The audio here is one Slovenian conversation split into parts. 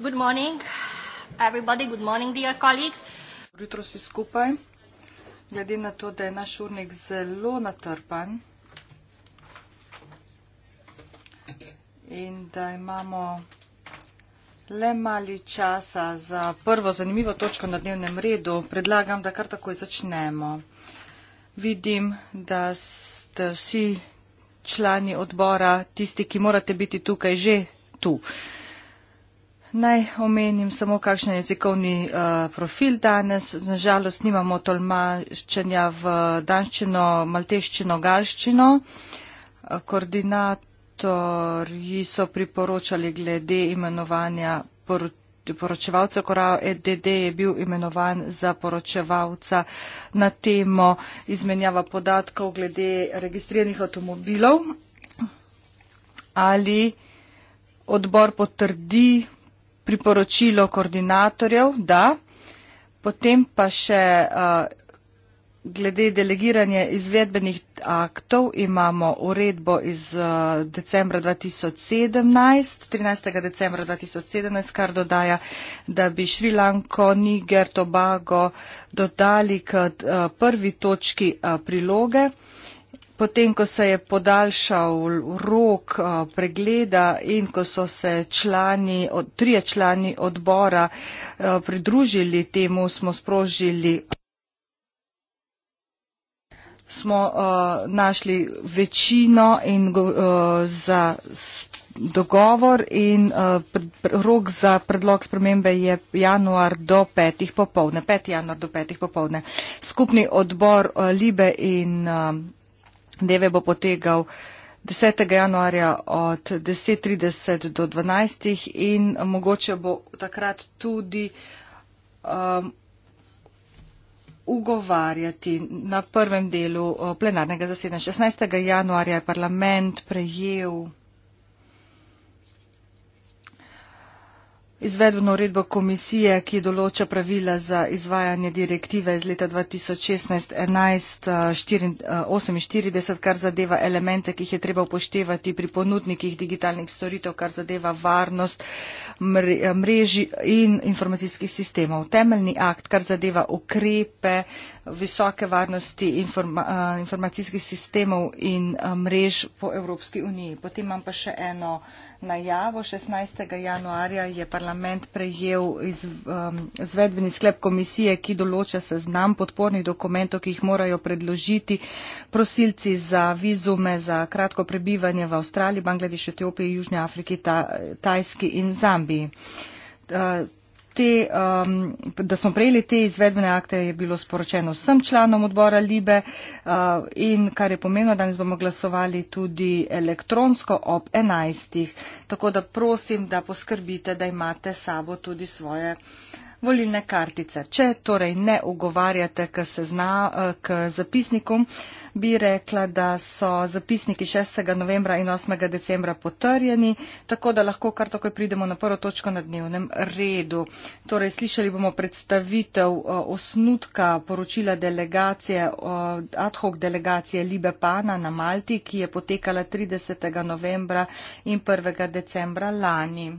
Good morning, everybody. Good morning, dear colleagues. Dobro jutro vsi skupaj. Glede na to, da je naš urnik zelo natrpan in da imamo le mali časa za prvo zanimivo točko na dnevnem redu, predlagam, da kar takoj začnemo. Vidim, da ste vsi člani odbora, tisti, ki morate biti tukaj, že tu. Naj omenim samo, kakšen jezikovni uh, profil danes. Nažalost, nimamo tolmačenja v danščino, malteščino, galščino. Eh, koordinatorji so priporočali glede imenovanja por poročevalca, korav EDD je bil imenovan za poročevalca na temo izmenjava podatkov glede registriranih avtomobilov. Ali odbor potrdi priporočilo koordinatorjev, da. Potem pa še uh, glede delegiranja izvedbenih aktov imamo uredbo iz uh, decembra 2017, 13. decembra 2017, kar dodaja, da bi Šrilanko, Niger, Tobago dodali k uh, prvi točki uh, priloge potem, ko se je podaljšal rok eh, pregleda in ko so se člani, trije člani odbora eh, pridružili temu, smo sprožili. Smo uh, našli večino in, uh, za dogovor in uh, rok za predlog spremembe je januar do petih popovdne. 5. januar do petih popovdne. Skupni odbor uh, Libe in uh, Deve bo potekal 10. januarja od 10.30 do 12. in mogoče bo takrat tudi um, ugovarjati na prvem delu uh, plenarnega zasedanja. 16. januarja je parlament prejel. Izvedbeno uredbo komisije, ki določa pravila za izvajanje direktive iz leta 2016-1148, kar zadeva elemente, ki jih je treba upoštevati pri ponudnikih digitalnih storitev, kar zadeva varnost mreži in informacijskih sistemov. Temeljni akt, kar zadeva ukrepe visoke varnosti informacijskih sistemov in mrež po Evropski uniji. Potem imam pa še eno najavo. 16. januarja je parlament prejel iz, um, zvedbeni sklep komisije, ki določa seznam podpornih dokumentov, ki jih morajo predložiti prosilci za vizume za kratko prebivanje v Avstraliji, Bangladeš, Etiopiji, Južnji Afriki, ta, Tajski in Zambiji. Uh, te, um, da smo prejeli te izvedbene akte, je bilo sporočeno vsem članom odbora Libe uh, in kar je pomembno, danes bomo glasovali tudi elektronsko ob 11. Tako da prosim, da poskrbite, da imate sabo tudi svoje. Volilne kartice. Če torej ne ogovarjate k, sezna, k zapisnikom, bi rekla, da so zapisniki 6. novembra in 8. decembra potrjeni, tako da lahko kar takoj pridemo na prvo točko na dnevnem redu. Torej, slišali bomo predstavitev eh, osnutka poročila delegacije, eh, ad hoc delegacije Libe Pana na Malti, ki je potekala 30. novembra in 1. decembra lani.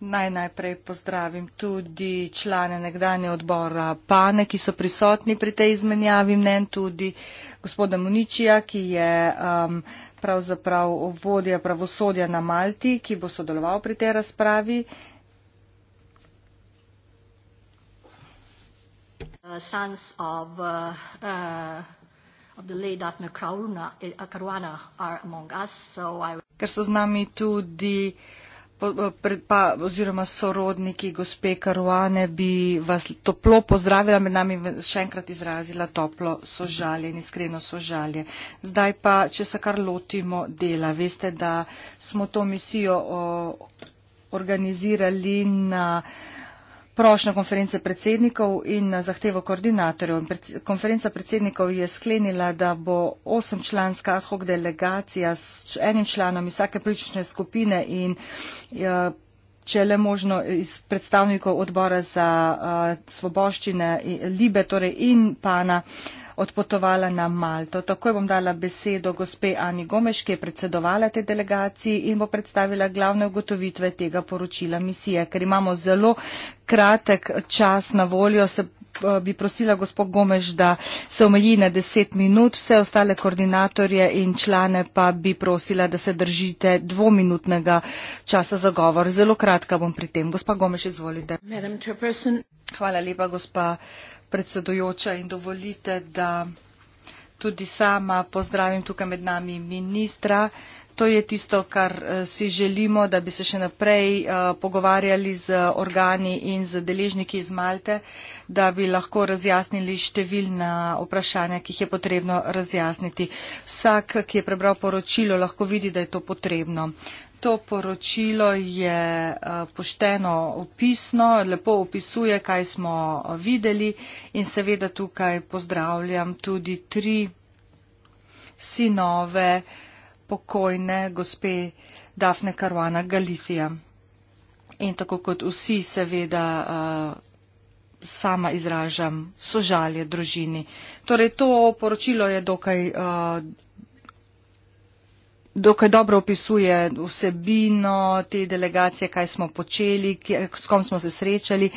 Naj najprej pozdravim tudi člane nekdanje odbora PANE, ki so prisotni pri tej izmenjavi mnen, tudi gospoda Muničija, ki je um, pravzaprav vodja pravosodja na Malti, ki bo sodeloval pri tej razpravi. Uh, sons of, uh, uh, of the late Daphne uh, Caruana are among us, so I... Ker so z nami tudi uh, Eh, pa oziroma sorodniki gospe Karuane bi vas toplo pozdravila med nami in še enkrat izrazila toplo sožalje in iskreno sožalje. Zdaj pa, če se kar lotimo dela, veste, da smo to misijo organizirali na Prošnjo konference predsednikov in zahtevo koordinatorjev. Konferenca predsednikov je sklenila, da bo osemčlanska ad hoc delegacija s enim članom vsake politične skupine in ja, če le možno iz predstavnikov odbora za svoboščine Libe torej in pana uh, odpotovala na Malto. Takoj bom dala besedo gospe Ani Gomeš, ki je predsedovala tej delegaciji in bo predstavila glavne ugotovitve tega poročila misije, ker imamo zelo kratek čas na voljo. Se eh, bi prosila gospod Gomeš, da se omeji na deset minut, vse ostale koordinatorje in člane pa bi prosila, da se držite dvominutnega časa za govor. Zelo kratka bom pri tem. Gospa Gomeš, izvolite. Hvala lepa, gospa predsedujoča in dovolite, da tudi sama pozdravim tukaj med nami ministra. To je tisto, kar eh, si želimo, da bi se še naprej uh, pogovarjali z eh, organi in z deležniki iz Malte, da bi lahko razjasnili številna vprašanja, ki jih je potrebno razjasniti. Vsak, ki je prebral poročilo, lahko vidi, da je to potrebno. To poročilo je eh, pošteno opisno, lepo opisuje, kaj smo eh, videli in seveda tukaj pozdravljam tudi tri sinove pokojne gospe Dafne Karvana Galicija. In tako kot vsi, seveda, eh, sama izražam sožalje družini. Torej, to poročilo je dokaj dokaj dobro opisuje vsebino te delegacije, kaj smo počeli, s kom smo se srečali.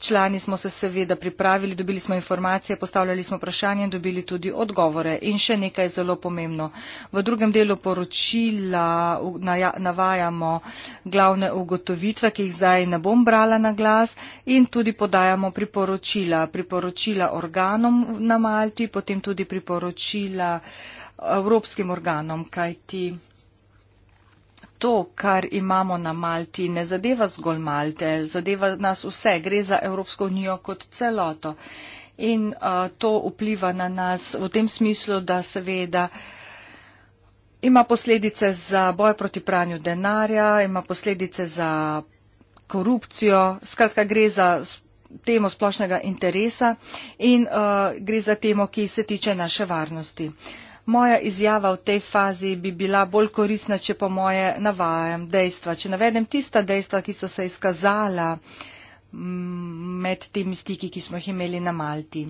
Člani smo se seveda pripravili, dobili smo informacije, postavljali smo vprašanje in dobili tudi odgovore. In še nekaj zelo pomembno. V drugem delu poročila ja, navajamo glavne ugotovitve, ki jih zdaj ne bom brala na glas in tudi podajamo priporočila. Priporočila organom na Malti, potem tudi priporočila evropskim organom, kajti to, kar imamo na Malti, ne zadeva zgolj Malte, zadeva nas vse, gre za Evropsko unijo kot celoto. In uh, to vpliva na nas v tem smislu, da seveda ima posledice za boj proti pranju denarja, ima posledice za korupcijo, skratka gre za temo splošnega interesa in uh, gre za temo, ki se tiče naše varnosti. Uh, Moja izjava v tej fazi bi bila bolj korisna, če po moje navajam dejstva, če navedem tista dejstva, ki so se izkazala mm, med temi stiki, ki smo jih imeli na Malti.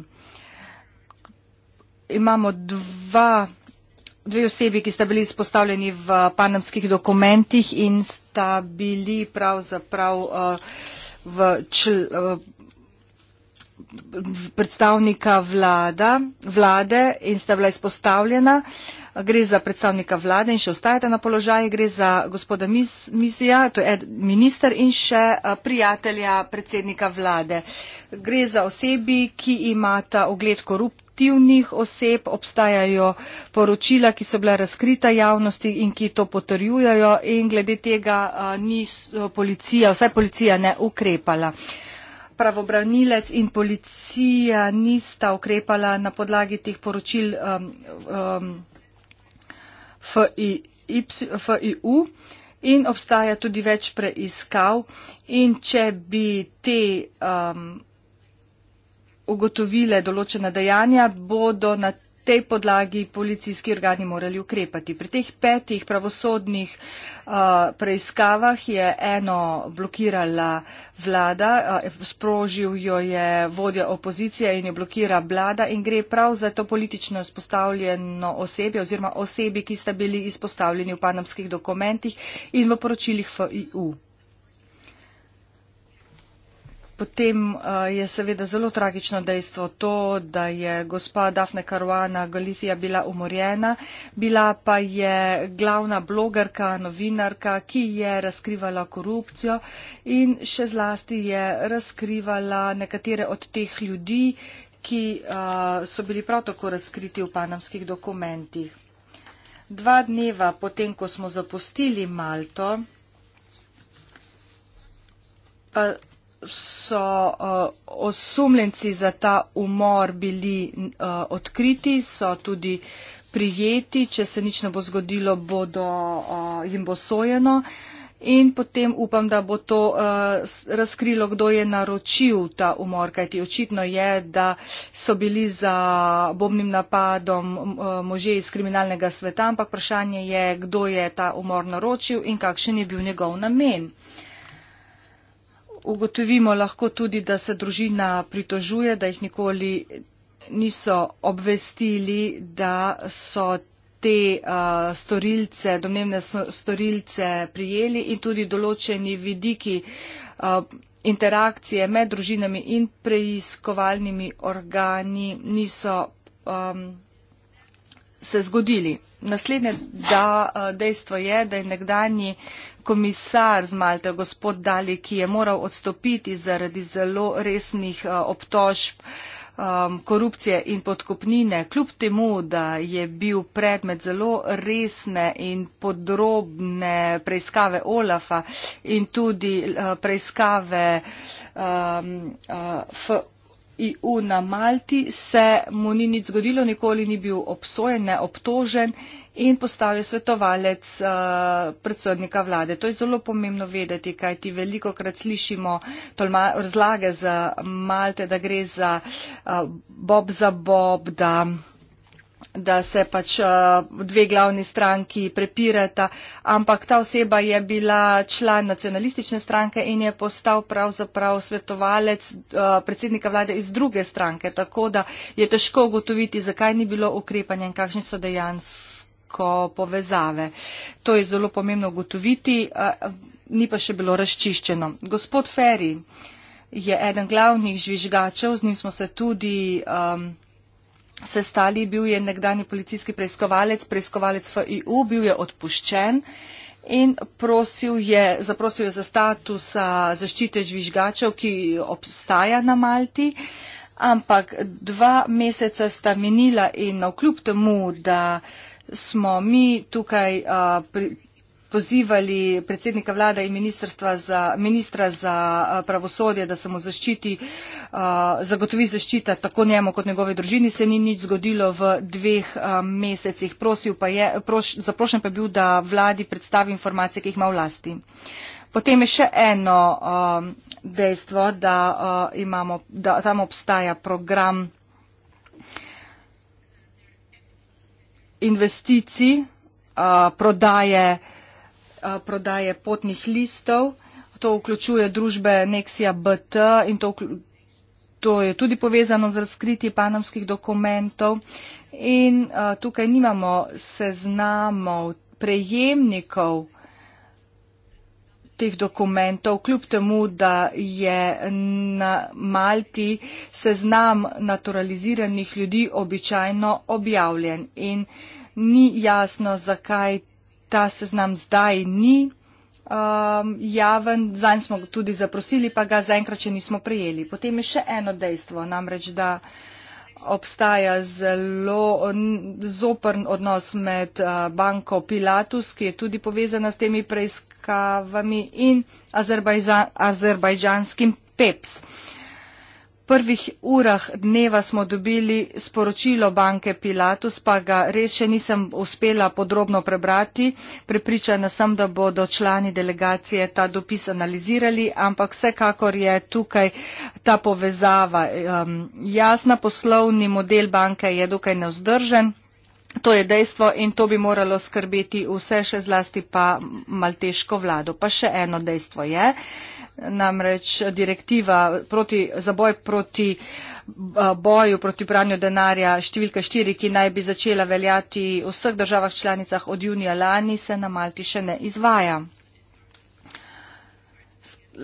Imamo dva, dve osebi, ki sta bili izpostavljeni v panamskih dokumentih in sta bili pravzaprav uh, v. Čl, uh, predstavnika vlada, vlade in sta bila izpostavljena. Gre za predstavnika vlade in še ostajate na položaju. Gre za gospoda Mizija, to je ed, minister in še eh, prijatelja predsednika vlade. Gre za osebi, ki imata ogled korupcije. Aktivnih oseb obstajajo poročila, ki so bila razkrita javnosti in ki to potrjujajo in glede tega a, eh, ni eh, policija, vsaj policija ne ukrepala. A, pravobranilec in policija nista ukrepala na podlagi teh poročil um, um, FIU in obstaja tudi več preiskav in če bi te um, ugotovile določena dejanja, bodo na tej podlagi policijski organi morali ukrepati. Pri teh petih pravosodnih uh, preiskavah je eno blokirala vlada, uh, sprožil jo je vodja opozicije in jo blokira vlada in gre prav za to politično izpostavljeno osebje oziroma osebi, ki sta bili izpostavljeni v panamskih dokumentih in v poročilih FIU. Potem eh, je seveda zelo tragično dejstvo to, da je gospa Dafne Karuana Galitija bila umorjena. Bila pa je glavna blogerka, novinarka, ki je razkrivala korupcijo in še zlasti je razkrivala nekatere od teh ljudi, ki eh, so bili prav tako razkriti v panamskih dokumentih. Dva dneva potem, ko smo zapustili Malto, pa so uh, osumljenci za ta umor bili uh, odkriti, so tudi prijeti, če se nič ne bo zgodilo, bodo, uh, jim bo sojeno. In potem upam, da bo to uh, razkrilo, kdo je naročil ta umor, kajti očitno je, da so bili za bombnim napadom uh, možje iz kriminalnega sveta, ampak vprašanje je, kdo je ta umor naročil in kakšen je bil njegov namen ugotovimo lahko tudi, da se družina pritožuje, da jih nikoli niso obvestili, da so te uh, storilce, domnevne storilce prijeli in tudi določeni vidiki uh, interakcije med družinami in preiskovalnimi organi niso um, se zgodili. Naslednje da, uh, dejstvo je, da je nekdanji uh, komisar z Malte, gospod Dali, ki je moral odstopiti zaradi zelo resnih eh, obtožb um, korupcije in podkopnine, kljub temu, da je bil predmet zelo resne in podrobne preiskave Olafa in tudi eh, preiskave um, eh, FIU na Malti, se mu ni nič zgodilo, nikoli ni bil obsojen, ne obtožen in postal je svetovalec uh, predsednika vlade. To je zelo pomembno vedeti, kaj ti veliko krat slišimo tolma, razlage za Malte, da gre za uh, Bob za Bob, da da se pač uh, dve glavni stranki prepirata, ampak ta oseba je bila član nacionalistične stranke in je postal pravzaprav svetovalec uh, predsednika vlade iz druge stranke, tako da je težko ugotoviti, zakaj ni bilo ukrepanja in kakšni so dejanski preko povezave. To je zelo pomembno ugotoviti, ni pa še bilo razčiščeno. Gospod Ferri je eden glavnih žvižgačev, z njim smo se tudi um, sestali, bil je nekdani policijski preiskovalec, preiskovalec FIU, bil je odpuščen. In prosil je, zaprosil je za status zaščite žvižgačev, ki obstaja na Malti, ampak dva meseca sta minila in na kljub temu, da uh, smo mi tukaj uh, pri, pozivali predsednika vlade in za, ministra za uh, pravosodje, da se mu zaščiti, uh, zagotovi zaščita tako njemu kot njegovi družini. Se ni nič zgodilo v dveh uh, mesecih. Prosil pa je, proš, zaprošen pa je bil, da vladi predstavi informacije, ki jih ima v lasti. Potem je še eno uh, dejstvo, da, uh, imamo, da tam obstaja program investicij, prodaje, prodaje potnih listov. To vključuje družbe Nexia BT in to, to je tudi povezano z razkriti panamskih dokumentov. In tukaj nimamo seznamov prejemnikov teh dokumentov, kljub temu, da je na Malti seznam naturaliziranih ljudi običajno objavljen in ni jasno, zakaj ta seznam zdaj ni um, javen. Zanj smo tudi zaprosili, pa ga zaenkrat še nismo prejeli. Potem je še eno dejstvo, namreč da obstaja zelo zoprn odnos med banko Pilatus, ki je tudi povezana s temi preiskavami, in azerbajdžanskim PEPS prvih urah dneva smo dobili sporočilo banke Pilatus, pa ga res še nisem uspela podrobno prebrati. Pripričana sem, da bodo člani delegacije ta dopis analizirali, ampak vsekakor je tukaj ta povezava. Ehm, jasna poslovni model banke je dokaj neozdržen. To je dejstvo in to bi moralo skrbeti vse, še zlasti pa malteško vlado. Pa še eno dejstvo je, namreč direktiva proti, za boj proti eh, boju proti pranju denarja številka 4, ki naj bi začela veljati v vseh državah članicah od junija lani, se na Malti še ne izvaja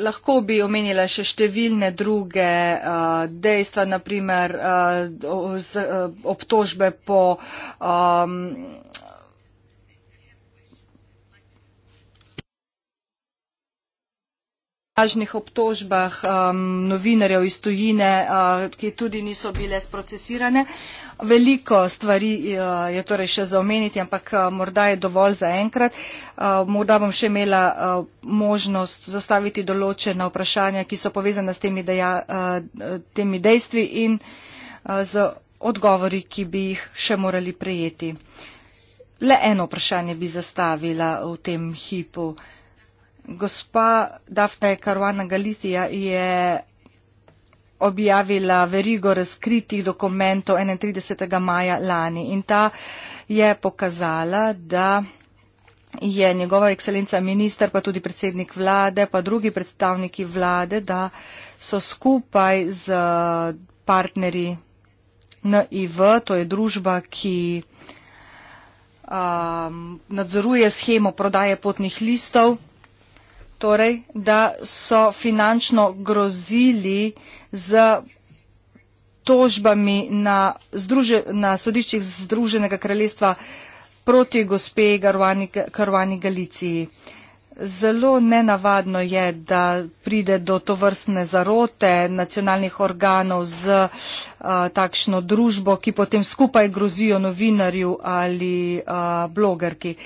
lahko bi omenila še številne druge uh, dejstva, naprimer uh, eh, z, uh, obtožbe po um, lažnih obtožbah um, novinarjev iz tujine, uh, ki tudi niso bile sprocesirane. Veliko stvari uh, je torej še za omeniti, ampak uh, morda je dovolj za enkrat. Uh, morda bom še imela uh, možnost zastaviti določena vprašanja, ki so povezana s temi, deja, uh, temi dejstvi in uh, z odgovori, ki bi jih še morali prejeti. Le eno vprašanje bi zastavila v tem hipu. Uh, Gospa Dafne Karuana Galitija je objavila verigo razkritih dokumentov 31. maja lani in ta je pokazala, da je njegova ekscelenca minister, pa tudi predsednik vlade, pa drugi predstavniki vlade, da so skupaj z partnerji NIV, to je družba, ki um, nadzoruje schemo prodaje potnih listov, torej, da so finančno grozili z tožbami na, združe, na sodiščih Združenega kraljestva proti gospe Karvani, Karvani Galiciji. Zelo nenavadno je, da pride do tovrstne zarote nacionalnih organov z a, takšno družbo, ki potem skupaj grozijo novinarju ali a, blogerki.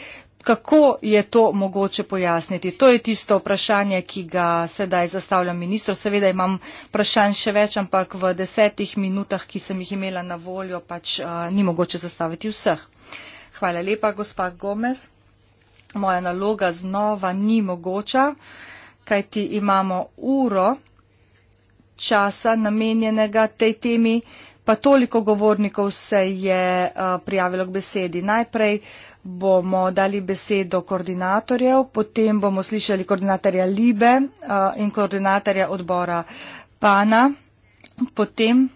Kako je to mogoče pojasniti? To je tisto vprašanje, ki ga sedaj zastavljam ministru. Seveda imam vprašanj še več, ampak v desetih minutah, ki sem jih imela na voljo, pač uh, ni mogoče zastaviti vseh. Hvala lepa, gospa Gomez. Moja naloga znova ni mogoča, kajti imamo uro časa namenjenega tej temi, pa toliko govornikov se je uh, prijavilo k besedi. Najprej uh, bomo dali besedo koordinatorjev, potem bomo slišali koordinatorja Libe eh, in koordinatorja odbora Pana, potem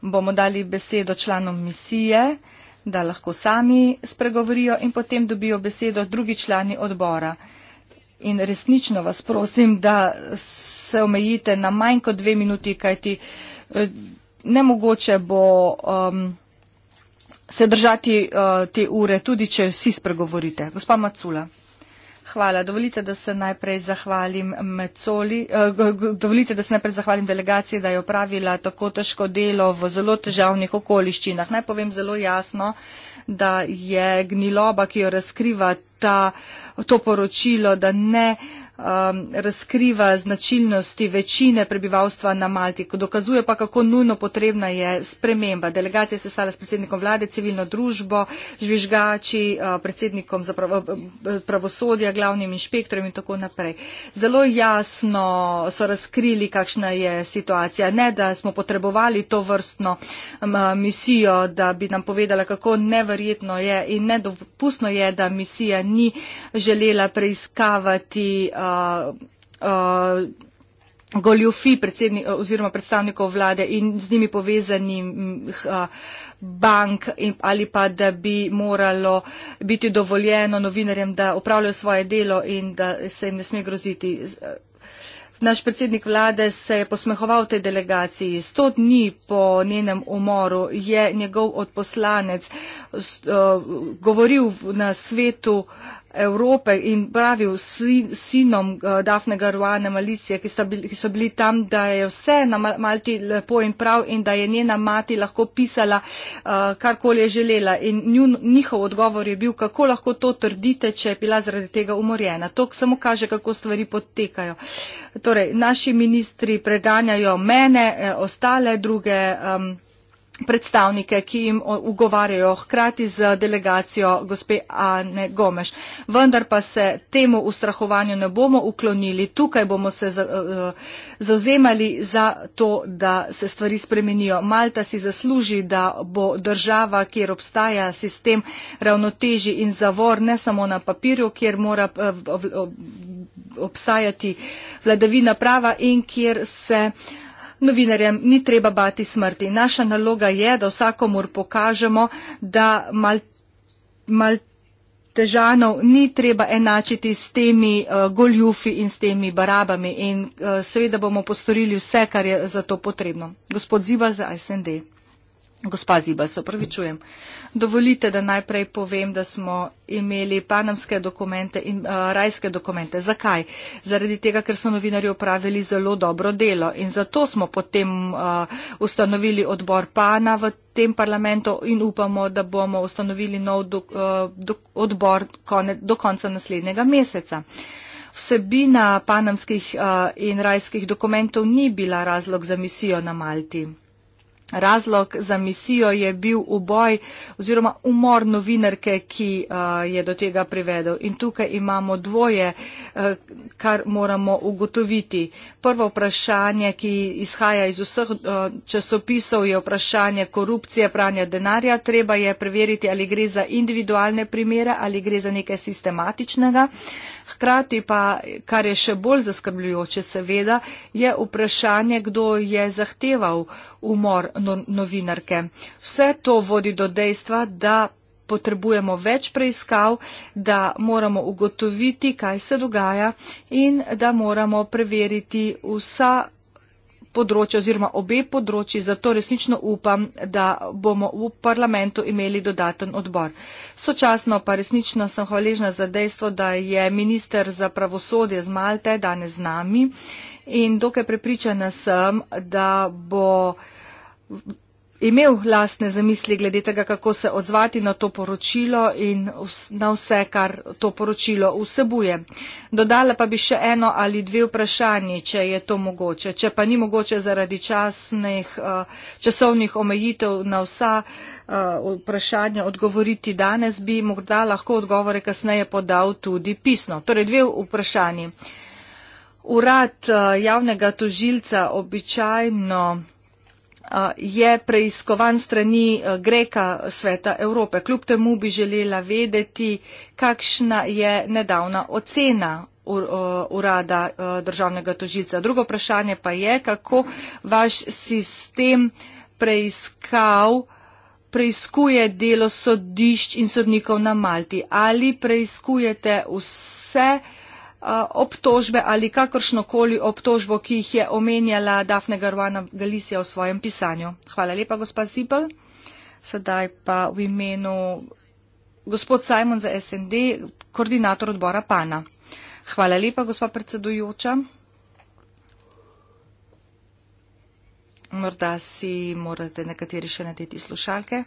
bomo dali besedo članom misije, da lahko sami spregovorijo in potem dobijo besedo drugi člani odbora. In resnično vas prosim, da se omejite na manj kot dve minuti, kajti eh, nemogoče bo. Um, se držati uh, te ure, tudi če vsi spregovorite. Gospa Macula. Hvala. Dovolite, da se najprej zahvalim Mecoli, eh, dovolite, da se najprej zahvalim delegaciji, da je opravila tako težko delo v zelo težavnih okoliščinah. Naj povem zelo jasno, da je gniloba, ki jo razkriva ta, to poročilo, da ne. Eh, um, razkriva značilnosti večine prebivalstva na Malti, dokazuje pa, kako nujno potrebna je sprememba. Delegacija se stala s predsednikom vlade, civilno družbo, žvižgači, uh, predsednikom za prav, uh, pravosodja, glavnim inšpektorjem in tako naprej. Zelo jasno so razkrili, kakšna je situacija. Ne, da smo potrebovali to vrstno um, misijo, da bi nam povedala, kako neverjetno je in nedopustno je, da misija ni želela preiskavati uh, Uh, uh, goljufi predsednik oziroma predstavnikov vlade in z njimi povezanih uh, bank in, ali pa da bi moralo biti dovoljeno novinarjem, da upravljajo svoje delo in da se jim ne sme groziti. Naš predsednik vlade se je posmehoval tej delegaciji. Sto dni po njenem umoru je njegov odposlanec uh, govoril na svetu uh, Evrope in pravi sin, sinom uh, Dafne Garuane Malicije, ki, ki so bili tam, da je vse na Malti lepo in prav in da je njena mati lahko pisala, uh, karkoli je želela. In njun, njihov odgovor je bil, kako lahko to trdite, če je bila zaradi tega umorjena. To samo kaže, kako stvari potekajo. Torej, naši ministri preganjajo mene, eh, ostale druge. Um, predstavnike, ki jim ugovarjajo hkrati z delegacijo gospe Ane Gomeš. Vendar pa se temu ustrahovanju ne bomo uklonili. Tukaj bomo se zauzemali eh, za to, da se stvari spremenijo. Malta si zasluži, da bo država, kjer obstaja sistem ravnoteži in zavor, ne samo na papirju, kjer mora eh, obstajati vladavina prava in kjer se novinarjem ni treba bati smrti. Naša naloga je, da vsakomur pokažemo, da mal, mal težanov ni treba enačiti s temi uh, goljufi in s temi barabami. In uh, seveda bomo postorili vse, kar je za to potrebno. Gospod Ziba za SND. Gospa Ziba, se opravičujem. Dovolite, da najprej povem, da smo imeli panamske dokumente in uh, rajske dokumente. Zakaj? Zaradi tega, ker so novinari opravili zelo dobro delo in zato smo potem uh, ustanovili odbor pana v tem parlamentu in upamo, da bomo ustanovili nov do, uh, eh, do, odbor kone, do konca naslednjega meseca. Vsebina panamskih uh, in rajskih dokumentov ni bila razlog za misijo na Malti. Razlog za misijo je bil uboj oziroma umor novinarke, ki uh, je do tega privedel. In tukaj imamo dvoje, uh, kar moramo ugotoviti. Prvo vprašanje, ki izhaja iz vseh uh, časopisov, je vprašanje korupcije, pranja denarja. Treba je preveriti, ali gre za individualne primere ali gre za nekaj sistematičnega. Uh, Hkrati pa, kar je še bolj zaskrbljujoče, seveda, je vprašanje, kdo je zahteval umor no novinarke. Vse to vodi do dejstva, da potrebujemo več preiskav, da moramo ugotoviti, kaj se dogaja in da moramo preveriti vsa področja oziroma obe področji, zato resnično upam, da bomo v parlamentu imeli dodaten odbor. Sočasno pa resnično sem hvaležna za dejstvo, da je minister za pravosodje z Malte danes z nami in dokaj prepričana sem, da bo imel lastne zamisli glede tega, kako se odzvati na to poročilo in na vse, kar to poročilo vsebuje. Dodala pa bi še eno ali dve vprašanje, če je to mogoče. Če pa ni mogoče zaradi časnih, eh, časovnih omejitev na vsa eh, vprašanja odgovoriti danes, bi morda lahko odgovore kasneje podal tudi pisno. Torej dve vprašanje. Urad eh, javnega tožilca običajno je preiskovan strani Greka Sveta Evrope. Kljub temu bi želela vedeti, kakšna je nedavna ocena urada državnega tožilca. Drugo vprašanje pa je, kako vaš sistem preiskav preiskuje delo sodišč in sodnikov na Malti. Ali preiskujete vse, obtožbe ali kakršnokoli obtožbo, ki jih je omenjala Dafne Garvana Galicija v svojem pisanju. Hvala lepa, gospa Zibel. Sedaj pa v imenu gospod Simon za SND, koordinator odbora PANA. Hvala lepa, gospa predsedujoča. Morda si morate nekateri še nadeti slušalke.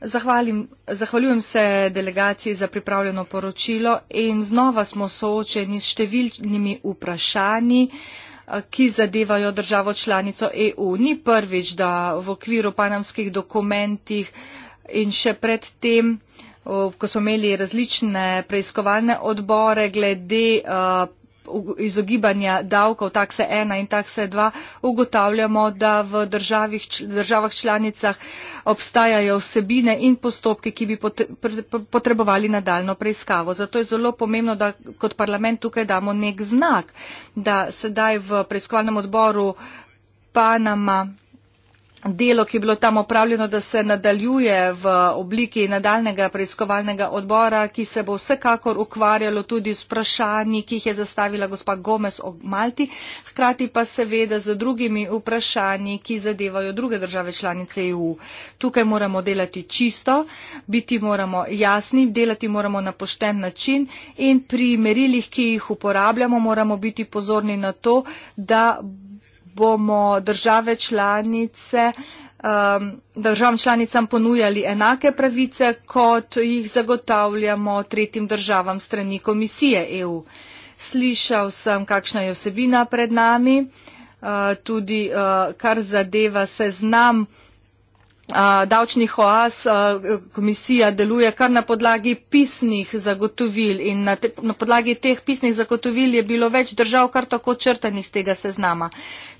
Zahvalim, zahvaljujem se delegaciji za pripravljeno poročilo in znova smo soočeni s številnimi vprašanji, eh, ki zadevajo državo članico EU. Ni prvič, da v okviru panamskih dokumentih in še pred tem, eh, ko smo imeli različne preiskovalne odbore glede eh, izogibanja davkov, takse ena in takse dva, ugotavljamo, da v državih, državah članicah obstajajo vsebine in postopke, ki bi potrebovali nadaljno preiskavo. Zato je zelo pomembno, da kot parlament tukaj damo nek znak, da sedaj v preiskovalnem odboru Panama delo, ki je bilo tam opravljeno, da se nadaljuje v obliki nadaljnega preiskovalnega odbora, ki se bo vsekakor ukvarjalo tudi s vprašanji, ki jih je zastavila gospa Gomez o Malti, hkrati pa seveda z drugimi vprašanji, ki zadevajo druge države članice EU. Tukaj moramo delati čisto, biti moramo jasni, delati moramo na pošten način in pri merilih, ki jih uporabljamo, moramo biti pozorni na to, da bomo države članice, um, državam članicam ponujali enake pravice, kot jih zagotavljamo tretjim državam strani komisije EU. Slišal sem, kakšna je vsebina pred nami, uh, tudi uh, kar zadeva seznam davčnih oaz komisija deluje kar na podlagi pisnih zagotovil in na, te, na podlagi teh pisnih zagotovil je bilo več držav kar tako črtanih z tega seznama.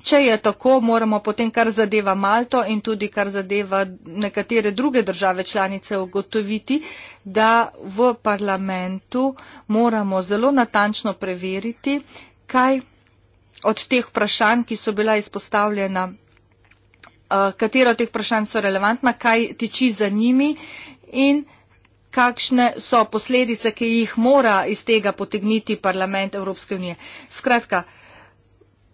Če je tako, moramo potem, kar zadeva Malto in tudi kar zadeva nekatere druge države članice, ugotoviti, da v parlamentu moramo zelo natančno preveriti, kaj od teh vprašanj, ki so bila izpostavljena Eh, katera od teh vprašanj so relevantna, kaj tiči za njimi in kakšne so posledice, ki jih mora iz tega potegniti parlament Evropske unije. Skratka,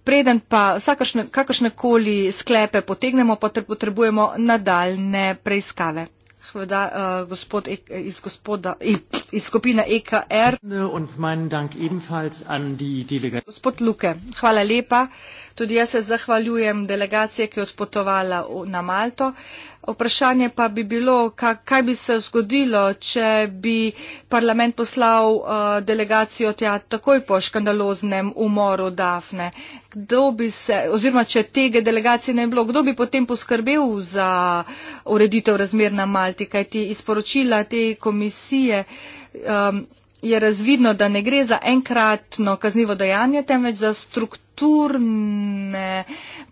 preden pa vsakršne, kakršne koli sklepe potegnemo, pa potrebujemo nadaljne preiskave gospoda, uh, gospod e iz, gospoda, i, e-, iz skupine EKR. Und mein Dank an die gospod Luke, hvala lepa. Tudi jaz se zahvaljujem delegacije, ki je odpotovala na Malto. Uh, Vprašanje pa bi bilo, kaj bi se zgodilo, če bi parlament poslal uh, delegacijo tja takoj po škandaloznem umoru Dafne. Kdo bi se, oziroma če tega delegacije ne bi bilo, kdo bi potem poskrbel za ureditev razmer na Malti, kaj ti izporočila te komisije. Um, je razvidno, da ne gre za enkratno kaznivo dejanje, temveč za strukturne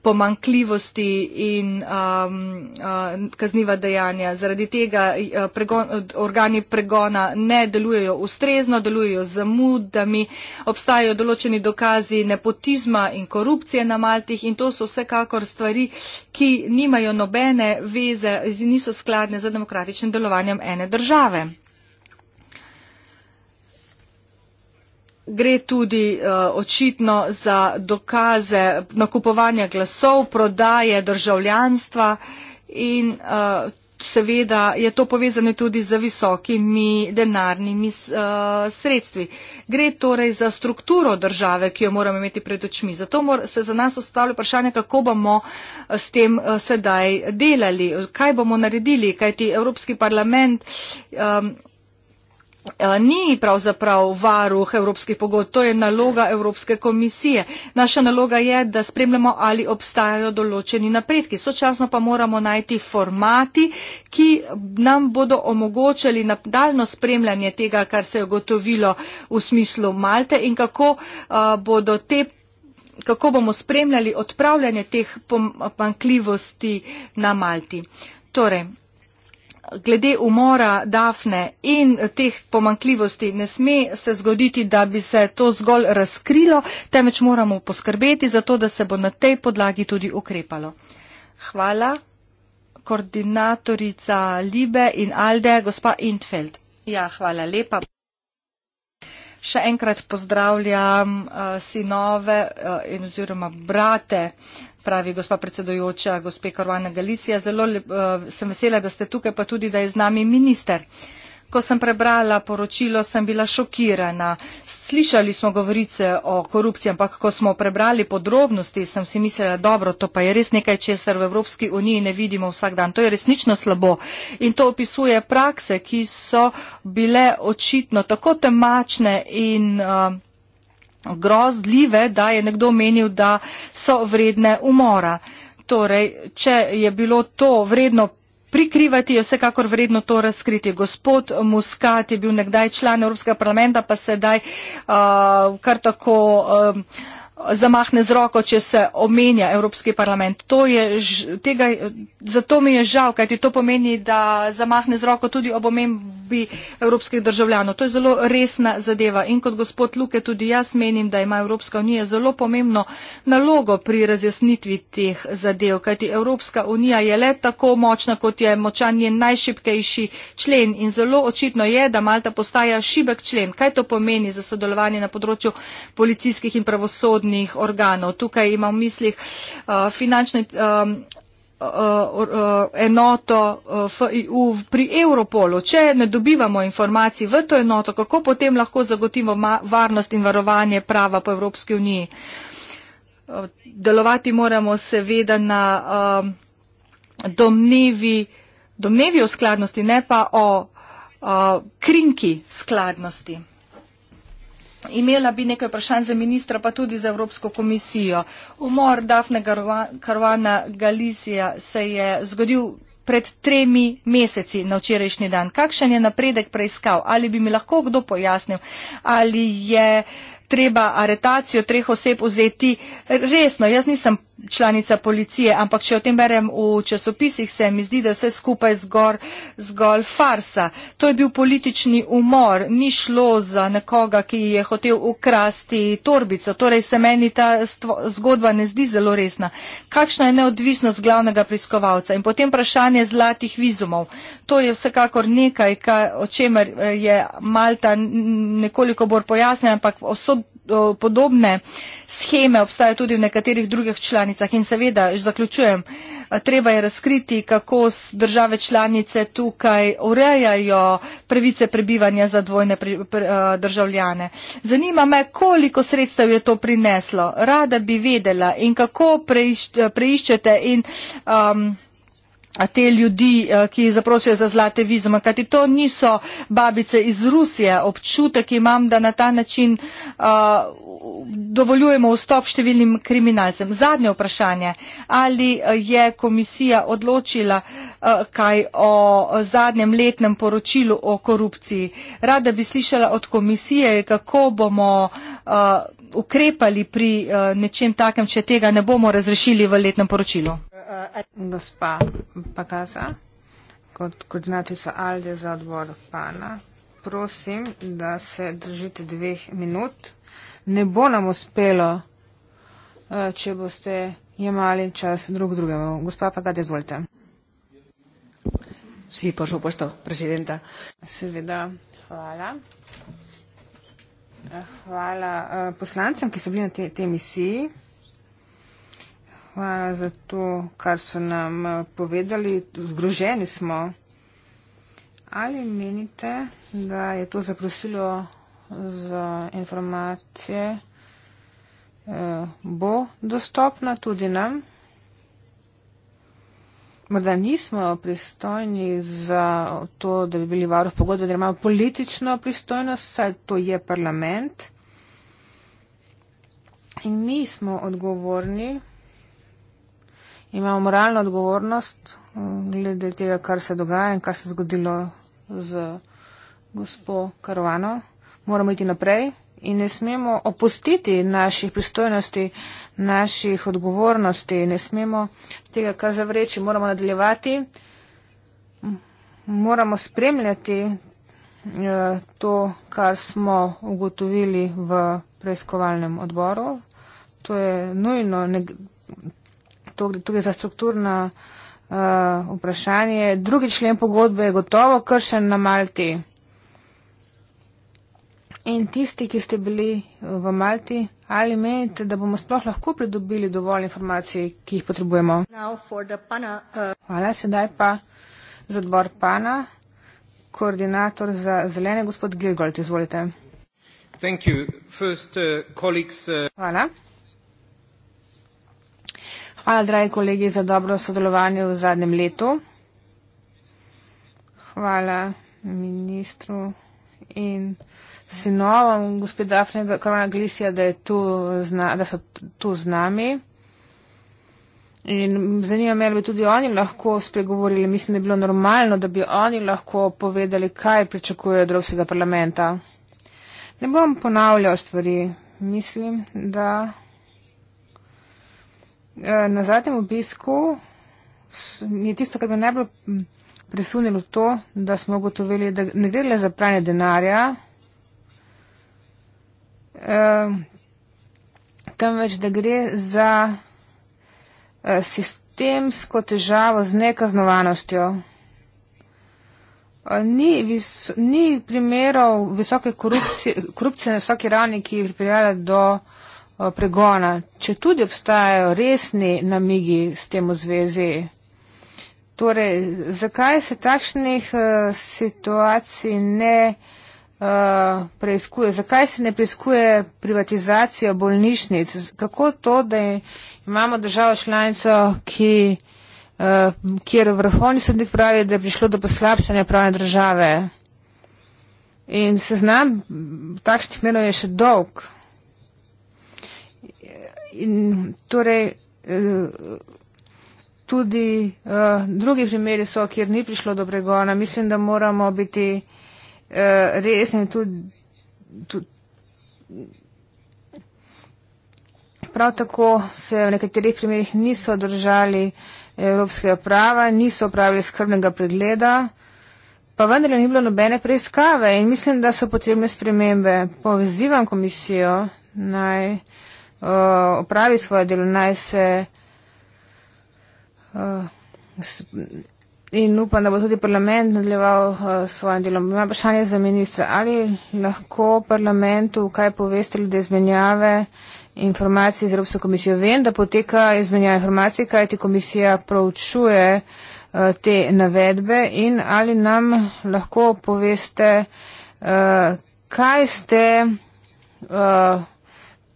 pomankljivosti in um, uh, kazniva dejanja. Zaradi tega uh, pregon, organi pregona ne delujejo ustrezno, delujejo z zamudami, obstajajo določeni dokazi nepotizma in korupcije na Maltih in to so vsekakor stvari, ki nimajo nobene veze, niso skladne z demokratičnim delovanjem ene države. gre tudi uh, očitno za dokaze nakupovanja glasov, prodaje državljanstva in uh, seveda je to povezano tudi z visokimi denarnimi uh, sredstvi. Gre torej za strukturo države, ki jo moramo imeti pred očmi. Zato mor, se za nas ostavlja vprašanje, kako bomo s tem uh, sedaj delali, kaj bomo naredili, kajti Evropski parlament. Um, Eh, ni pravzaprav varuh evropskih pogodb, to je naloga Evropske komisije. Naša naloga je, da spremljamo, ali obstajajo določeni napredki. Sočasno pa moramo najti formati, ki nam bodo omogočali nadaljno spremljanje tega, kar se je ugotovilo v smislu Malte in kako eh, bodo te kako bomo spremljali odpravljanje teh pomankljivosti na Malti. Torej, glede umora Dafne in teh pomankljivosti ne sme se zgoditi, da bi se to zgolj razkrilo, temveč moramo poskrbeti za to, da se bo na tej podlagi tudi ukrepalo. Hvala, koordinatorica Libe in Alde, gospa Intfeld. Ja, hvala lepa. Še enkrat pozdravljam uh, sinove uh, in oziroma brate uh, pravi gospa predsedujoča, gospe Karvana Galicija. Zelo lep, eh, sem vesela, da ste tukaj, pa tudi, da je z nami minister. Ko sem prebrala poročilo, sem bila šokirana. Slišali smo govorice o korupciji, ampak ko smo prebrali podrobnosti, sem si mislila, dobro, to pa je res nekaj, česar v Evropski uniji ne vidimo vsak dan. To je resnično slabo in to opisuje prakse, ki so bile očitno tako temačne in. Uh, grozljive, da je nekdo menil, da so vredne umora. Torej, če je bilo to vredno prikrivati, je vsekakor vredno to razkriti. Gospod Muskat je bil nekdaj član Evropskega parlamenta, pa sedaj uh, kar tako. Uh, zamahne z roko, če se omenja Evropski parlament. To je, tega, zato mi je žal, kajti to pomeni, da zamahne z roko tudi ob omembi evropskih državljanov. To je zelo resna zadeva in kot gospod Luke tudi jaz menim, da ima Evropska unija zelo pomembno nalogo pri razjasnitvi teh zadev, kajti Evropska unija je le tako močna, kot je močan njen najšipkejši člen in zelo očitno je, da Malta postaja šibek člen. Kaj to pomeni za sodelovanje na področju policijskih in pravosodnih? pravosodnih organov. Tukaj imam v mislih uh, finančne um, uh, uh, enoto FIU pri Europolu. Če ne dobivamo informacij v to enoto, kako potem lahko zagotovimo varnost in varovanje prava po Evropski uniji? Delovati moramo seveda na um, domnevi, domnevi o skladnosti, ne pa o krinki skladnosti. Imela bi nekaj vprašanj za ministra, pa tudi za Evropsko komisijo. Umor Dafne Karvana Galicija se je zgodil pred tremi meseci na včerajšnji dan. Kakšen je napredek preiskav? Ali bi mi lahko kdo pojasnil, ali je treba aretacijo treh oseb vzeti resno? Jaz nisem članica policije, ampak če o tem berem v časopisih, se mi zdi, da vse skupaj zgor, zgolj farsa. To je bil politični umor, ni šlo za nekoga, ki je hotel ukrasti torbico. Torej se meni ta zgodba ne zdi zelo resna. Kakšna je neodvisnost glavnega preiskovalca? In potem vprašanje zlatih vizumov. To je vsekakor nekaj, kaj, o čemer eh, je Malta nekoliko bolj pojasnjena, ampak vso podobne scheme obstajajo tudi v nekaterih drugih članicah. In seveda, zaključujem, treba je razkriti, kako države članice tukaj urejajo pravice prebivanja za dvojne državljane. Zanima me, koliko sredstev je to prineslo. Rada bi vedela in kako preiščete in. Um, te ljudi, eh, ki zaprosijo za zlate vizume, kajti to niso babice iz Rusije. Občutek imam, da na ta način uh, dovoljujemo vstop številnim kriminalcem. Zadnje vprašanje, ali eh, je komisija odločila uh, kaj o zadnjem letnem poročilu o korupciji. Rada bi slišala od komisije, kako bomo. Uh, ukrepali pri eh, nečem takem, če tega ne bomo razrešili v letnem poročilu. Gospa Pagaza, kot, kot znate, so Alde za odbor pana. Prosim, da se držite dveh minut. Ne bo nam uspelo, eh, če boste jemali čas drug drugemu. Gospa Pagaza, izvolite. Sí, por supuesto, presidenta. Seveda, hvala. Hvala eh, poslancem, ki so bili na tej te misiji. Hvala za to, kar so nam eh, povedali. Zgroženi smo. Ali menite, da je to zaprosilo za informacije? Eh, bo dostopna tudi nam? Morda nismo pristojni za to, da bi bili varuh pogodbe, da imamo politično pristojnost, saj to je parlament. In mi smo odgovorni, imamo moralno odgovornost glede tega, kar se dogaja in kar se je zgodilo z gospo Karovano. Moramo iti naprej in ne smemo opustiti naših pristojnosti, naših odgovornosti, ne smemo tega, kar zavreči, moramo nadaljevati, moramo spremljati eh, to, kar smo ugotovili v preiskovalnem odboru. To je nujno, tudi za strukturno uh, eh, vprašanje. Drugi člen pogodbe je gotovo kršen na Malti. In tisti, ki ste bili v Malti, ali menite, da bomo sploh lahko pridobili dovolj informacij, ki jih potrebujemo? Pana, uh... Hvala, sedaj pa za odbor Pana, koordinator za zelene, gospod Gilgold, izvolite. First, uh, colleagues, uh... Hvala. Hvala, dragi kolegi, za dobro sodelovanje v zadnjem letu. Hvala ministru in sinovom gospe Daphne Karona Glisija, da, je tu zna, da so tu z nami. In zanima me, ali bi tudi oni lahko spregovorili. Mislim, da bi bilo normalno, da bi oni lahko povedali, kaj pričakujejo od Evropskega parlamenta. Ne bom ponavljal stvari. Mislim, da e, na zadnjem obisku je tisto, kar bi najbolj presunilo to, da smo ugotovili, da ne gre le za pranje denarja, Ehm, temveč da gre za eh, sistemsko težavo z nekaznovanostjo. Eh, ni, vis, ni primerov visoke korupcije, korupcije na vsaki ravni, ki bi pripeljala do eh, pregona. Če tudi obstajajo resni namigi s tem v zvezi, torej zakaj se takšnih situacij ne. Uh, uh, preizkuje, zakaj se ne preizkuje privatizacija bolnišnic, kako to, da imamo državo članico, ki, uh, kjer vrhovni sodnik pravi, da je prišlo do poslabšanja pravne države. In se znam, takšnih menov je še dolg. In torej, eh, tudi uh, drugi primeri so, kjer ni prišlo do pregona. Mislim, da moramo biti uh, Eh, res je tudi, tudi. Prav tako se v nekaterih primerjih niso držali evropskega prava, niso pravili skrbnega pregleda, pa vendar ni bilo nobene preiskave in mislim, da so potrebne spremembe. Povezivam komisijo naj eh, opravi svoje delo, naj se eh, in upam, da bo tudi parlament nadaljeval uh, svojim delom. Imam vprašanje za ministra. Ali lahko parlamentu kaj poveste glede izmenjave informacij z Evropsko komisijo? Vem, da poteka izmenjava informacij, kaj ti komisija proučuje uh, te navedbe in ali nam lahko poveste, uh, kaj ste. Uh,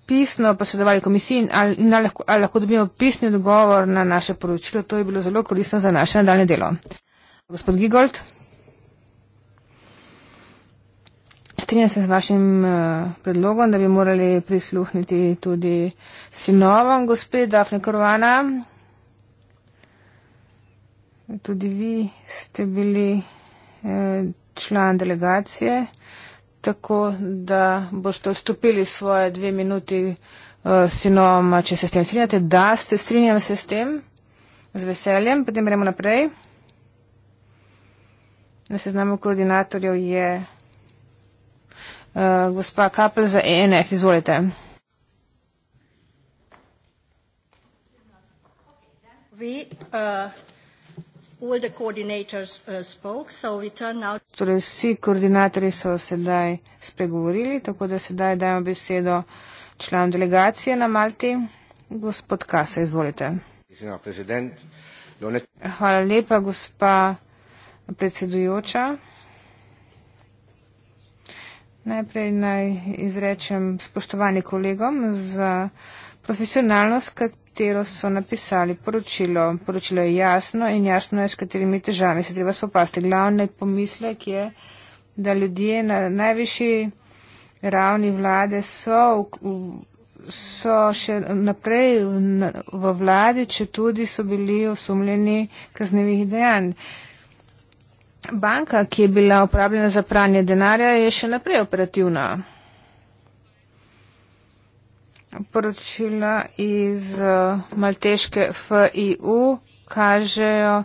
pisno posredovali komisiji in ali, in ali, lahko, ali lahko dobimo pisni odgovor na naše poročilo. To je bilo zelo koristno za naše nadaljne delo. Gospod Gigold, strinjam se z vašim uh, predlogom, da bi morali prisluhniti tudi sinovom gospe Dafne Korvana. Tudi vi ste bili eh, član delegacije tako, da boste odstopili svoje dve minuti uh, eh, sinoma, če se s tem strinjate. Da, ste strinjam se s tem, z veseljem, potem gremo naprej. Na seznamu koordinatorjev je uh, gospa Kapel za ENF, izvolite. Vi, uh, Uh, torej, vsi koordinatorji so sedaj spregovorili, tako da sedaj dajem besedo članom delegacije na Malti. Gospod Kasa, izvolite. Hvala lepa, gospa predsedujoča. Najprej naj izrečem spoštovani kolegom za profesionalnost, katero so napisali poročilo. Poročilo je jasno in jasno je, s katerimi težavami se treba spopasti. Glavni pomislek je, da ljudje na najvišji ravni vlade so, so še naprej v vladi, če tudi so bili osumljeni kaznevih dejanj. Banka, ki je bila upravljena za pranje denarja, je še naprej operativna poročila iz eh, malteške FIU kažejo,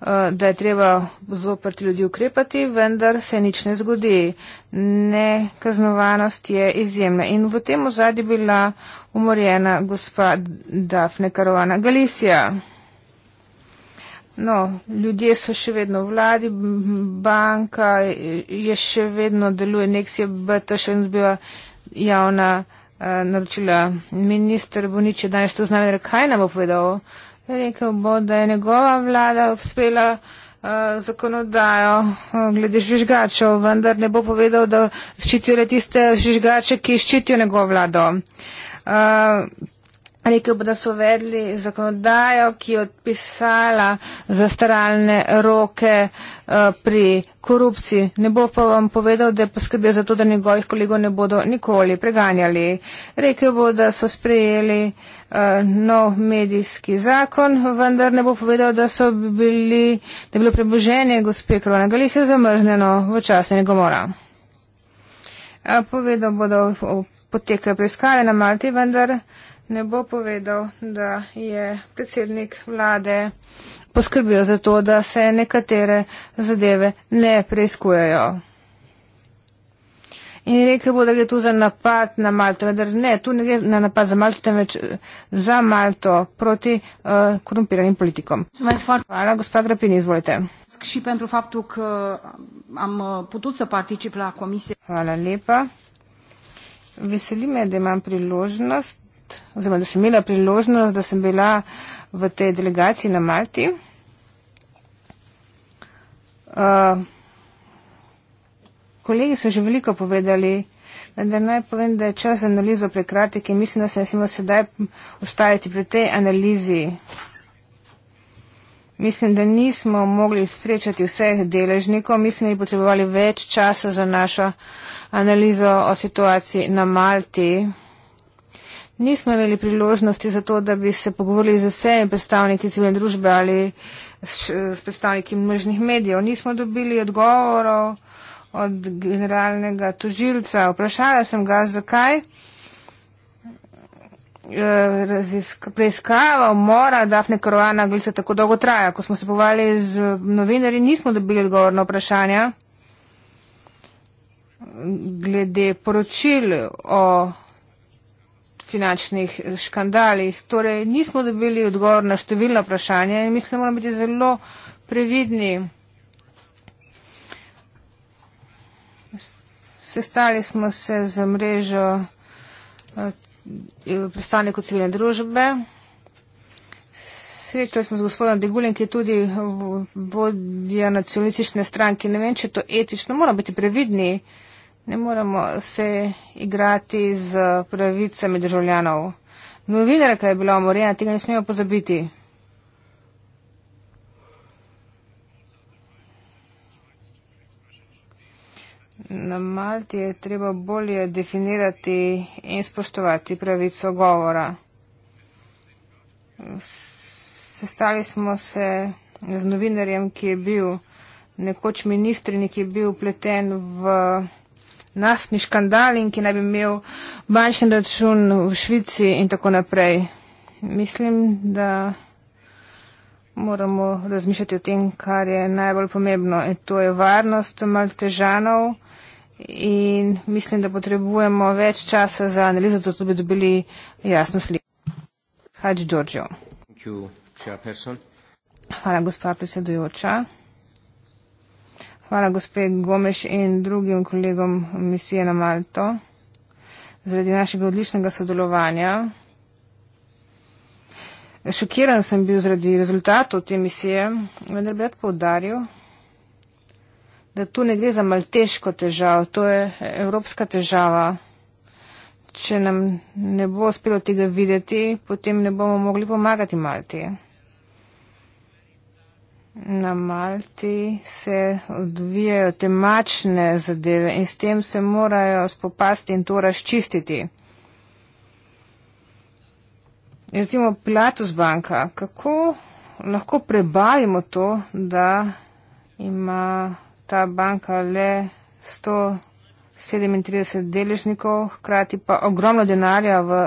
eh, da je treba zoprti ljudi ukrepati, vendar se nič ne zgodi. Nekaznovanost je izjemna in v tem ozadju bila umorjena gospa Dafne Karovana Galicija. No, ljudje so še vedno vladi, banka je še vedno deluje, nek si je BT še vedno bila javna naročila. Minister Bonič je danes tu z nami, kaj nam bo povedal. Rekel bo, da je njegova vlada uspela uh, eh, zakonodajo uh, glede žvižgačev, vendar ne bo povedal, da ščitijo le tiste žvižgače, ki ščitijo njegovo vlado. Uh, Rekel bi, da so uvedli zakonodajo, ki je odpisala zastaralne roke uh, pri korupciji. Ne bo pa vam povedal, da je poskrbel za to, da njegovih kolegov ne bodo nikoli preganjali. Rekel bo, da so sprejeli uh, nov medijski zakon, vendar ne bo povedal, da, bili, da je bilo preboženje gospe Krona Galisa zamrzneno v času njegomora. Uh, eh, povedal bodo potekajo preiskave na Malti, vendar ne bo povedal, da je predsednik vlade poskrbel za to, da se nekatere zadeve ne preizkujejo. In rekel bo, da gre tu za napad na Malto, vendar ne, tu ne gre na napad za Malto, temveč eh, za Malto proti uh, korumpiranim politikom. Hvala, gospa Grapini, izvolite. Eh, Hvala lepa. Veseli me, da imam priložnost, oziroma da sem imela priložnost, da sem bila v tej delegaciji na Malti. Uh, kolegi so že veliko povedali, vendar naj povem, da je čas za analizo prekratek in mislim, da se ne smemo sedaj ustaviti pri tej analizi. Mislim, da nismo mogli srečati vseh deležnikov, mislim, da bi potrebovali več časa za našo analizo o situaciji na Malti. Nismo imeli priložnosti za to, da bi se pogovorili z vsemi predstavniki civilne družbe ali s predstavniki množnih medijev. Nismo dobili odgovorov od generalnega tožilca. Vprašala sem ga, zakaj eh, preiskava mora Dafne Karovana Glisa tako dolgo traja. Ko smo se povali z novinarji, nismo dobili odgovor na vprašanja glede poročil o finančnih škandalih. Torej, nismo dobili odgovor na številna vprašanja in mislim, da moramo biti zelo previdni. Sestali smo se z mrežo eh, predstavnikov civilne družbe. Srečali smo z gospodom Degulin, ki je tudi vodja nacionalistične stranke. Ne vem, če je to etično. Moramo biti previdni. Ne moramo se igrati z pravicami državljanov. Novinarka je bila umorjena, tega ne smemo pozabiti. Na Malti je treba bolje definirati in spoštovati pravico govora. Sestali smo se z novinarjem, ki je bil nekoč ministrin, ki je bil upleten v naftni škandal in ki naj bi imel bančni račun v Švici in tako naprej. Mislim, da moramo razmišljati o tem, kar je najbolj pomembno in to je varnost maltežanov in mislim, da potrebujemo več časa za analizo, zato bi dobili jasno sliko. Hajdi Đorđev. Hvala, gospa predsedujoča. Hvala gospe Gomeš in drugim kolegom misije na Malto. Zaradi našega odličnega sodelovanja. Šokiran sem bil zaradi rezultatov te misije, vendar bi rad poudaril, da tu ne gre za malteško težavo, to je evropska težava. Če nam ne bo uspelo tega videti, potem ne bomo mogli pomagati Malti. Na Malti se odvijajo temačne zadeve in s tem se morajo spopasti in to razčistiti. Recimo Pilatus banka, kako lahko prebavimo to, da ima ta banka le 137 deležnikov, hkrati pa ogromno denarja v,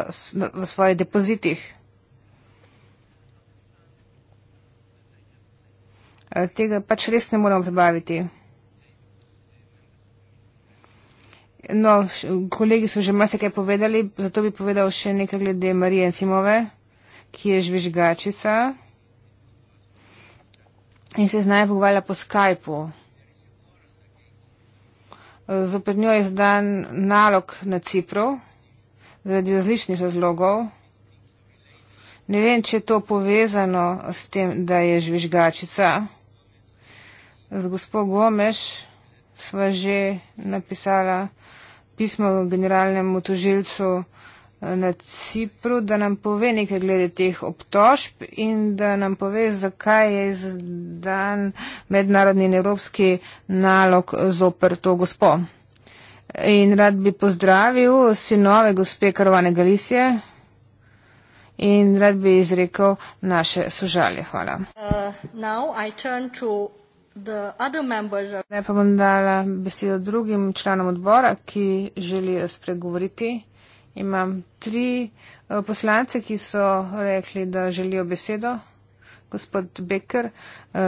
v svojih depozitih? Eh, tega pač res ne moramo prebaviti. No, kolegi so že marsikaj povedali, zato bi povedal še nekaj glede Marije Simove, ki je žvižgačica in se z nami pogovarjala po Skypu. Eh, zopet njo je zdan nalog na Cipru zaradi različnih razlogov. Ne vem, če je to povezano s tem, da je žvižgačica z gospo Gomeš sva že napisala pismo generalnemu tožilcu eh, na Cipru, da nam pove nekaj glede teh obtožb in da nam pove, zakaj je izdan mednarodni in evropski nalog zoper to gospo. In rad bi pozdravil sinove gospe Karovane Galisije in rad bi izrekel naše sožalje. Hvala. Uh, Zdaj pa bom dala besedo drugim članom odbora, ki želijo spregovoriti. Imam tri eh, poslance, ki so rekli, da želijo besedo. Gospod Becker, eh,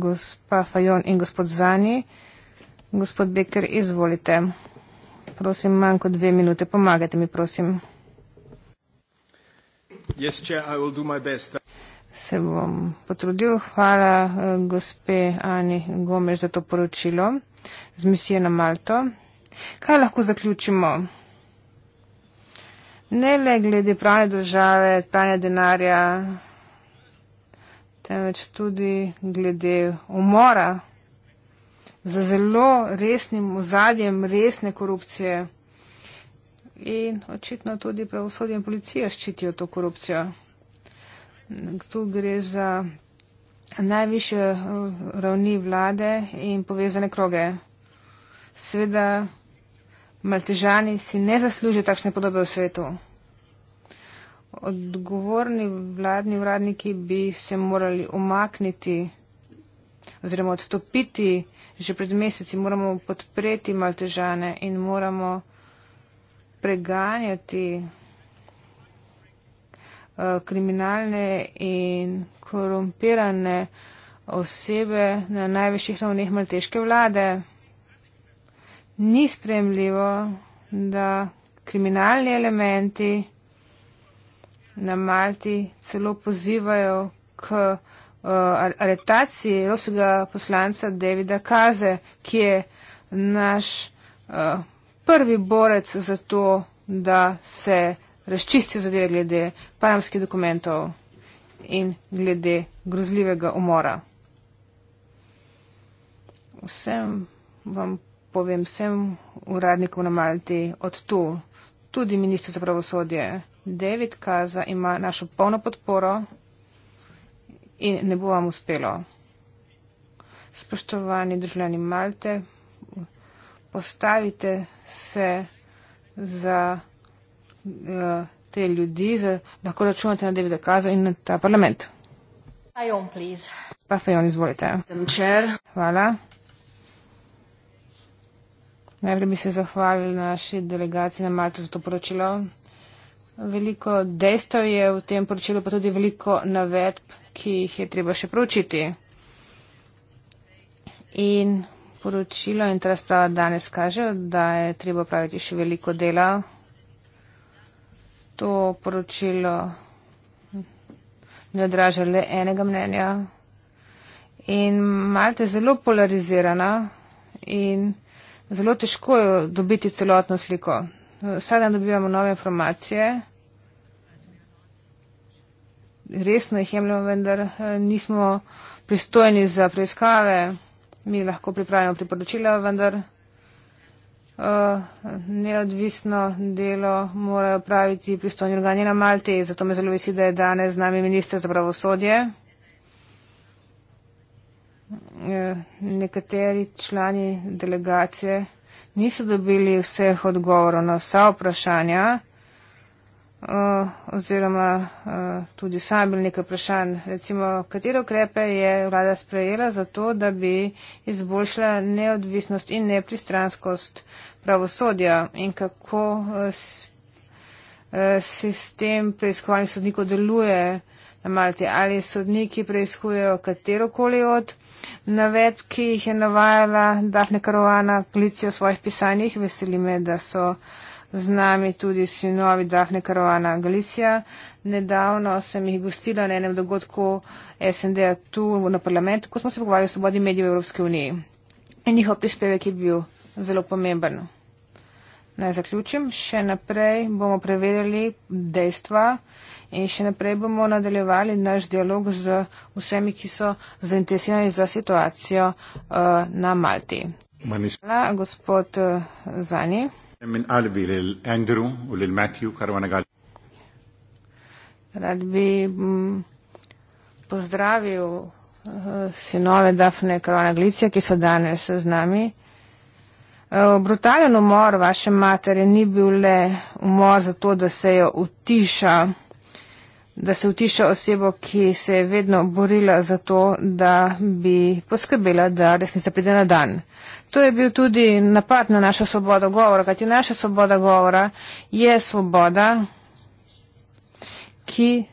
gospa Fajon in gospod Zani. Gospod Becker, izvolite. Prosim, manj kot dve minute. Pomagajte mi, prosim. Yes, chair, se bom potrudil. Hvala eh, gospe Ani Gomez za to poročilo z misije na Malto. Kaj lahko zaključimo? Ne le glede pravne države, pravne denarja, temveč tudi glede umora za zelo resnim ozadjem resne korupcije. In očitno tudi pravosodje in policija ščitijo to korupcijo. Tu gre za najviše eh, ravni vlade in povezane kroge. Seveda, maltežani si ne zaslužijo takšne podobe v svetu. Odgovorni vladni uradniki bi se morali umakniti oziroma odstopiti že pred meseci. Moramo podpreti maltežane in moramo preganjati Eh, kriminalne in korumpirane osebe na najvišjih ravneh malteške vlade. Ni spremljivo, da kriminalni elementi na Malti celo pozivajo k uh, aretaciji evropskega poslanca Davida Kaze, ki je naš uh, prvi borec za to, da se uh, razčistil zadeve glede panamskih dokumentov in glede grozljivega umora. Vsem vam povem, vsem uradnikom na Malti od tu, tudi ministr za pravosodje David Kaza ima našo polno podporo in ne bo vam uspelo. Spoštovani državljani Malte, postavite se za Eh, te ljudi, za, lahko računate na Davida Kaza in na ta parlament. Fajon, pa Fajon, izvolite. Hvala. Najprej bi se zahvalil naši delegaciji na Malto za to poročilo. Veliko dejstev je v tem poročilu, pa tudi veliko navedb, ki jih je treba še proučiti. In poročilo in ta razprava danes kaže, da je treba praviti še veliko dela to poročilo ne odraža le enega mnenja in malte zelo polarizirana in zelo težko je dobiti celotno sliko. Vsak dan dobivamo nove informacije, resno jih jemljamo, vendar eh, nismo pristojni za preiskave, mi lahko pripravimo priporočila, vendar. Eh, neodvisno delo morajo praviti pristojni organi na Malti. Zato me zelo vesi, da je danes z nami minister za pravosodje. Eh, nekateri člani delegacije niso dobili vseh odgovorov na vsa vprašanja. Eh, oziroma eh, tudi sam bil nekaj vprašanj. Recimo, katere ukrepe je vlada sprejela za to, da bi izboljšala neodvisnost in nepristranskost pravosodja in kako eh, sistem preiskovalnih sodnikov deluje na Malti. Ali sodniki preiskujejo katerokoli od navedb, ki jih je navajala Dafne Karovana, policija v svojih pisanjih. Veseli me, da so. Uh, z nami tudi sinovi Dahne Karavana Galicija. Nedavno sem jih gostila na enem dogodku SND-a tu na parlamentu, ko smo se pogovarjali o svobodi medijev v Evropske uniji. In njihov prispevek je bil zelo pomemben. Naj zaključim. Še naprej bomo preverjali dejstva in še naprej bomo nadaljevali naš dialog z vsemi, ki so zainteresirani za situacijo uh, na Malti. Hvala, gospod eh, Zani. من قلبي للاندرو وللماتيو كاروانا قال Rad bi mm, pozdravil eh, sinove Dafne Krona Glicija, ki so danes z nami. Eh, brutalen umor vaše matere ni bil le umor zato, da se jo utiša da se utiša osebo, ki se je vedno borila za to, da bi poskrbela, da resnica pride na dan. To je bil tudi napad na našo svobodo govora, kajti naša svoboda govora je svoboda, ki uh,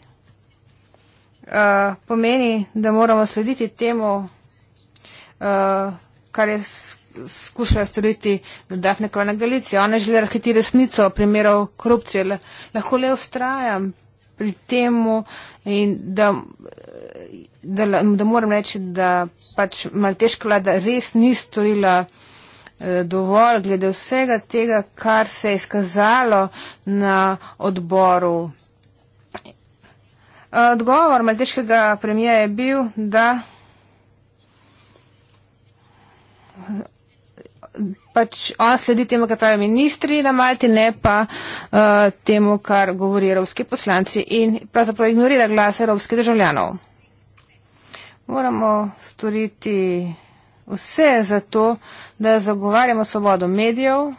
pomeni, da moramo slediti temu, uh, kar je skušala storiti Dafne Kronagalice. Ona želi razkriti resnico primerov korupcije. Lahko le ustrajam pri temu in da, da, da moram reči, da pač malteška vlada res ni storila eh, dovolj glede vsega tega, kar se je izkazalo na odboru. Eh, odgovor malteškega premija je bil, da pač on sledi temu, kar pravijo ministri na Malti, ne pa uh, temu, kar govori evropski poslanci in pravzaprav ignorira glas evropskih državljanov. Moramo storiti vse za to, da zagovarjamo svobodo medijev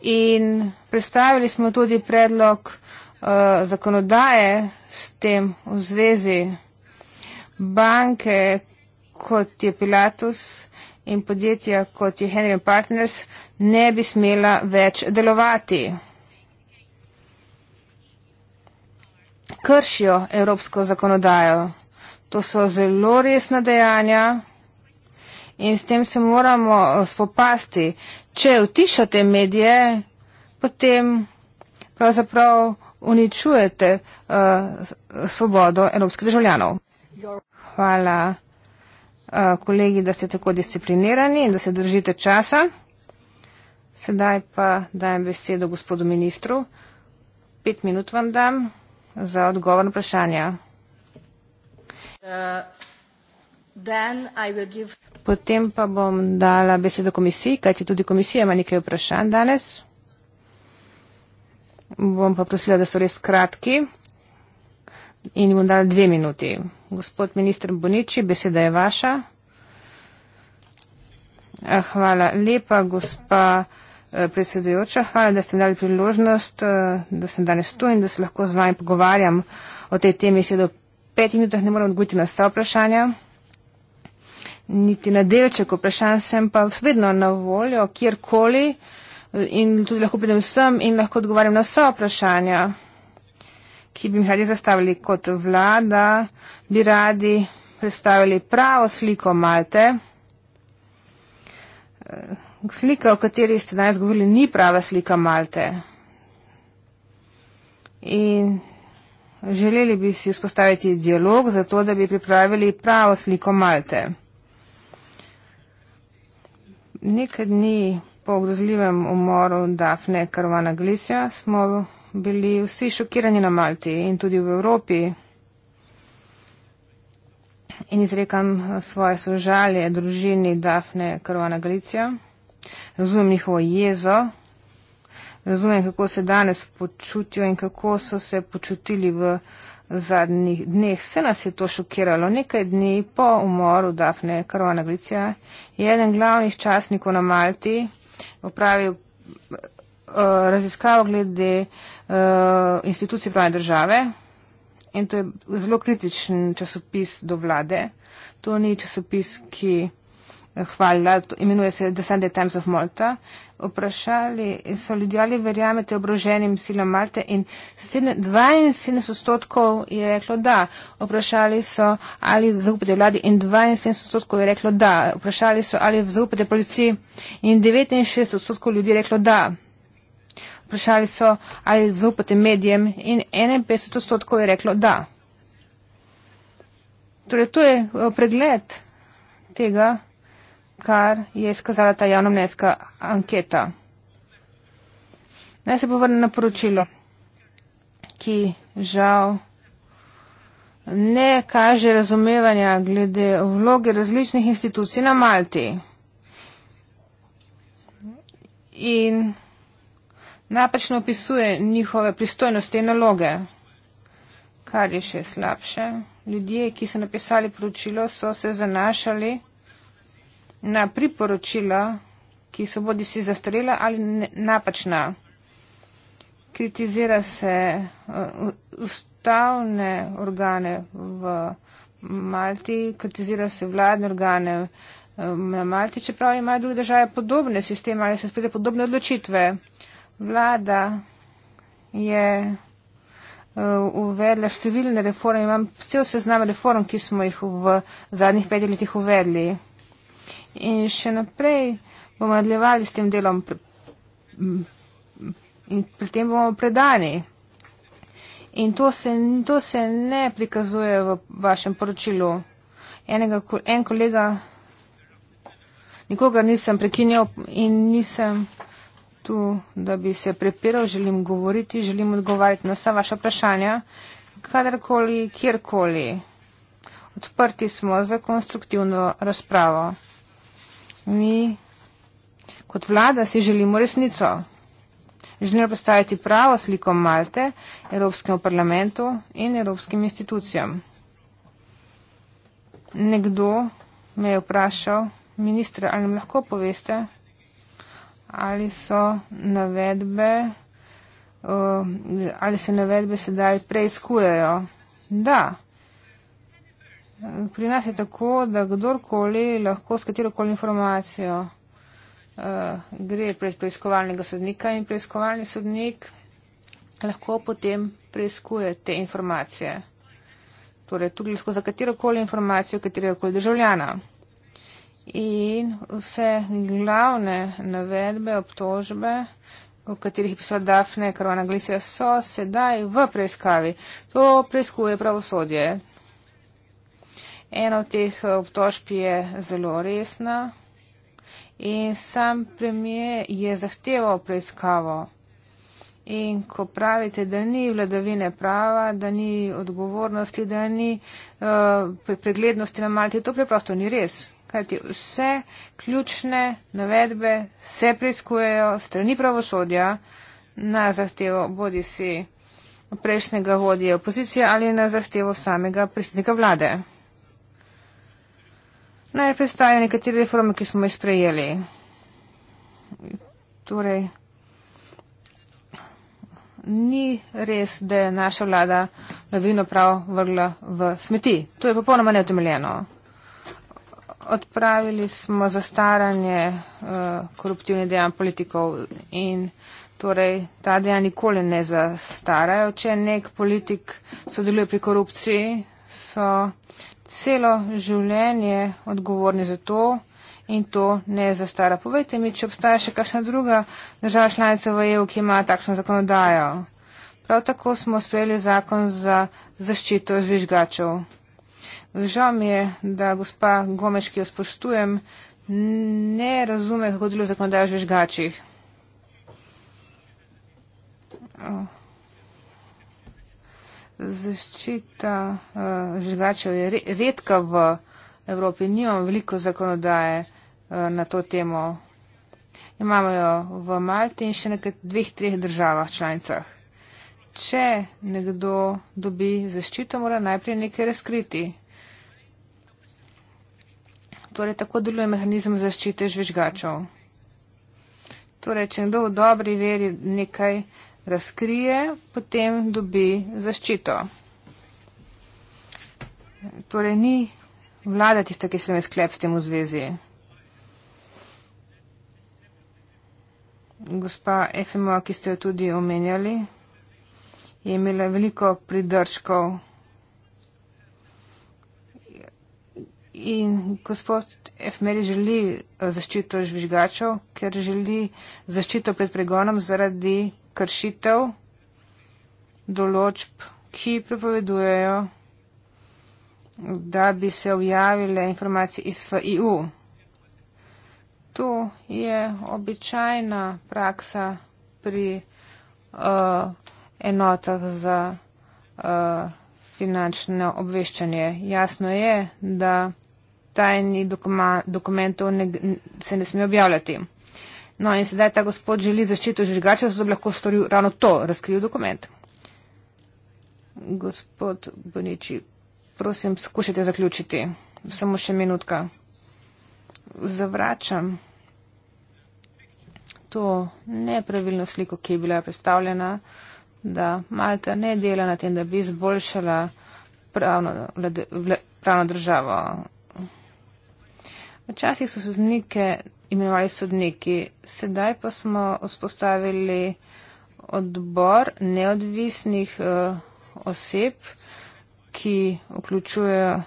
in predstavili smo tudi predlog uh, zakonodaje s tem v zvezi banke, kot je Pilatus, in podjetja, kot je Henry Partners, ne bi smela več delovati. Kršijo evropsko zakonodajo. To so zelo resna dejanja in s tem se moramo spopasti. Če utišate medije, potem pravzaprav uničujete uh, svobodo evropskih državljanov. Hvala. Eh, kolegi, da ste tako disciplinirani in da se držite časa. Sedaj pa dajem besedo gospodu ministru. Pet minut vam dam za odgovor na vprašanja. Uh, give... Potem pa bom dala besedo komisiji, kajti tudi komisija ima nekaj vprašanj danes. Bom pa prosila, da so res kratki in jim dali dve minuti. Gospod ministr Boniči, beseda je vaša. Eh, hvala lepa, gospa eh, predsedujoča. Hvala, da ste mi dali priložnost, eh, da sem danes tu in da se lahko z vami pogovarjam o tej temi. Se do petih minutah ne morem odgovoriti na vsa vprašanja. Niti na delček vprašanj sem pa vedno na voljo, kjerkoli. In tudi lahko pridem sem in lahko odgovarjam na vsa vprašanja ki bi jih radi zastavili kot vlada, bi radi predstavili pravo sliko Malte. Eh, slika, o kateri ste danes govorili, ni prava slika Malte. In želeli bi si vzpostaviti dialog za to, da bi pripravili pravo sliko Malte. Nekaj dni po grozljivem umoru Dafne Karvana Glisja smo bili vsi šokirani na Malti in tudi v Evropi. In izrekam eh, svoje sožalje družini Dafne Karvana Galicija. Razumem njihovo jezo. Razumem, kako se danes počutijo in kako so se počutili v zadnjih dneh. Vse nas je to šokiralo. Nekaj dni po umoru Dafne Karvana Galicija je eden glavnih časnikov na Malti opravil Eh, raziskavo glede uh, institucij pravne države in to je zelo kritičen časopis do vlade. To ni časopis, ki eh, hvala, to, imenuje se The Sunday Times of Malta. Vprašali so ljudje, ali verjamete obroženim silam Malte in 72 odstotkov je reklo da. Vprašali so, ali zaupate vladi in 72 odstotkov je reklo da. Vprašali so, ali zaupate policiji in 69 odstotkov ljudi je reklo da vprašali so, ali zaupate medijem in 51 odstotkov je reklo da. Torej, to je eh, pregled tega, kar je izkazala ta javno mneska anketa. Naj se povrne na poročilo, ki žal ne kaže razumevanja glede vloge različnih institucij na Malti. In napačno opisuje njihove pristojnosti in naloge. Kar je še slabše, ljudje, ki so napisali poročilo, so se zanašali na priporočila, ki so bodi si zastarela ali napačna. Kritizira se uh, ustavne organe v Malti, kritizira se vladne organe uh, na Malti, čeprav imajo druge države podobne sisteme ali se sprede podobne odločitve vlada je eh, uvedla številne reforme. Imam cel seznam reform, ki smo jih v zadnjih petih letih uvedli. In še naprej bomo nadaljevali s tem delom in pri tem bomo predani. In to se, to se ne prikazuje v vašem poročilu. Enega, en kolega, nikogar nisem prekinjal in nisem tu, da bi se prepiral, želim govoriti, želim odgovarjati na vsa vaša vprašanja, kadarkoli, kjerkoli. Odprti smo za konstruktivno razpravo. Mi kot vlada si želimo resnico. Želimo postaviti pravo sliko Malte, Evropskemu parlamentu in Evropskim institucijam. Nekdo me je vprašal, ministre, ali nam lahko poveste, ali so navedbe, uh, ali se navedbe sedaj preizkujejo. Da. Pri nas je tako, da kdorkoli lahko s katerokoli informacijo uh, gre pred preiskovalnega sodnika in preiskovalni sodnik lahko potem preizkuje te informacije. Torej, tudi lahko za katerokoli informacijo katerega koli državljana in vse glavne navedbe, obtožbe, o katerih je pisala Dafne Karona Glisija, so sedaj v preiskavi. To preiskuje pravosodje. Ena od teh eh, obtožb je zelo resna in sam premijer je zahteval preiskavo. In ko pravite, da ni vladavine prava, da ni odgovornosti, da ni uh, preglednosti na Malti, to preprosto ni res kajti vse ključne navedbe se preizkujejo strani pravosodja na zahtevo bodi si prejšnjega vodje opozicije ali na zahtevo samega predsednika vlade. Naj predstavijo nekatere reforme, ki smo jih sprejeli. Torej, ni res, da je naša vlada vladavino prav vrgla v smeti. To je popolnoma neutemeljeno. Odpravili smo zastaranje uh, koruptivnih dejanj politikov in torej ta dejanj nikoli ne zastarajo. Če nek politik sodeluje pri korupciji, so celo življenje odgovorni za to in to ne zastara. Povejte mi, če obstaja še kakšna druga država članica v EU, ki ima takšno zakonodajo. Prav tako smo sprejeli zakon za zaščito zvižgačev. Žal mi je, da gospa Gomeš, ki jo spoštujem, ne razume, kako deluje zakonodaja o žvižgačih. Zaščita uh, žvižgačev je re redka v Evropi. Nimamo veliko zakonodaje uh, na to temo. Imamo jo v Malti in še na dveh, treh državah članicah. Če nekdo dobi zaščito, mora najprej nekaj razkriti. Torej, tako deluje mehanizem zaščite žvižgačev. Torej, če kdo v dobri veri nekaj razkrije, potem dobi zaščito. Torej, ni vlada tista, ki se ne sklep s tem v zvezi. Gospa FMO, ki ste jo tudi omenjali, je imela veliko pridržkov. In gospod Efmeri želi eh, zaščito žvižgačev, ker želi zaščito pred pregonom zaradi kršitev določb, ki prepovedujejo, da bi se objavile informacije iz FIU. To je običajna praksa pri uh, enotah za uh, finančno obveščanje. Jasno je, da tajnih dokumentov ne, se ne sme objavljati. No in sedaj ta gospod želi zaščito žigača, zato bi lahko storil ravno to, razkril dokument. Gospod Boniči, prosim, skušajte zaključiti. Samo še minutka. Zavračam to nepravilno sliko, ki je bila predstavljena, da Malta ne dela na tem, da bi izboljšala pravno, pravno državo. Včasih so sodnike imenovali sodniki, sedaj pa smo vzpostavili odbor neodvisnih uh, oseb, ki vključujejo,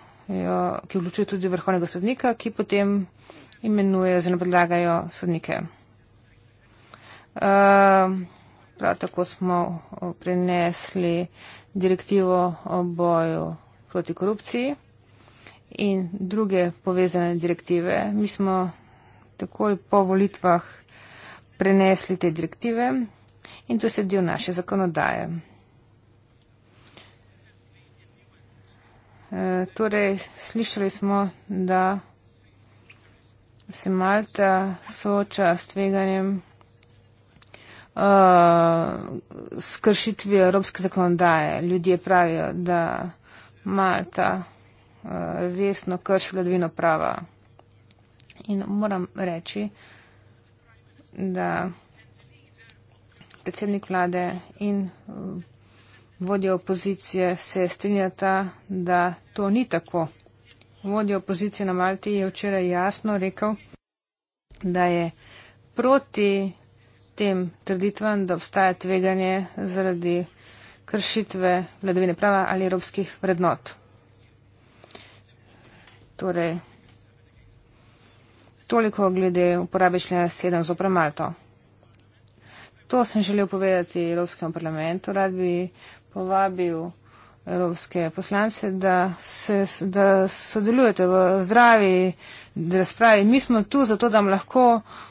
ki vključujejo tudi vrhovnega sodnika, ki potem imenujejo oziroma predlagajo sodnike. Uh, prav tako smo eh, prenesli direktivo o boju proti korupciji in druge povezane direktive. Mi smo takoj po volitvah prenesli te direktive in to se del naše zakonodaje. E, torej, slišali smo, da se Malta sooča s tveganjem uh, e, skršitvijo evropske zakonodaje. Ljudje pravijo, da Malta resno eh, krš vladvino prava. In moram reči, da predsednik vlade in eh, vodja opozicije se strinjata, da to ni tako. Vodja opozicije na Malti je včeraj jasno rekel, da je proti tem trditvam, da obstaja tveganje zaradi kršitve vladavine prava ali evropskih vrednot. Torej, toliko glede uporabe člena 7 z opremalto. To sem želel povedati Evropskemu parlamentu. Rad bi povabil evropske poslance, da, se, da sodelujete v zdravi razpravi. Mi smo tu zato, da vam lahko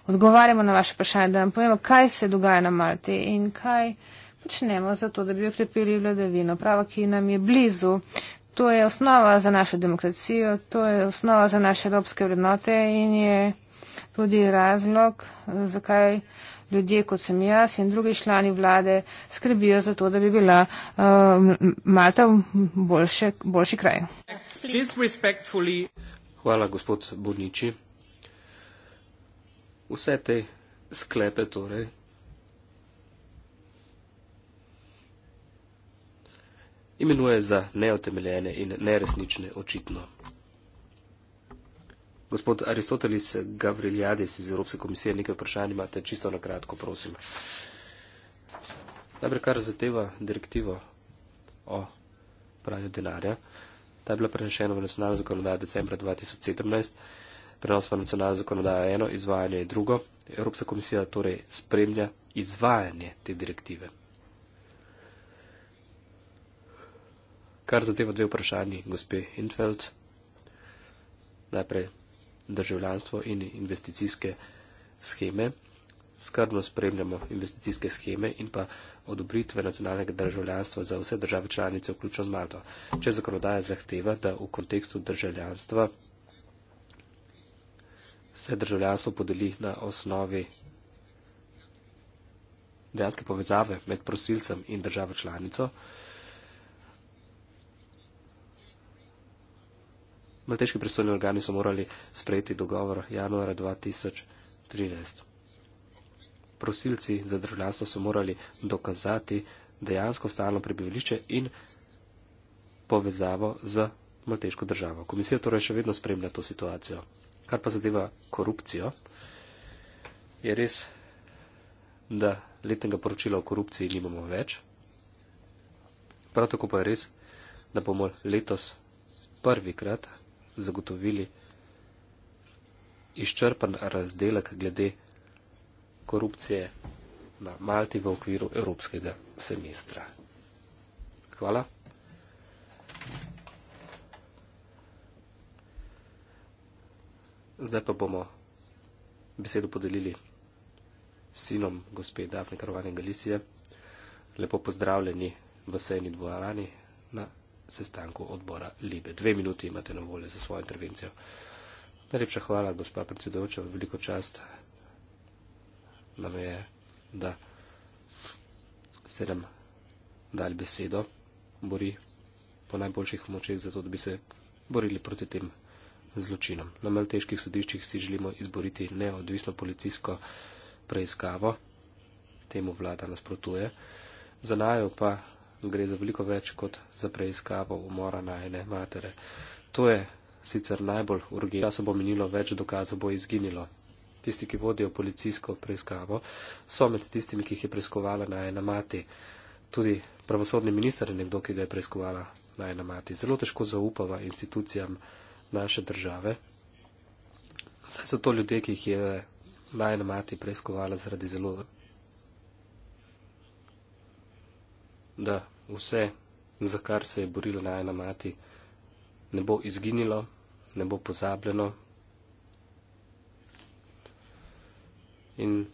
odgovarjamo na vaše vprašanje, da vam povemo, kaj se dogaja na Malti in kaj počnemo zato, da bi okrepili vladavino prava, ki nam je blizu. To je osnova za našo demokracijo, to je osnova za naše evropske vrednote in je tudi razlog, zakaj ljudje kot sem jaz in drugi člani vlade skrbijo za to, da bi bila uh, Malta boljše, boljši kraj. Hvala, gospod Bodniči. Vse te sklepe torej imenuje za neotemeljene in neresnične očitno. Gospod Aristotelis Gavriljades iz Evropske komisije, nekaj vprašanj imate, čisto na kratko, prosim. Najprej, kar zateva direktivo o pranju denarja, ta je bila prenešena v nacionalno zakonodajo decembra 2017, prenos pa nacionalno zakonodajo eno, izvajanje je drugo. Evropska komisija torej spremlja izvajanje te direktive. kar zadeva dve vprašanji, gospe Hintfeld, najprej državljanstvo in investicijske scheme. Skrbno spremljamo investicijske scheme in pa odobritve nacionalnega državljanstva za vse države članice, vključno z Malto. Če zakonodaja zahteva, da v kontekstu državljanstva se državljanstvo podeli na osnovi dejanske povezave med prosilcem in državo članico, Malteški predstavni organi so morali sprejeti dogovor januara 2013. Prosilci za državljanstvo so morali dokazati dejansko stalno prebivališče in povezavo z Malteško državo. Komisija torej še vedno spremlja to situacijo. Kar pa zadeva korupcijo, je res, da letnega poročila o korupciji nimamo več. Prav tako pa je res, da bomo letos prvikrat zagotovili izčrpen razdelek glede korupcije na Malti v okviru evropskega semestra. Hvala. Zdaj pa bomo besedo podelili sinom gospe Dafne Karovane Galicije. Lepo pozdravljeni v sejni dvorani na sestanku odbora Libe. Dve minuti imate na voljo za svojo intervencijo. Najlepša hvala, gospa predsedujoča, veliko čast nam je, da se nam dali besedo, bori po najboljših močeh za to, da bi se borili proti tem zločinom. Na malteških sodiščih si želimo izboriti neodvisno policijsko preiskavo, temu vlada nasprotuje. Za najo pa gre za veliko več kot za preiskavo umora najne matere. To je sicer najbolj urgentno, da se bo minilo več dokazov, bo izginilo. Tisti, ki vodijo policijsko preiskavo, so med tistimi, ki jih je preiskovala najna mati. Tudi pravosodni minister je nekdo, ki ga je preiskovala najna mati. Zelo težko zaupava institucijam naše države. Saj so to ljudje, ki jih je najna mati preiskovala zaradi zelo. Da, vse, za kar se je borila najna mati, ne bo izginilo, ne bo pozabljeno. In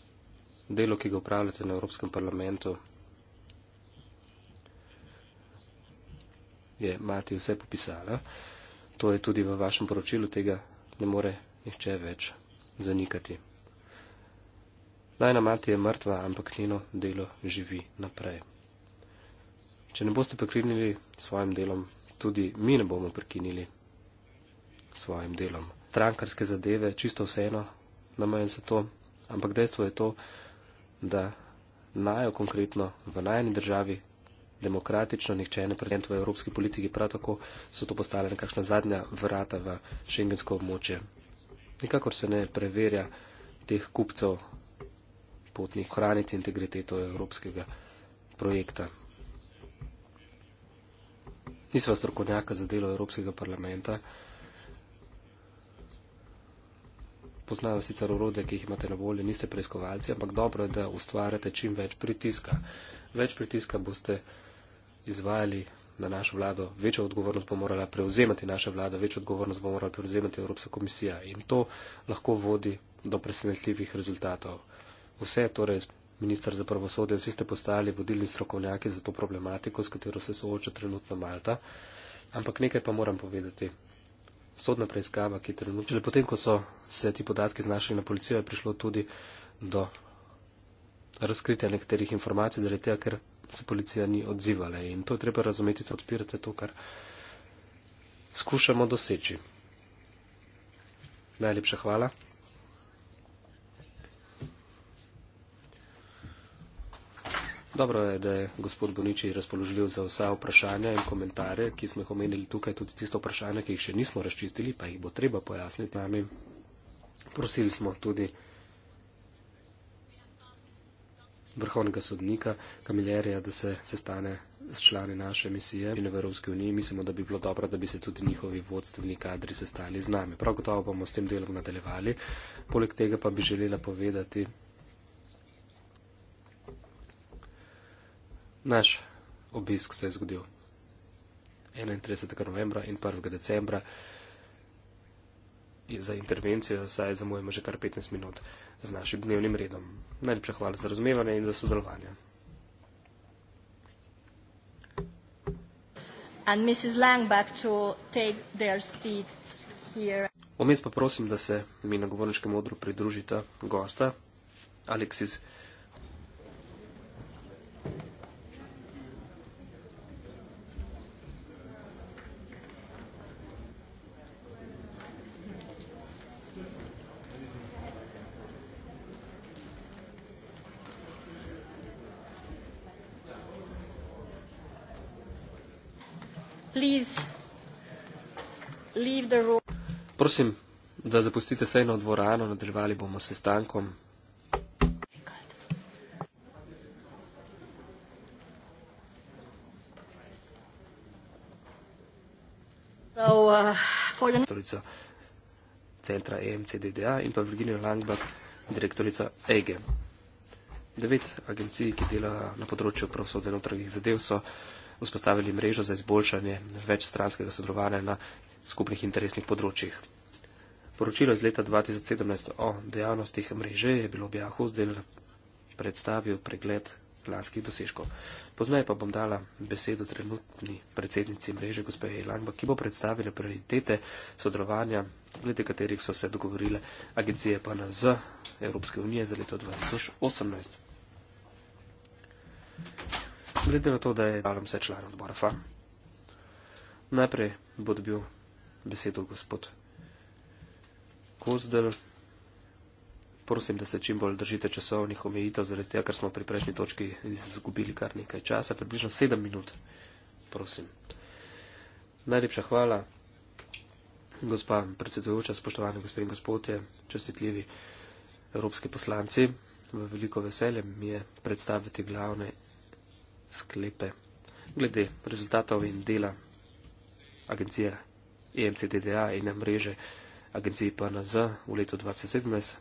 delo, ki ga upravljate na Evropskem parlamentu, je mati vse popisala. To je tudi v vašem poročilu, tega ne more nihče več zanikati. Najna mati je mrtva, ampak njeno delo živi naprej. Če ne boste prekinili svojim delom, tudi mi ne bomo prekinili svojim delom. Trankarske zadeve, čisto vseeno, namajem se to, ampak dejstvo je to, da najo konkretno v najeni državi demokratično nihče ne prezent v evropski politiki, prav tako so to postale nekakšna zadnja vrata v šengensko območje. Nikakor se ne preverja teh kupcev potnih hraniti integriteto evropskega projekta nisva strokovnjaka za delo Evropskega parlamenta. Poznajo sicer urode, ki jih imate na voljo, niste preiskovalci, ampak dobro je, da ustvarjate čim več pritiska. Več pritiska boste izvajali na našo vlado, večjo odgovornost bo morala prevzemati naša vlada, večjo odgovornost bo morala prevzemati Evropska komisija in to lahko vodi do presenetljivih rezultatov. Vse torej ministr za pravosodje, vsi ste postajali vodilni strokovnjaki za to problematiko, s katero se sooča trenutno Malta. Ampak nekaj pa moram povedati. Sodna preiskava, ki trenutno, le potem, ko so se ti podatki znašli na policijo, je prišlo tudi do razkritja nekaterih informacij, zaradi tega, ker se policija ni odzivala. In to je treba razumeti, da odpirate to, kar skušamo doseči. Najlepša hvala. Dobro je, da je gospod Boniči razpoložljiv za vsa vprašanja in komentarje, ki smo jih omenili tukaj, tudi tisto vprašanje, ki jih še nismo razčistili, pa jih bo treba pojasniti nami. Prosili smo tudi vrhovnega sodnika Kamilerija, da se sestane s člani naše misije in v Evropski uniji. Mislimo, da bi bilo dobro, da bi se tudi njihovi vodstveni kadri sestali z nami. Prav gotovo bomo s tem delom nadaljevali. Poleg tega pa bi želela povedati, Naš obisk se je zgodil 31. novembra in 1. decembra. Za intervencijo, saj zamujamo že kar 15 minut z našim dnevnim redom. Najlepša hvala za razumevanje in za sodelovanje. Omes pa prosim, da se mi na govorniškem odru pridružita gosta Aleksis. prosim, da zapustite sejno dvorano, nadaljevali bomo s sestankom. Uh, direktorica centra EMCDDA in pa Virginia Langbach, direktorica EGE. Devet agencij, ki dela na področju pravosodne notranjih zadev, so vzpostavili mrežo za izboljšanje večstranskega sodelovanja na skupnih interesnih področjih. Poročilo iz leta 2017 o dejavnostih mreže je bilo v Jahu predstavil pregled lanskih dosežkov. Poznaje pa bom dala besedo trenutni predsednici mreže, gospe Langba, ki bo predstavila prioritete sodelovanja, glede katerih so se dogovorile agencije PNZ Evropske unije za leto 2018. Glede na to, da je dalem se član odbora FA, najprej bo dobil besedo gospod Kozdel. Prosim, da se čim bolj držite časovnih omejitev, zaradi tega, ker smo pri prejšnji točki izgubili kar nekaj časa, približno sedem minut. Prosim. Najlepša hvala, gospa predsedujoča, spoštovane gospe in gospodje, čestitljivi evropski poslanci. V veliko veselje mi je predstaviti glavne sklepe glede rezultatov in dela agencije EMCDDA in mreže agenciji PNZ v letu 2017.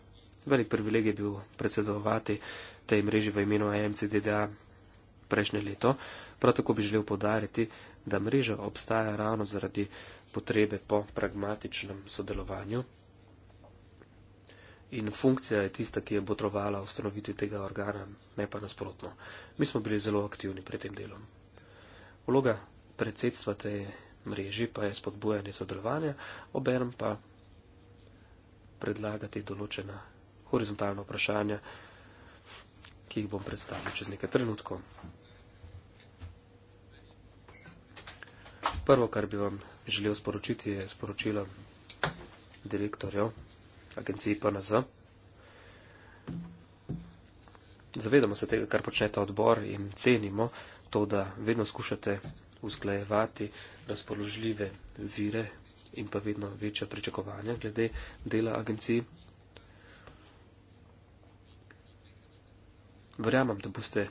Velik privileg je bil predsedovati tej mreži v imenu AMCDDA prejšnje leto. Prav tako bi želel podariti, da mreža obstaja ravno zaradi potrebe po pragmatičnem sodelovanju in funkcija je tista, ki je botrovala ustanovitvi tega organa, ne pa nasprotno. Mi smo bili zelo aktivni pri tem delu. Vloga predsedstva te mreži pa je spodbujanje sodelovanja, obenem pa predlagati določena horizontalna vprašanja, ki jih bom predstavil čez nekaj trenutkov. Prvo, kar bi vam želel sporočiti, je sporočilo direktorjev agenciji PNZ. Zavedamo se tega, kar počnete odbor in cenimo to, da vedno skušate usklajevati razpoložljive vire in pa vedno večja pričakovanja glede dela agencij. Verjamem, da boste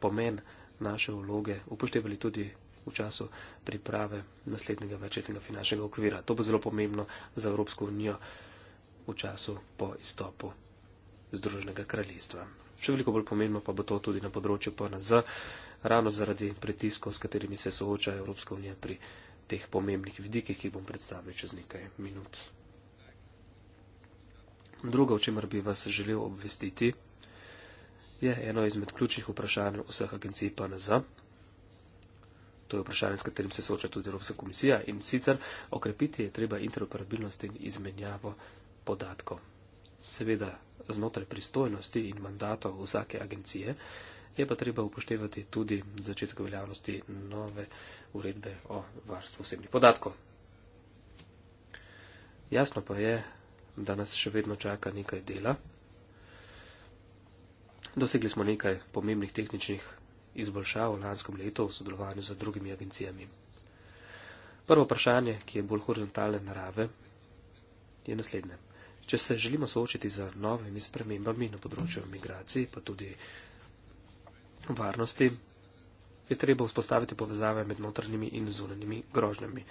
pomen naše vloge upoštevali tudi v času priprave naslednjega večletnega finančnega okvira. To bo zelo pomembno za Evropsko unijo v času po izstopu Združenega kraljestva. Še veliko bolj pomembno pa bo to tudi na področju PNZ, ravno zaradi pritiskov, s katerimi se sooča Evropska unija pri teh pomembnih vidikih, ki jih bom predstavil čez nekaj minut. Drugo, o čemer bi vas želel obvestiti, je eno izmed ključnih vprašanj vseh agencij PNZ. To je vprašanje, s katerim se sooča tudi Evropska komisija in sicer okrepiti je treba interoperabilnost in izmenjavo podatkov. Seveda znotraj pristojnosti in mandatov vsake agencije, je pa treba upoštevati tudi začetek veljavnosti nove uredbe o varstvu osebnih podatkov. Jasno pa je, da nas še vedno čaka nekaj dela. Dosegli smo nekaj pomembnih tehničnih izboljšav v lanskem letu v sodelovanju z drugimi agencijami. Prvo vprašanje, ki je bolj horizontalne narave, je naslednje. Če se želimo soočiti z novimi spremembami na področju migracij, pa tudi varnosti, je treba vzpostaviti povezave med notrnjimi in zunanjimi grožnjami.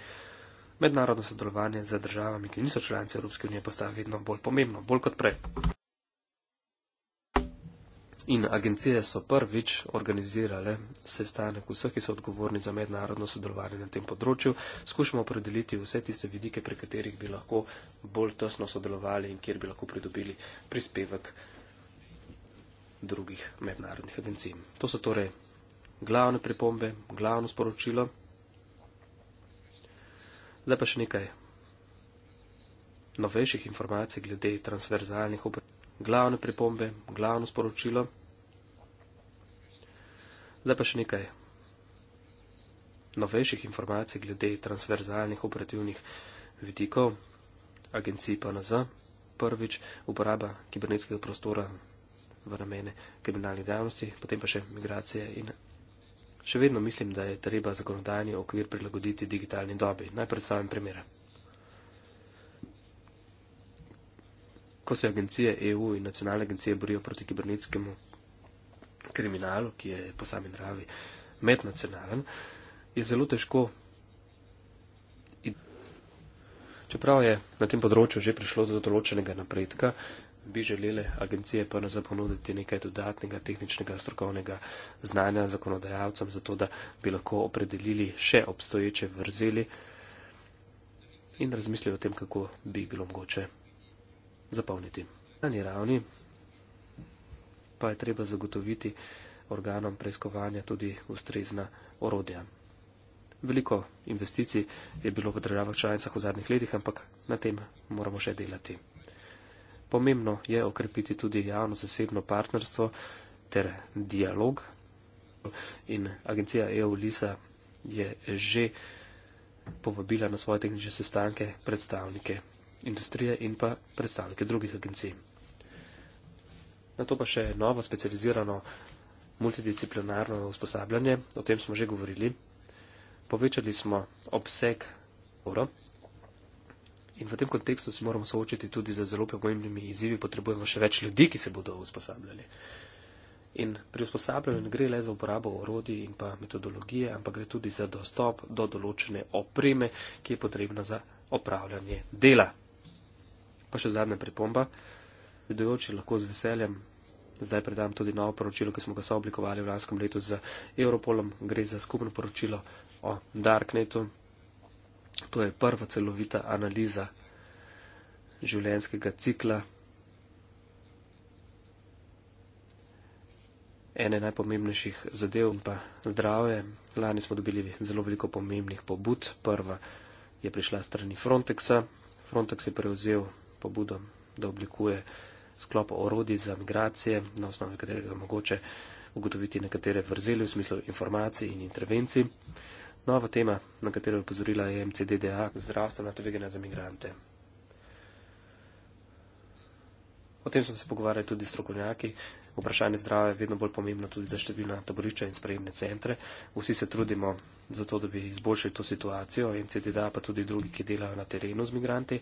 Mednarodno sodelovanje z državami, ki niso članice Evropske unije, postaja vedno bolj pomembno, bolj kot prej. In agencije so prvič organizirale sestanek vseh, ki so odgovorni za mednarodno sodelovanje na tem področju. Skušamo opredeliti vse tiste vidike, pri katerih bi lahko bolj tesno sodelovali in kjer bi lahko pridobili prispevek drugih mednarodnih agencij. To so torej glavne pripombe, glavno sporočilo. Zdaj pa še nekaj novejših informacij glede transverzalnih operacij. Glavne pripombe, glavno sporočilo. Zdaj pa še nekaj novejših informacij glede transverzalnih operativnih vidikov agencij PNZ. Prvič, uporaba kibernetskega prostora v ramene kriminalnih dejavnosti, potem pa še migracije in. Še vedno mislim, da je treba zakonodajni okvir prilagoditi digitalni dobi. Naj predstavim primere. Ko se agencije EU in nacionalne agencije borijo proti kibernetskemu kriminalu, ki je po sami naravi mednacionalen, je zelo težko. Čeprav je na tem področju že prišlo do določenega napredka, bi želele agencije PNZ ponuditi nekaj dodatnega tehničnega strokovnega znanja zakonodajalcem, zato da bi lahko opredelili še obstoječe vrzeli in razmislili o tem, kako bi jih bilo mogoče zapolniti. Na njej ravni pa je treba zagotoviti organom preiskovanja tudi ustrezna orodja. Veliko investicij je bilo v državah članicah v zadnjih letih, ampak na tem moramo še delati. Pomembno je okrepiti tudi javno-zasebno partnerstvo ter dialog. In agencija EU-LISA je že povabila na svoje tehnične sestanke predstavnike industrije in pa predstavnike drugih agencij. Na to pa še novo specializirano multidisciplinarno usposabljanje, o tem smo že govorili. Povečali smo obseg evrov. In v tem kontekstu se moramo soočiti tudi z zelo pomembnimi izzivi, potrebujemo še več ljudi, ki se bodo usposabljali. In pri usposabljanju ne gre le za uporabo orodij in pa metodologije, ampak gre tudi za dostop do določene opreme, ki je potrebna za opravljanje dela. Pa še zadnja pripomba. Vedujoči lahko z veseljem zdaj predam tudi novo poročilo, ki smo ga sooblikovali v lanskem letu z Europolom. Gre za skupno poročilo o Darknetu. To je prva celovita analiza življenjskega cikla. Ene najpomembnejših zadev pa zdravje. Lani smo dobili zelo veliko pomembnih pobud. Prva je prišla strani Frontexa. Frontex je prevzel pobudo, da oblikuje sklop orodij za migracije, na osnovi katerega je mogoče ugotoviti nekatere vrzeli v smislu informacij in intervencij. Nova tema, na katero je upozorila e MCDDA, zdravstvena tvegana za migrante. O tem so se pogovarjali tudi strokovnjaki. Vprašanje zdrave je vedno bolj pomembno tudi za številna taborišča in sprejemne centre. Vsi se trudimo za to, da bi izboljšali to situacijo, e MCDDA pa tudi drugi, ki delajo na terenu z migranti.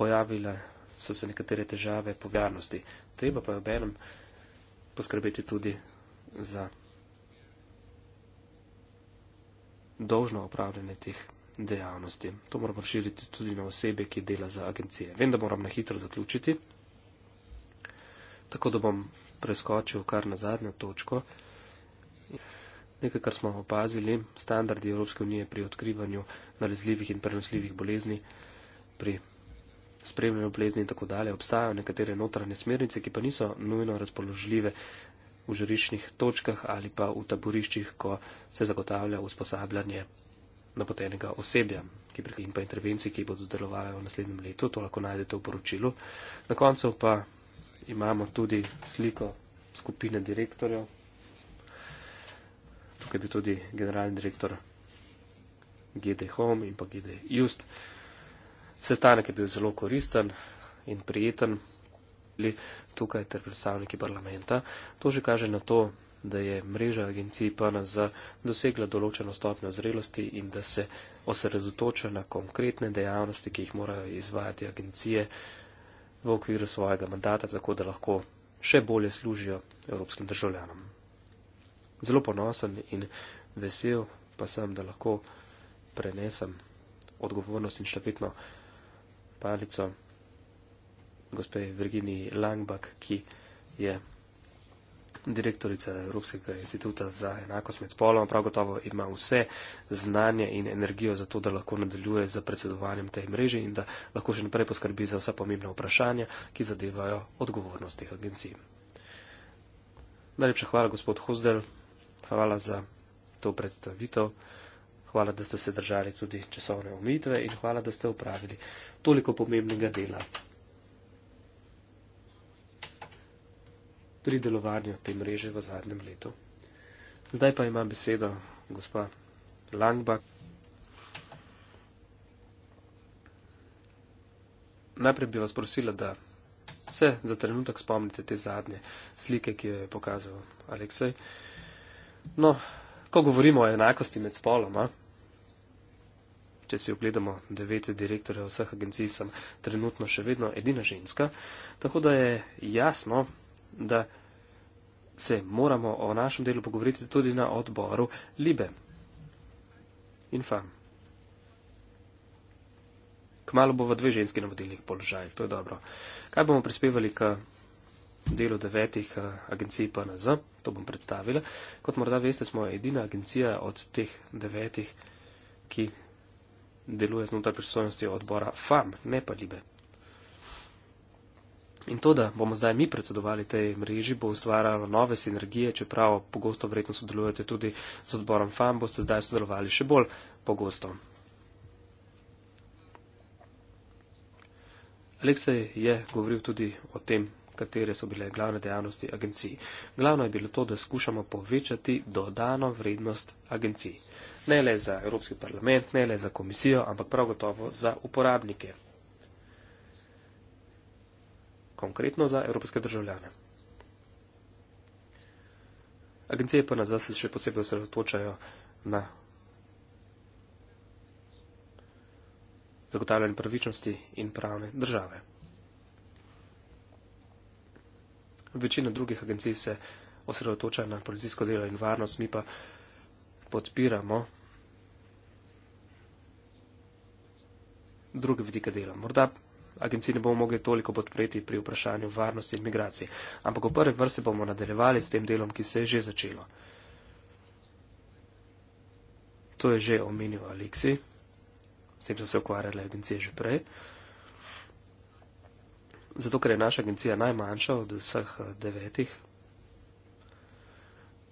Pojavile so se nekatere težave po varnosti. Treba pa je obenem poskrbeti tudi za dolžno opravljanje teh dejavnosti. To moramo širiti tudi na osebe, ki dela za agencije. Vem, da moram na hitro zaključiti, tako da bom preskočil kar na zadnjo točko. Nekaj, kar smo opazili, standardi Evropske unije pri odkrivanju nalezljivih in prenosljivih bolezni, pri spremljanju bolezni in tako dalje, obstajajo nekatere notranje smernice, ki pa niso nujno razpoložljive v žariščnih točkah ali pa v taboriščih, ko se zagotavlja usposabljanje napotenega osebja in pa intervencij, ki bodo delovali v naslednjem letu. To lahko najdete v poročilu. Na koncu pa imamo tudi sliko skupine direktorjev. Tukaj bi tudi generalni direktor GD Home in pa GD Just. Sestanek je bil zelo koristen in prijeten bili tukaj ter predstavniki parlamenta. To že kaže na to, da je mreža agencij PNZ dosegla določeno stopnjo zrelosti in da se osredotoča na konkretne dejavnosti, ki jih morajo izvajati agencije v okviru svojega mandata, tako da lahko še bolje služijo evropskim državljanom. Zelo ponosen in vesel pa sem, da lahko prenesem odgovornost in štafetno palico gospe Virginiji Langbak, ki je direktorica Evropskega instituta za enakost med spoloma. Prav gotovo ima vse znanje in energijo za to, da lahko nadaljuje z predsedovanjem tej mreži in da lahko še naprej poskrbi za vsa pomembna vprašanja, ki zadevajo odgovornost teh agencij. Najlepša hvala, gospod Hozdel. Hvala za to predstavitev. Hvala, da ste se držali tudi časovne omejitve in hvala, da ste upravili toliko pomembnega dela. pri delovanju te mreže v zadnjem letu. Zdaj pa ima besedo gospa Langbak. Najprej bi vas prosila, da se za trenutek spomnite te zadnje slike, ki jo je pokazal Aleksej. No, ko govorimo o enakosti med spoloma, če si ogledamo devet direktorjev vseh agencij, sem trenutno še vedno edina ženska, tako da je jasno, da se moramo o našem delu pogovoriti tudi na odboru Libe. Infa. Kmalo bo v dve ženski na vodilnih položajih, to je dobro. Kaj bomo prispevali k delu devetih eh, agencij PNZ, to bom predstavila. Kot morda veste, smo edina agencija od teh devetih, ki deluje znotraj pristojnosti odbora FAM, ne pa Libe. In to, da bomo zdaj mi predsedovali tej mreži, bo ustvarjalo nove sinergije, čeprav pogosto verjetno sodelujete tudi z odborom FAM, boste zdaj sodelovali še bolj pogosto. Aleksej je govoril tudi o tem, katere so bile glavne dejavnosti agencij. Glavno je bilo to, da skušamo povečati dodano vrednost agencij. Ne le za Evropski parlament, ne le za komisijo, ampak prav gotovo za uporabnike konkretno za evropske državljane. Agencije pa nas zase še posebej osredotočajo na zagotavljanje pravičnosti in pravne države. Večina drugih agencij se osredotoča na policijsko delo in varnost, mi pa podpiramo druge vidike dela. Morda agencije ne bomo mogli toliko podpreti pri vprašanju varnosti in migracij. Ampak v prvi vrsti bomo nadaljevali s tem delom, ki se je že začelo. To je že omenil Aleksi, s tem so se ukvarjale agencije že prej. Zato, ker je naša agencija najmanjša od vseh eh, devetih,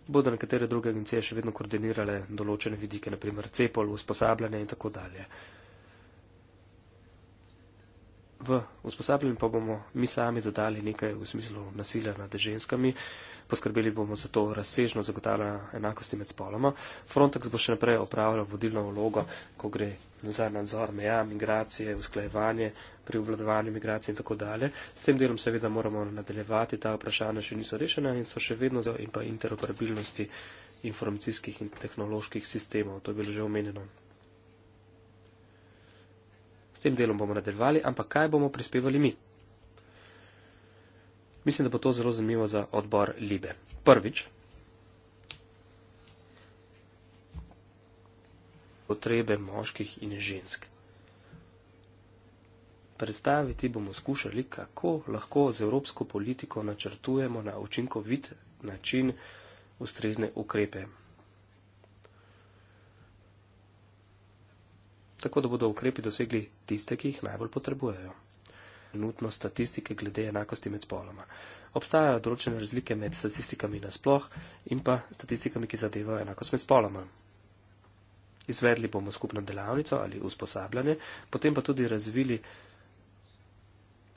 bodo nekatere druge agencije še vedno koordinirale določene vidike, naprimer CEPOL, usposabljanje in tako dalje v usposabljanju pa bomo mi sami dodali nekaj v smislu nasilja nad ženskami, poskrbeli bomo za to razsežno zagotavljanje enakosti med spoloma. Frontex bo še naprej opravljal vodilno vlogo, ko gre za nadzor meja, migracije, usklajevanje pri obvladovanju migracij in tako dalje. S tem delom seveda moramo nadaljevati, ta vprašanja še niso rešena in so še vedno za in pa interoperabilnosti informacijskih in tehnoloških sistemov. To je bilo že omenjeno tem delom bomo nadaljevali, ampak kaj bomo prispevali mi? Mislim, da bo to zelo zanimivo za odbor Libe. Prvič, potrebe moških in žensk. Predstaviti bomo skušali, kako lahko z evropsko politiko načrtujemo na učinkovit način ustrezne ukrepe tako da bodo ukrepi dosegli tiste, ki jih najbolj potrebujejo. Nutno statistike glede enakosti med spoloma. Obstajajo določene razlike med statistikami nasploh in pa statistikami, ki zadevajo enakost med spoloma. Izvedli bomo skupno delavnico ali usposabljanje, potem pa tudi razvili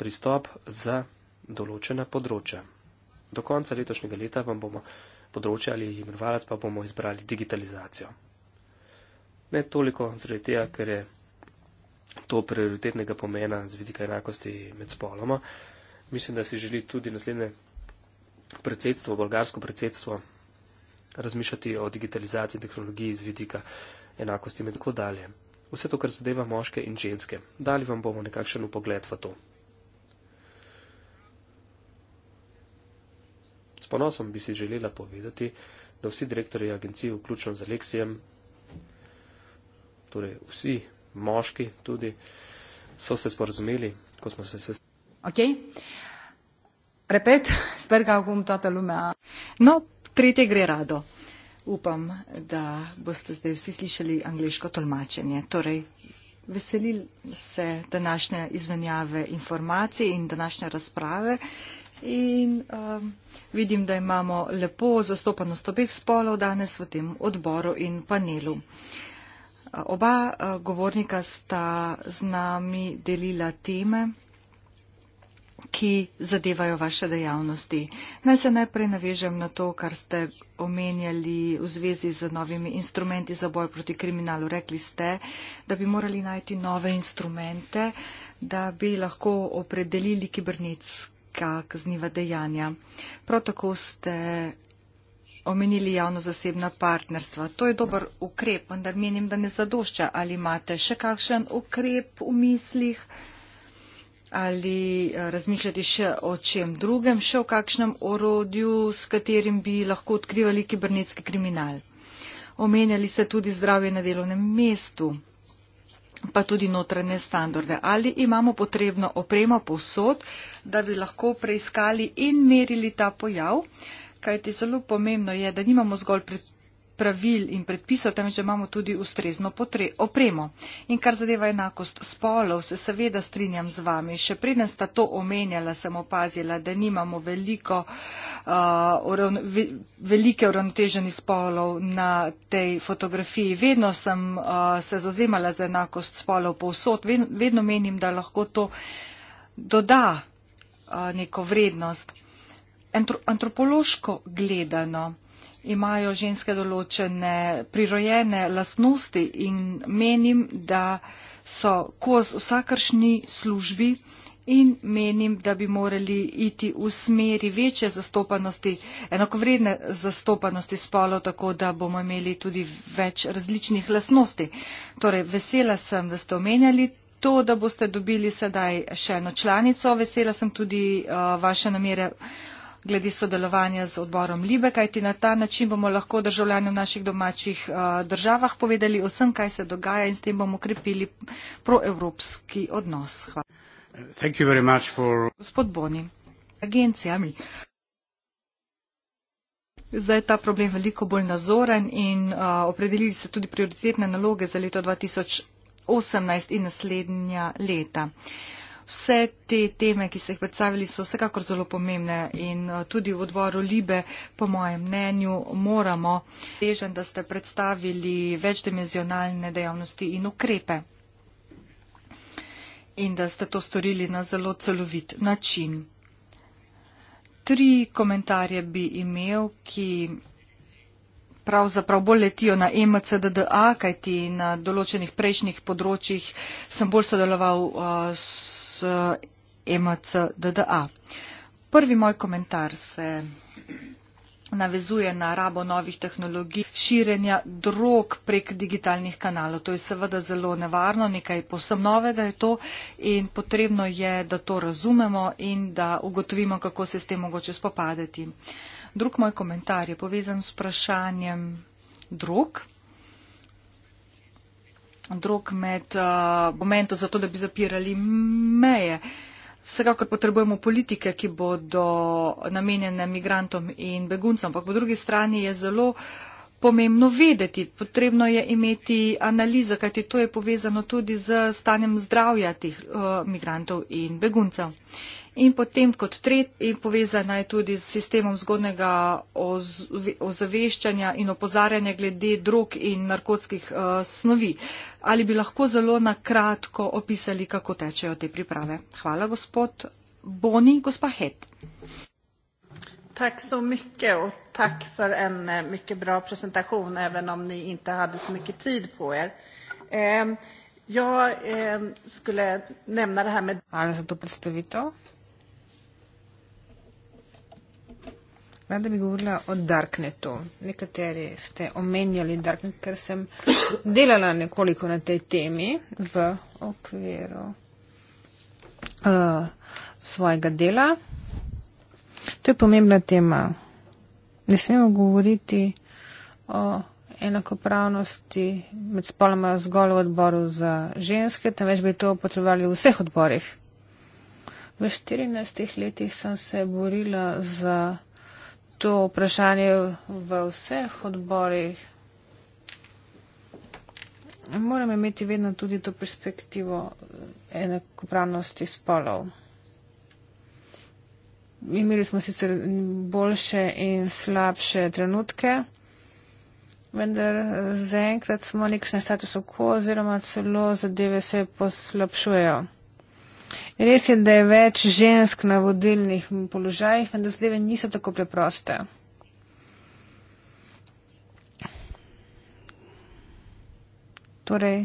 pristop za določena področja. Do konca letošnjega leta vam bomo področje ali imenovalec pa bomo izbrali digitalizacijo. Ne toliko zaradi tega, ker je to prioritetnega pomena z vidika enakosti med spoloma. Mislim, da si želi tudi naslednje predsedstvo, bolgarsko predsedstvo, razmišljati o digitalizaciji tehnologiji z vidika enakosti med tako dalje. Vse to, kar zadeva moške in ženske. Dali vam bomo nekakšen upogled v to. S ponosom bi si želela povedati, da vsi direktori agencij, vključno z Aleksijem, torej vsi moški tudi, so se sporazumeli, ko smo se sestavili. Okay. Tota no, tretje gre rado. Upam, da boste zdaj vsi slišali angliško tolmačenje. Torej, veselil se današnje izmenjave informacij in današnje razprave. In um, vidim, da imamo lepo zastopanost obeh spolov danes v tem odboru in panelu. Uh, Oba eh, govornika sta z nami delila teme, ki zadevajo vaše dejavnosti. Naj se najprej navežem na to, kar ste omenjali v zvezi z novimi instrumenti za boj proti kriminalu. Rekli ste, da bi morali najti nove instrumente, da bi lahko opredelili kibernetska kazniva dejanja. Prav tako ste omenili javno-zasebna partnerstva. To je dober ukrep, vendar menim, da ne zadošča. Ali imate še kakšen ukrep v mislih? Ali eh, razmišljati še o čem drugem, še o kakšnem orodju, s katerim bi lahko odkrivali kibernetski kriminal? Omenjali ste tudi zdravje na delovnem mestu, pa tudi notranje standarde. Ali imamo potrebno opremo posod, da bi lahko preiskali in merili ta pojav? Uh, kajti zelo pomembno je, da nimamo zgolj pred pravil in predpisov, temveč imamo tudi ustrezno potre, opremo. In kar zadeva enakost spolov, se seveda strinjam z vami. Še preden sta to omenjala, sem opazila, da nimamo veliko, uh, uravn, ve, velike uravnoteženi spolov na tej fotografiji. Vedno sem uh, se zozemala za enakost spolov povsod, vedno, vedno menim, da lahko to doda uh, neko vrednost antropološko gledano imajo ženske določene prirojene lastnosti in menim, da so koz vsakršni službi in menim, da bi morali iti v smeri večje zastopanosti, enakovredne zastopanosti spolo, tako da bomo imeli tudi več različnih lastnosti. Torej, vesela sem, da ste omenjali to, da boste dobili sedaj še eno članico, vesela sem tudi uh, vaše namere glede sodelovanja z odborom Libe, kajti na ta način bomo lahko državljanom naših domačih eh, državah povedali vsem, kaj se dogaja in s tem bomo krepili proevropski odnos. Hvala. Thank you very much for... Gospod Boni, agencijami. Zdaj je ta problem veliko bolj nazoren in uh, opredelili se tudi prioritetne naloge za leto 2018 in naslednja leta. Uh, vse te teme, ki ste jih predstavili, so vsekakor zelo pomembne in eh, tudi v odboru Libe, po mojem mnenju, moramo. Težen, da ste predstavili večdimenzionalne dejavnosti in ukrepe in da ste to storili na zelo celovit način. Tri komentarje bi imel, ki pravzaprav bolj letijo na e MCDDA, kajti na določenih prejšnjih področjih sem bolj sodeloval uh, s Eh, e mcdda. Prvi moj komentar se navezuje na rabo novih tehnologij širjenja drog prek digitalnih kanalov. To je seveda zelo nevarno, nekaj posem novega je to in potrebno je, da to razumemo in da ugotovimo, kako se s tem mogoče spopadati. Drug moj komentar je povezan s vprašanjem drog drug med uh, momentom za to, da bi zapirali meje. Vsekakor potrebujemo politike, ki bodo namenjene migrantom in beguncem, ampak po drugi strani je zelo pomembno vedeti, potrebno je imeti analizo, kajti to je povezano tudi z stanjem zdravja tih uh, eh, migrantov in beguncev. In potem kot tretji, povezana je tudi s sistemom zgodnega ozaveščanja in opozarjanja glede drog in narkotskih uh, snovi. Ali bi lahko zelo na kratko opisali, kako tečejo te priprave? Hvala, gospod Boni, gospa Het. Tak so mykje in tak for en eh, mykje bra prezentacijon, even om ni inte hade so mykje tid po er. Um, Jag eh, skulle nämna det här med... Hvala za to predstavitev. Rada bi govorila o Darknetu. Nekateri ste omenjali Darknet, ker sem delala nekoliko na tej temi v okviru uh, svojega dela. To je pomembna tema. Ne smemo govoriti o enakopravnosti med spoloma zgolj v odboru za ženske, temveč bi to potrebovali v vseh odborih. V 14 letih sem se borila za to vprašanje v vseh odborih. Moram imeti vedno tudi to perspektivo enakopravnosti spolov. Imeli smo sicer boljše in slabše trenutke, vendar zaenkrat smo nekšne status okolja oziroma celo zadeve se poslabšujejo. Res je, da je več žensk na vodilnih položajih, vendar zadeve niso tako preproste. Torej,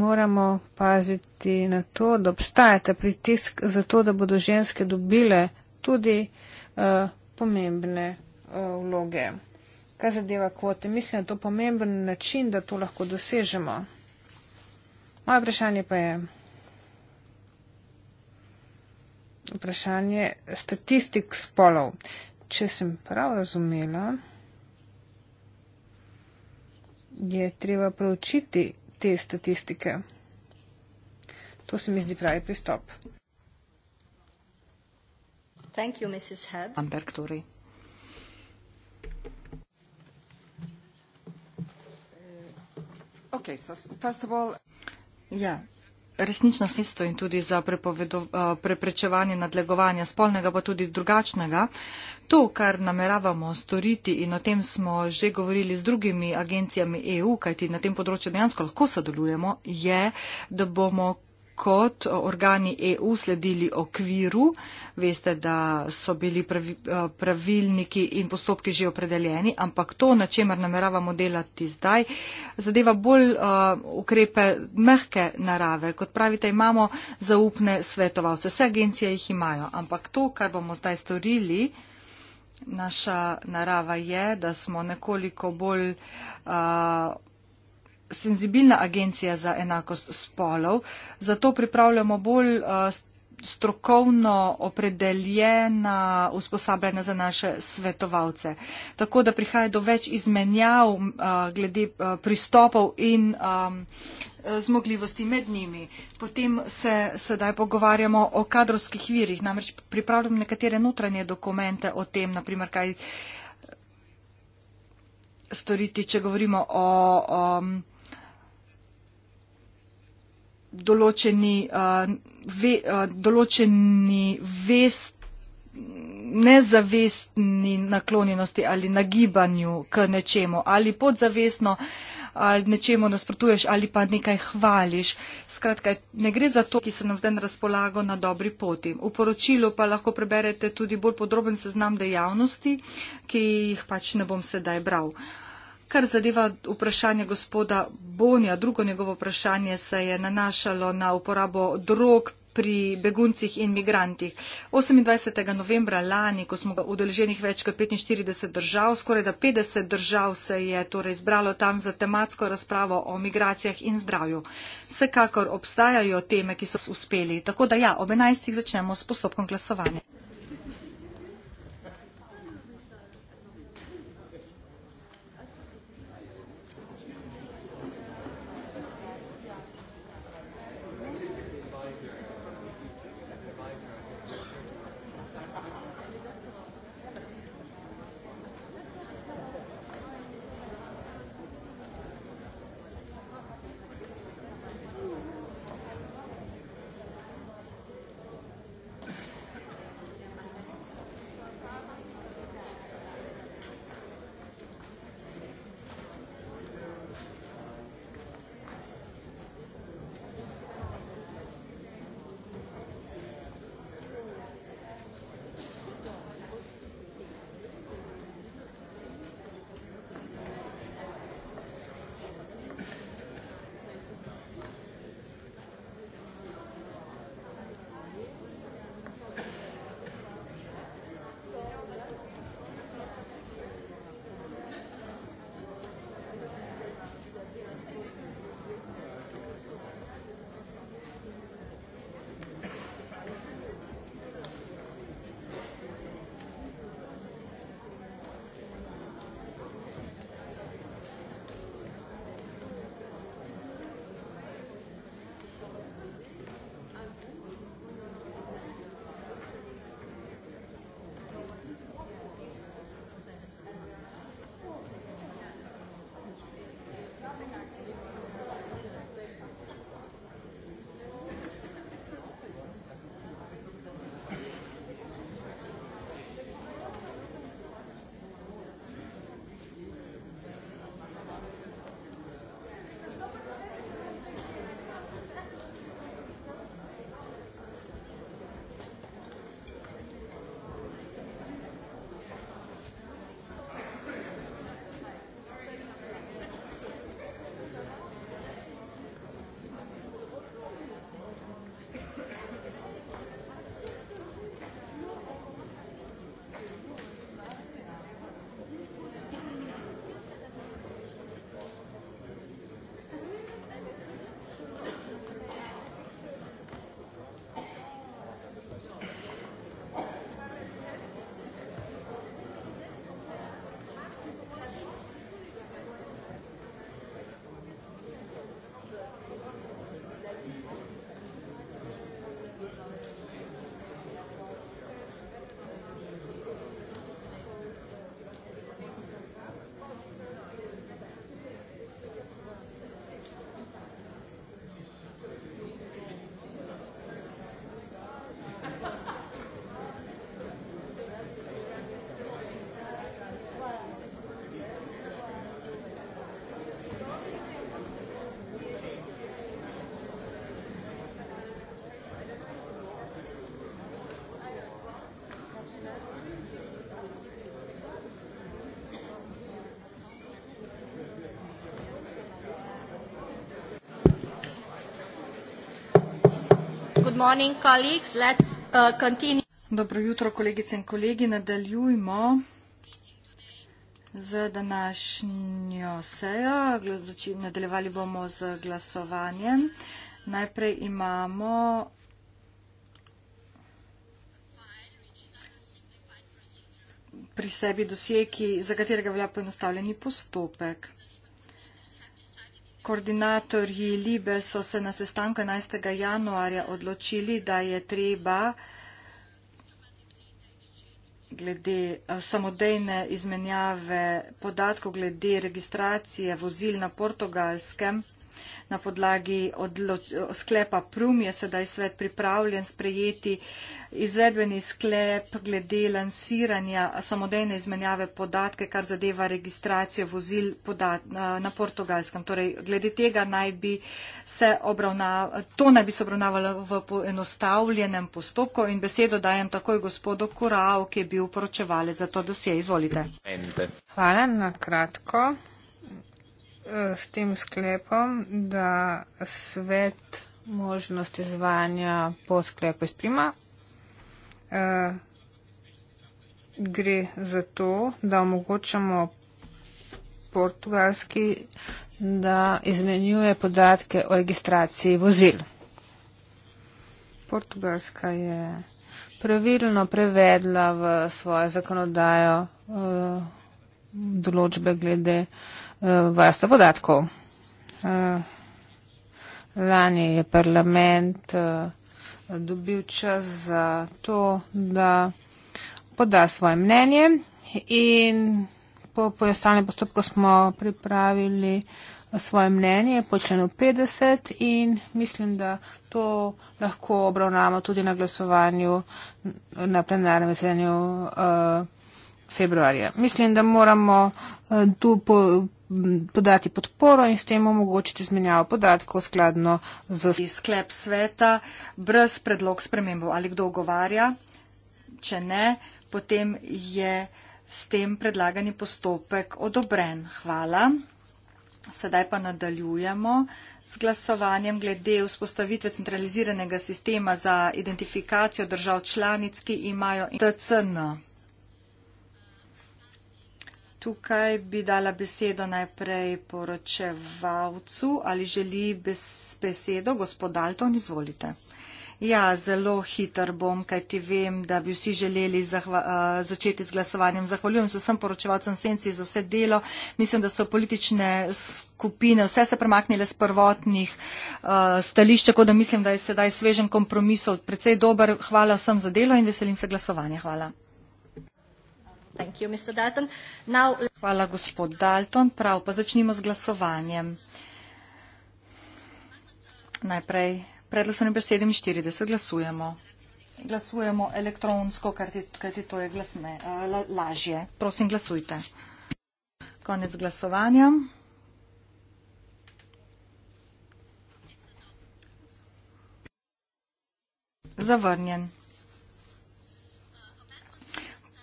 moramo paziti na to, da obstajate pritisk za to, da bodo ženske dobile tudi uh, pomembne uh, vloge. Kaj zadeva kvote? Mislim, da je to pomemben način, da to lahko dosežemo. Moje vprašanje pa je vprašanje statistik spolov. Če sem prav razumela, je treba preučiti te statistike. To se mi zdi pravi pristop. Thank you, Mrs. Head. Amberg, torej. Okay, so first of all, Ja. Resnično sredstvo in tudi za eh, preprečevanje nadlegovanja spolnega, pa tudi drugačnega. To, kar nameravamo storiti in o tem smo že govorili z drugimi agencijami EU, kajti na tem področju dejansko lahko sodelujemo, je, da bomo kot organi EU sledili okviru. Veste, da so bili eh, pravilniki in postopki že opredeljeni, ampak to, na čemer nameravamo delati zdaj, zadeva bolj eh, ukrepe mehke narave. Kot pravite, imamo zaupne svetovalce. Vse agencije jih imajo, ampak to, kar bomo zdaj storili. Naša narava je, da smo nekoliko bolj uh, senzibilna agencija za enakost spolov, zato pripravljamo bolj eh, strokovno opredeljena usposabljanja za naše svetovalce. Tako da prihaja do več izmenjav eh, glede eh, pristopov in zmogljivosti med njimi. Potem se sedaj pogovarjamo o kadrovskih virih, namreč pripravljamo nekatere notranje dokumente o tem, naprimer kaj storiti, če govorimo o. o določeni, uh, ve, uh, določeni vest, nezavestni naklonjenosti ali nagibanju k nečemu ali podzavestno ali nečemu nasprotuješ ali pa nekaj hvališ. Skratka, ne gre za to, ki so nam zdaj na razpolago na dobri poti. V poročilu pa lahko preberete tudi bolj podroben seznam dejavnosti, ki jih pač ne bom sedaj bral. Uh, Kar zadeva vprašanje gospoda Bonja, drugo njegovo vprašanje se je nanašalo na uporabo drog pri beguncih in migrantih. 28. novembra lani, ko smo udeleženih več kot 45 držav, skoraj da 50 držav se je torej zbralo tam za tematsko razpravo o migracijah in zdravju. Vsekakor obstajajo teme, ki so uspeli. Tako da ja, ob 11. začnemo s postopkom glasovanja. morning, colleagues. Let's uh, continue. Dobro jutro, kolegice in kolegi. Nadaljujmo z današnjo sejo. Nadaljevali bomo z glasovanjem. Najprej imamo pri sebi dosje, ki, za katerega velja poenostavljeni postopek koordinatorji Libe so se na sestanku 11. januarja odločili, da je treba glede eh, samodejne izmenjave podatkov glede registracije vozil na portugalskem na podlagi sklepa prum je sedaj svet pripravljen sprejeti izvedbeni sklep glede lansiranja samodejne izmenjave podatke, kar zadeva registracijo vozil na portugalskem. Torej, glede tega naj bi se obravnavalo, to naj bi se obravnavalo v enostavljenem postopku in besedo dajem takoj gospodu Kurau, ki je bil poročevalec za to dosje. Izvolite. Hvala na kratko. Eh, s tem sklepom, da svet možnost izvajanja po sklepu izprima. Eh, gre za to, da omogočamo portugalski, da izmenjuje podatke o registraciji vozil. Portugalska je pravilno prevedla v svojo zakonodajo eh, določbe glede uh, Eh, varstva podatkov. Eh, lani je parlament eh, dobil čas za to, da poda svoje mnenje in po pojastalnem postopku smo pripravili svoje mnenje po členu 50 in mislim, da to lahko obravnamo tudi na glasovanju na plenarnem veselju uh, februarja. Mislim, da moramo uh, tu po, podati podporo in s tem omogočiti izmenjavo podatkov skladno z sklep sveta brez predlog spremembo. Ali kdo ogovarja? Če ne, potem je s tem predlagani postopek odobren. Hvala. Sedaj pa nadaljujemo z glasovanjem glede vzpostavitve centraliziranega sistema za identifikacijo držav članic, ki imajo TCN. Tukaj bi dala besedo najprej poročevalcu ali želi bes, besedo gospod Dalton, izvolite. Ja, zelo hitro bom, kaj ti vem, da bi vsi želeli zahva, uh, začeti z glasovanjem. Zahvaljujem se vsem poročevalcem Senci za vse delo. Mislim, da so politične skupine vse se premaknile z prvotnih uh, stališč, tako da mislim, da je sedaj svežen kompromis predvsej dober. Hvala vsem za delo in veselim se glasovanja. Hvala. Thank you, Mr. Dalton. Now... Hvala, gospod Dalton. Prav, pa začnimo z glasovanjem. Najprej predlog so nebe 47, glasujemo. Glasujemo elektronsko, kajti to je glasne, eh, la, lažje. Prosim, glasujte. Konec glasovanja. Zavrnjen.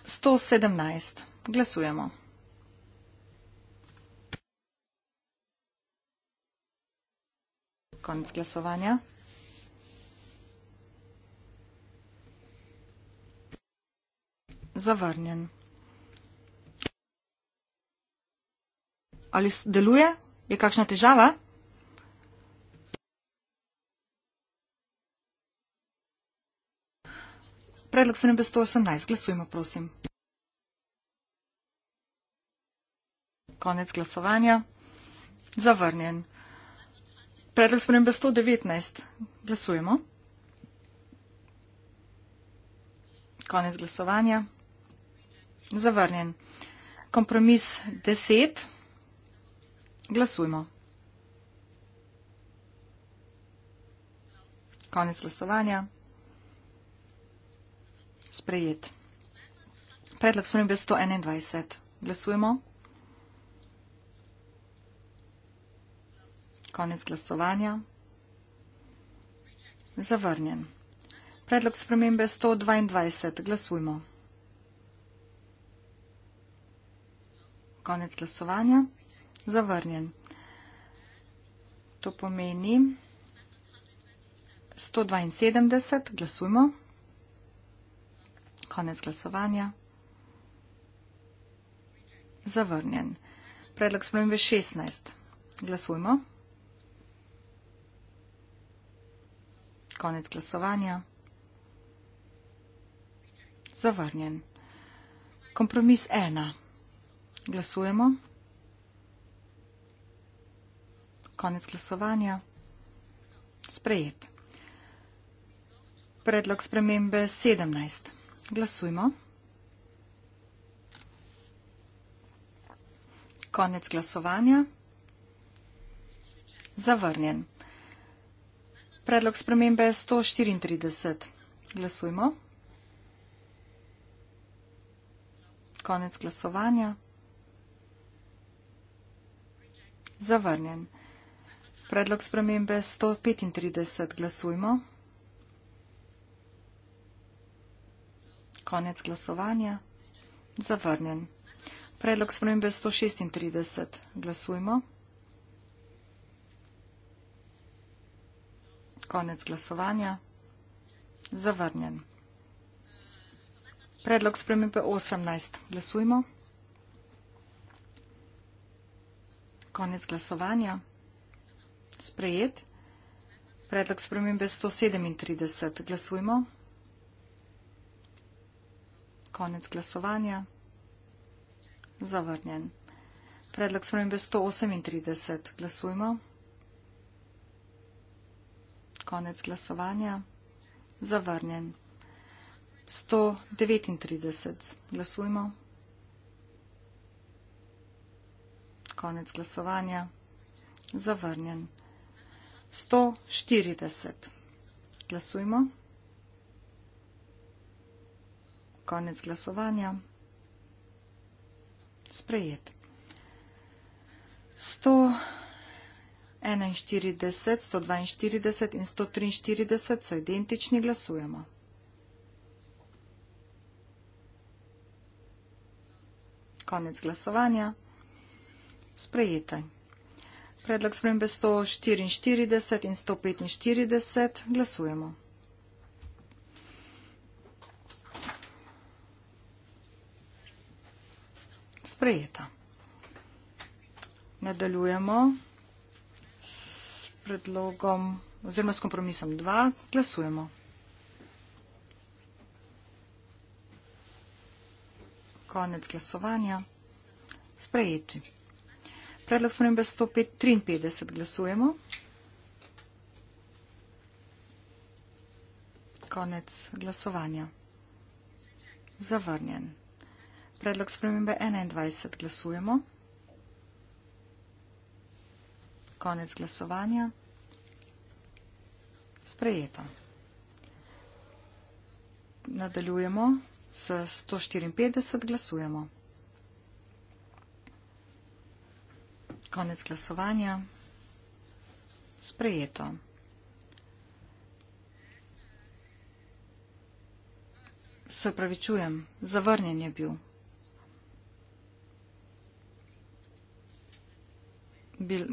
117. Glasujemo. Konec glasovanja. Zavrnjen. Ali deluje? Je kakšna težava? Predlog se ne bi 118. Glasujmo, prosim. Konec glasovanja. Zavrnjen. Predlog se ne bi 119. Glasujmo. Konec glasovanja. Zavrnjen. Kompromis 10. Glasujmo. Konec glasovanja sprejet. Predlog spremembe 121. Glasujemo. Konec glasovanja. Zavrnjen. Predlog spremembe 122. Glasujemo. Konec glasovanja. Zavrnjen. To pomeni 172. Glasujemo. Konec glasovanja. Zavrnjen. Predlog spremembe 16. Glasujmo. Konec glasovanja. Zavrnjen. Kompromis 1. Glasujemo. Konec glasovanja. Sprejet. Predlog spremembe 17. Glasujmo. Konec glasovanja. Zavrnjen. Predlog spremembe je 134. Glasujmo. Konec glasovanja. Zavrnjen. Predlog spremembe 135. Glasujmo. Konec glasovanja. Zavrnjen. Predlog spremembe 136. Glasujmo. Konec glasovanja. Zavrnjen. Predlog spremembe 18. Glasujmo. Konec glasovanja. Sprejet. Predlog spremembe 137. Glasujmo. Glasujmo. Konec glasovanja. Zavrnjen. Predlog spremembe 138. Glasujmo. Konec glasovanja. Zavrnjen. 139. Glasujmo. Konec glasovanja. Zavrnjen. 140. Glasujmo. konec glasovanja. Sprejet. 141, 142 in 143 so identični, glasujemo. Konec glasovanja. Sprejete. Predlog spremembe 144 in 145 glasujemo. sprejeta. Nadaljujemo s predlogom oziroma s kompromisom 2. Glasujemo. Konec glasovanja. Sprejeti. Predlog spremembe 153. Glasujemo. Konec glasovanja. Zavrnjen. Predlog spremembe 21. Glasujemo. Konec glasovanja. Sprejeto. Nadaljujemo s 154. Glasujemo. Konec glasovanja. Sprejeto. Se pravičujem, zavrnjen je bil. bil,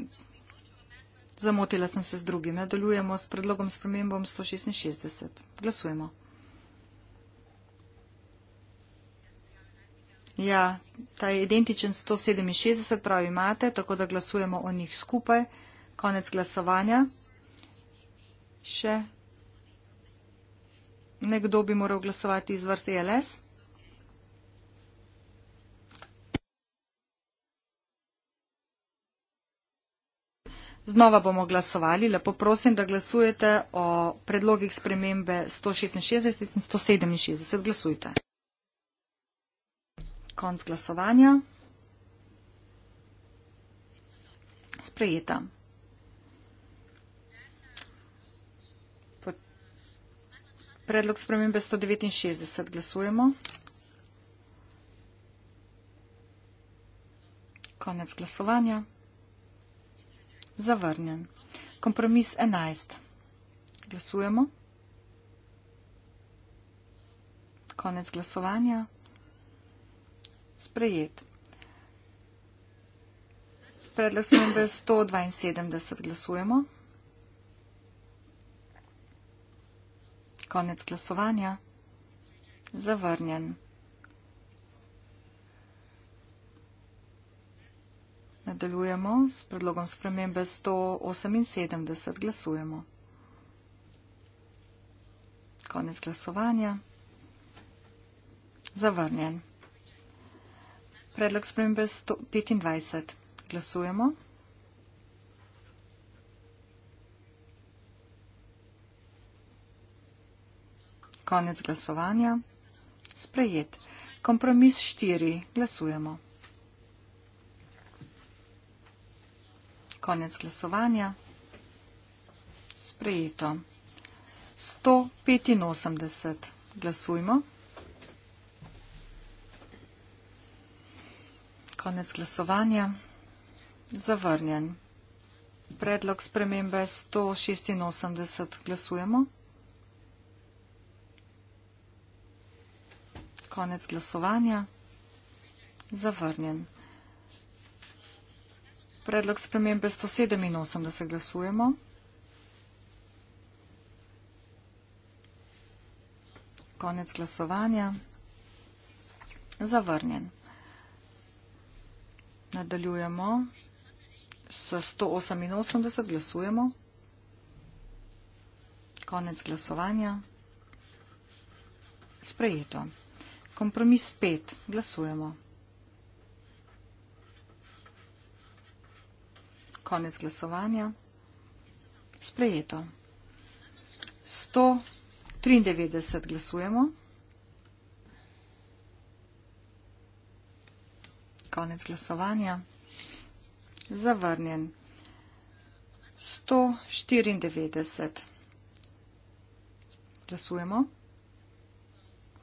zamotila sem se z drugim. Nadaljujemo s predlogom s premembom 166. Glasujemo. Ja, ta je identičen 167, pravi imate, tako da glasujemo o njih skupaj. Konec glasovanja. Še nekdo bi moral glasovati iz vrste LS. Znova bomo glasovali. Lepo prosim, da glasujete o predlogih spremembe 166 in 167. Glasujte. Konc glasovanja. Sprejeta. Predlog spremembe 169. Glasujemo. Konec glasovanja zavrnjen. Kompromis 11. Glasujemo. Konec glasovanja. Sprejet. Predlog smo imbe 172. Glasujemo. Konec glasovanja. Zavrnjen. Nadaljujemo s predlogom spremembe 178. Glasujemo. Konec glasovanja. Zavrnjen. Predlog spremembe 125. Glasujemo. Konec glasovanja. Sprejet. Kompromis 4. Glasujemo. Konec glasovanja. Sprejeto. 185. Glasujmo. Konec glasovanja. Zavrnjen. Predlog spremembe 186. Glasujemo. Konec glasovanja. Zavrnjen. Predlog spremembe 187 glasujemo. Konec glasovanja. Zavrnjen. Nadaljujemo s 188 glasujemo. Konec glasovanja. Sprejeto. Kompromis 5. Glasujemo. Konec glasovanja. Sprejeto. 193 glasujemo. Konec glasovanja. Zavrnjen. 194. Glasujemo.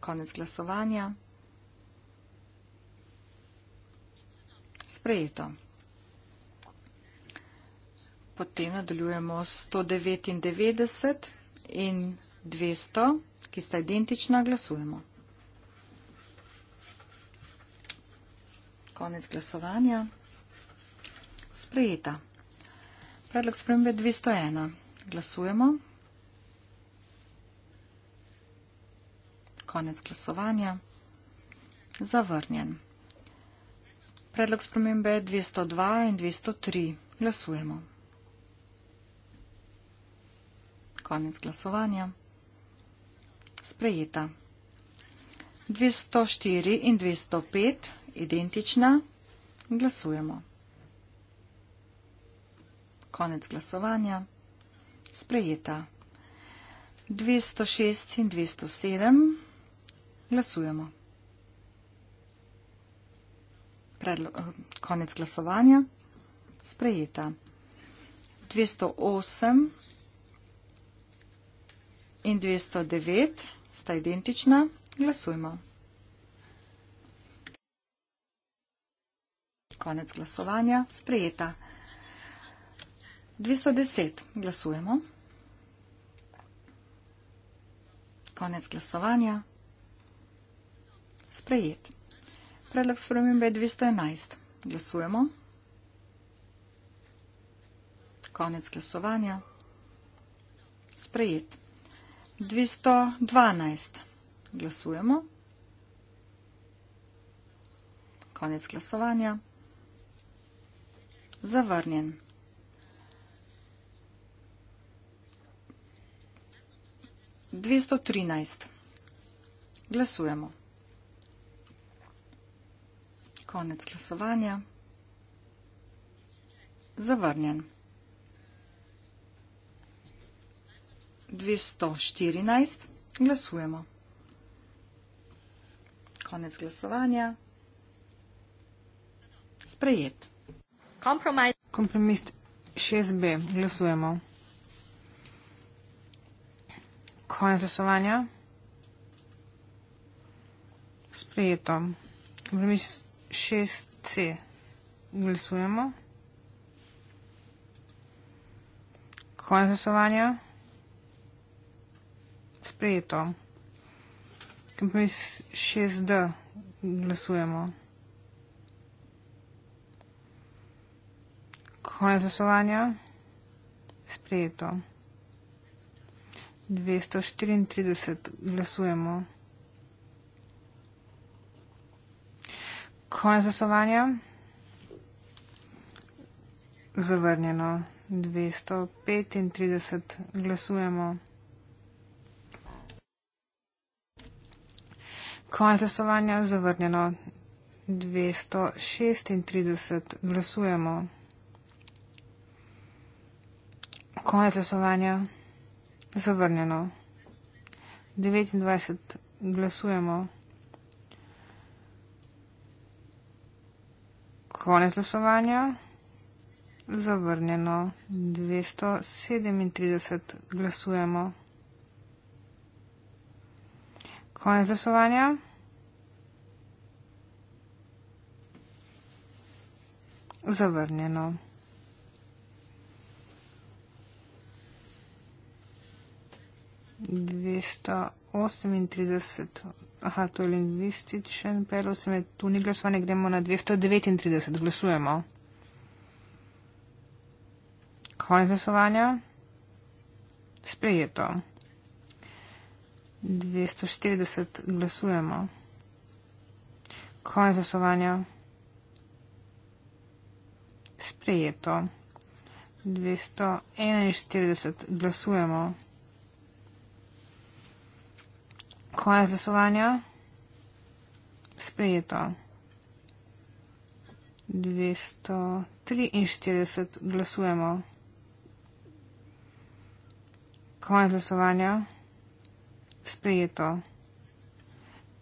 Konec glasovanja. Sprejeto. Potem nadaljujemo 199 in 200, ki sta identična, glasujemo. Konec glasovanja. Sprejeta. Predlog spremembe 201. Glasujemo. Konec glasovanja. Zavrnjen. Predlog spremembe 202 in 203. Glasujemo. Konec glasovanja. Sprejeta. 204 in 205, identična. Glasujemo. Konec glasovanja. Sprejeta. 206 in 207. Glasujemo. Predlo eh, konec glasovanja. Sprejeta. 208 in 209 sta identična. Glasujmo. Konec glasovanja. Sprejeta. 210. Glasujemo. Konec glasovanja. Sprejet. Predlog spremembe 211. Glasujemo. Konec glasovanja. Sprejet. 212. 212. Glasujemo. Konec glasovanja. Zavrnjen. Dvesto trinajst. Glasujemo. Konec glasovanja. Zavrnjen. 214. Glasujemo. Konec glasovanja. Sprejet. Kompromis 6b. Glasujemo. Konec glasovanja. Sprejeto. Kompromis 6c. Glasujemo. Konec glasovanja sprejeto. Kompromis 6D glasujemo. Konec glasovanja. Sprejeto. 234 glasujemo. Konec glasovanja. Zavrnjeno. 235 glasujemo. Konec glasovanja zavrnjeno 236. Glasujemo. Konec glasovanja zavrnjeno 29. Glasujemo. Konec glasovanja zavrnjeno 237. Glasujemo. Konec glasovanja. Zavrnjeno. Dvesto osemintrideset, aha, to je lingvističen predlog, se mi tu ni glasovanje, gremo na dvesto devetintrideset, glasujemo. Konec glasovanja. Sprejeto. 240 glasujemo. Konec glasovanja. Sprejeto. 241 glasujemo. Konec glasovanja. Sprejeto. 243 glasujemo. Konec glasovanja sprejeto.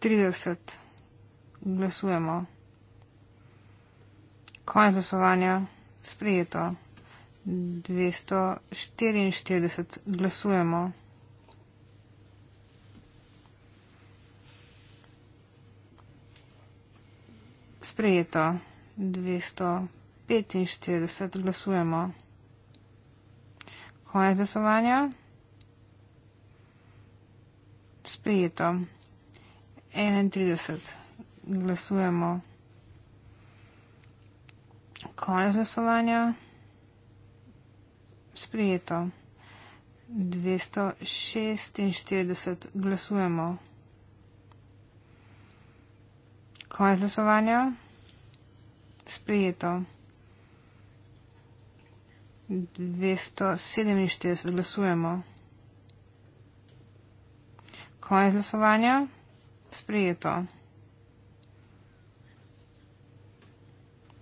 30. Glasujemo. Konec glasovanja. Sprejeto. 244. Glasujemo. Sprejeto. 245. Glasujemo. Konec glasovanja sprejeto. 31. Glasujemo. Konec glasovanja. Sprejeto. 246. Glasujemo. Konec glasovanja. Sprejeto. 247. Glasujemo. Konec glasovanja. Sprejeto.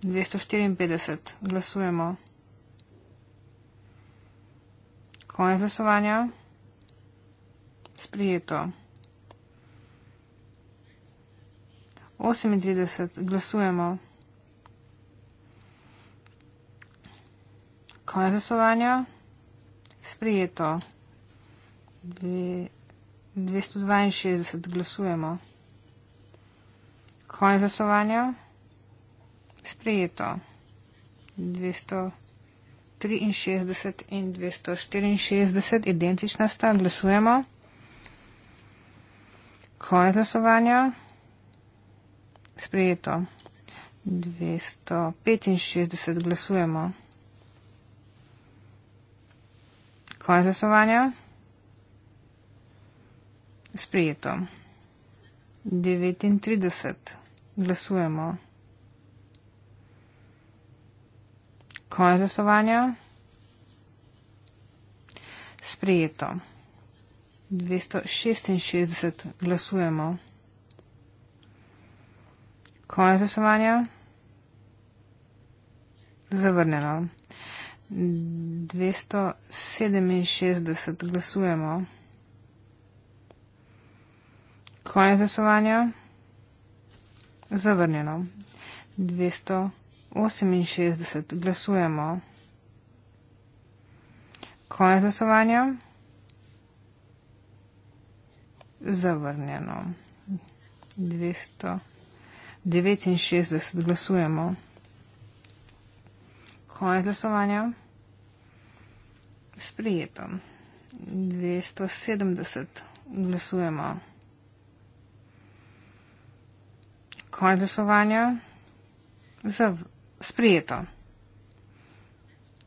254. Glasujemo. Konec glasovanja. Sprijeto. 38. Glasujemo. Konec glasovanja. Sprijeto. 2. 262 glasujemo. Konec glasovanja. Sprejeto. 263 in 264 identična sta. Glasujemo. Konec glasovanja. Sprejeto. 265 glasujemo. Konec glasovanja sprejeto. 39. Glasujemo. Konec glasovanja. Sprejeto. 266. Glasujemo. Konec glasovanja. Zavrnjeno. 267. Glasujemo. Konec glasovanja. Zavrnjeno. 268 glasujemo. Konec glasovanja. Zavrnjeno. 269 glasujemo. Konec glasovanja. Sprijeto. 270 glasujemo. Konec glasovanja. Sprijeto.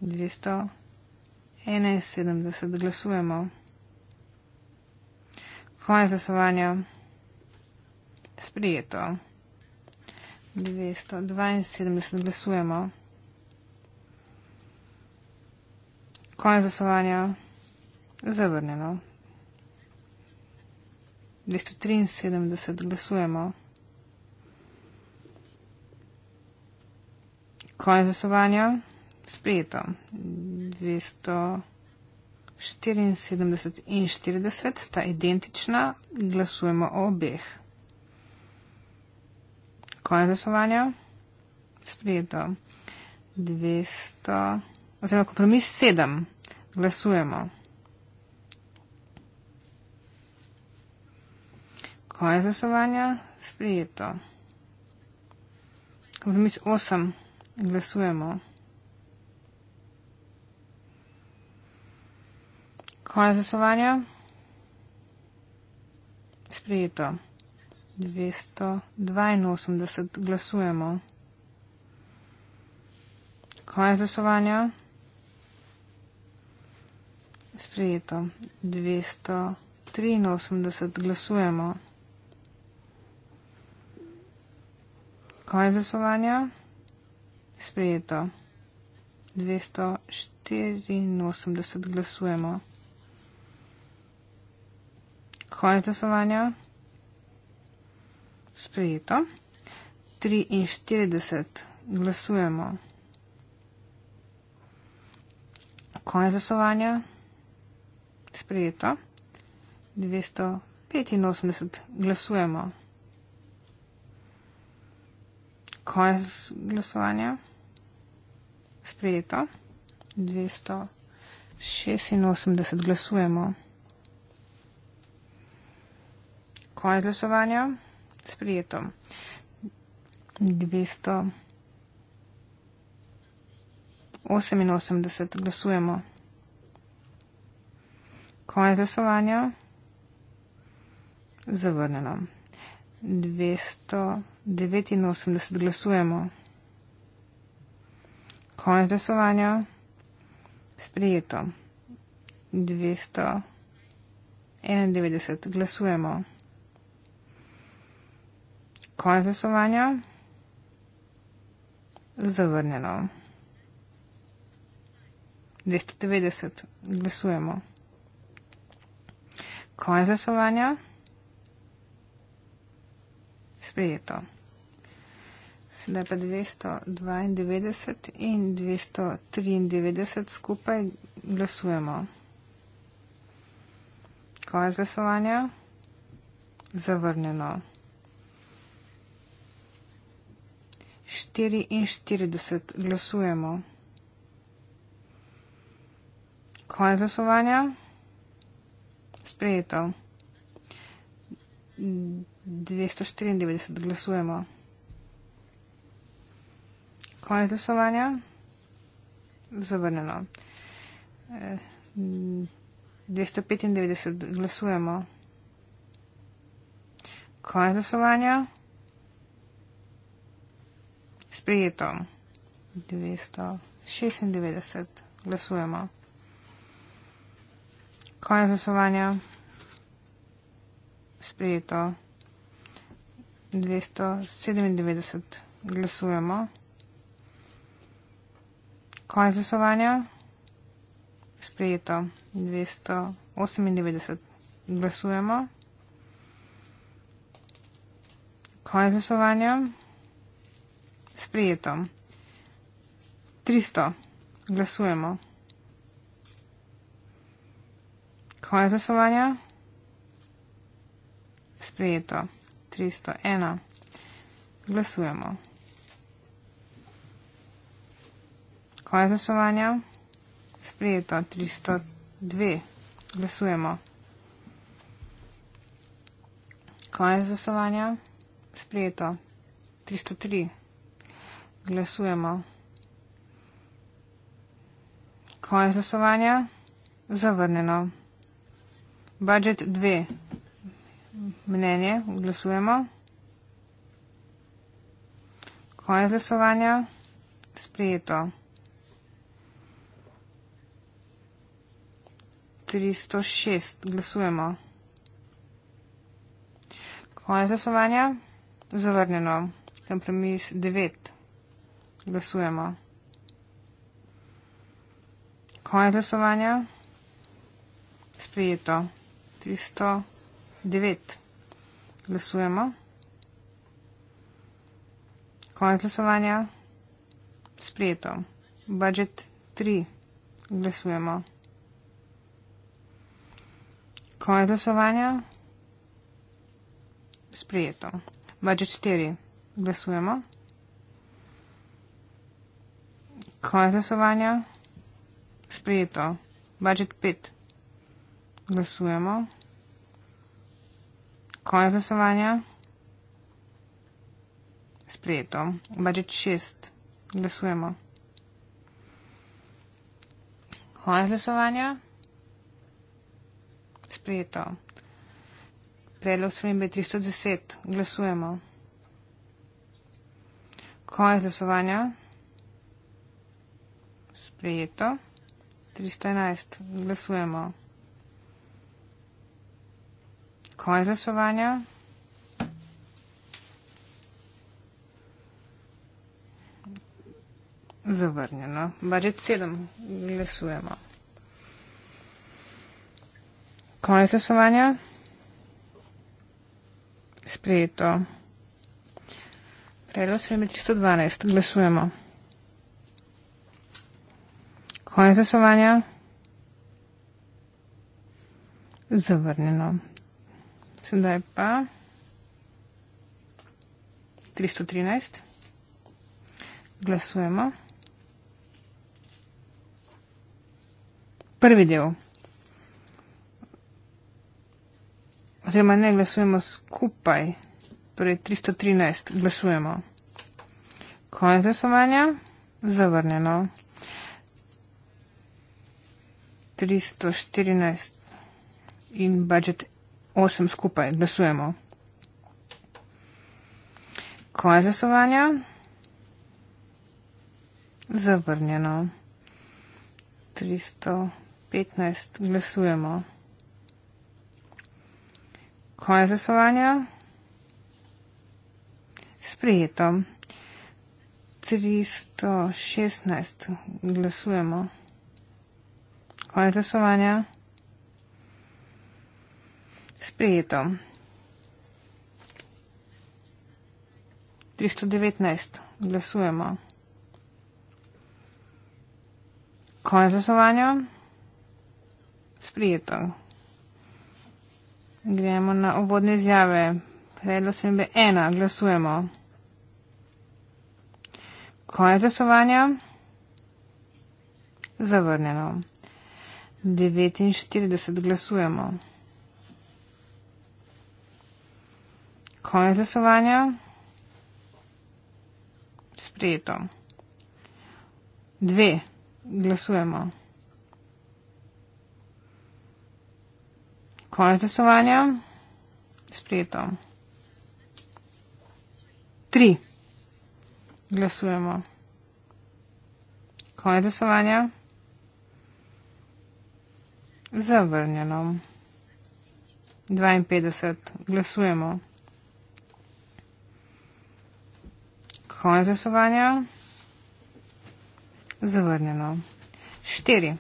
271 glasujemo. Konec glasovanja. Sprijeto. 272 glasujemo. Konec glasovanja. Zavrnjeno. 273 glasujemo. konec glasovanja sprejeto 274 in 40 sta identična, glasujemo o obeh. Konec glasovanja sprejeto 200 oziroma kompromis 7 glasujemo. Konec glasovanja sprejeto. Kompromis 8. Glasujemo. Konec glasovanja. Sprejeto. 282. Glasujemo. Konec glasovanja. Sprejeto. 283. Glasujemo. Konec glasovanja sprejeto. 284 glasujemo. Konec glasovanja. Sprejeto. 43 glasujemo. Konec glasovanja. Sprejeto. 285 glasujemo. Konec glasovanja sprejeto. 286 glasujemo. Konec glasovanja. Sprijeto. 288 glasujemo. Konec glasovanja. Zavrnjeno. 289 glasujemo. Konec glasovanja. Sprijeto. 291. Glasujemo. Konec glasovanja. Zavrnjeno. 290. Glasujemo. Konec glasovanja. Sprijeto sedaj pa 292 in 293 skupaj glasujemo. Konec glasovanja. Zavrnjeno. 44 glasujemo. Konec glasovanja. Sprejeto. 294 glasujemo. Konec glasovanja. Zavrnjeno. 295 eh, glasujemo. Konec glasovanja. Sprijeto. 296 glasujemo. Konec glasovanja. Sprijeto. 297 glasujemo. Konec glasovanja. Sprejeto 298. Glasujemo. Konec glasovanja. Sprejeto. 300. Glasujemo. Konec glasovanja. Sprejeto. 301. Glasujemo. Konec glasovanja. Sprejeto 302. Glasujemo. Konec glasovanja. Sprejeto 303. Glasujemo. Konec glasovanja. Zavrnjeno. Budget 2. Mnenje. Glasujemo. Konec glasovanja. Sprejeto 303. 306. Glasujemo. Konec glasovanja. Zavrnjeno. Kompromis 9. Glasujemo. Konec glasovanja. Sprejeto. 309. Glasujemo. Konec glasovanja. Sprejeto. Budget 3. Glasujemo. Konec glasovanja. Sprijeto. Budget 4. Glasujemo. Konec glasovanja. Sprijeto. Budget 5. Glasujemo. Konec glasovanja. Sprijeto. Budget 6. Glasujemo. Konec glasovanja sprejeto. Predlog spremembe 310. Glasujemo. Konec glasovanja. Sprejeto. 311. Glasujemo. Konec glasovanja. Zavrnjeno. Budget 7. Glasujemo. Konec glasovanja. Sprejeto. Predlog sprejme 312. Glasujemo. Konec glasovanja. Zavrnjeno. Sedaj pa 313. Glasujemo. Prvi del. oziroma ne glasujemo skupaj, torej 313 glasujemo. Konec glasovanja, zavrnjeno. 314 in budžet 8 skupaj glasujemo. Konec glasovanja, zavrnjeno. 315 glasujemo. Konec glasovanja. Sprejeto. 316 glasujemo. Konec glasovanja. Sprejeto. 319 glasujemo. Konec glasovanja. Sprejeto. Gremo na uvodne izjave. Predlog smembe ena. Glasujemo. Konec glasovanja. Zavrnjeno. 49 glasujemo. Konec glasovanja. Sprejeto. Dve glasujemo. Konec glasovanja. Sprejeto. Tri. Glasujemo. Konec glasovanja. Zavrnjeno. 52. Glasujemo. Konec glasovanja. Zavrnjeno. 4.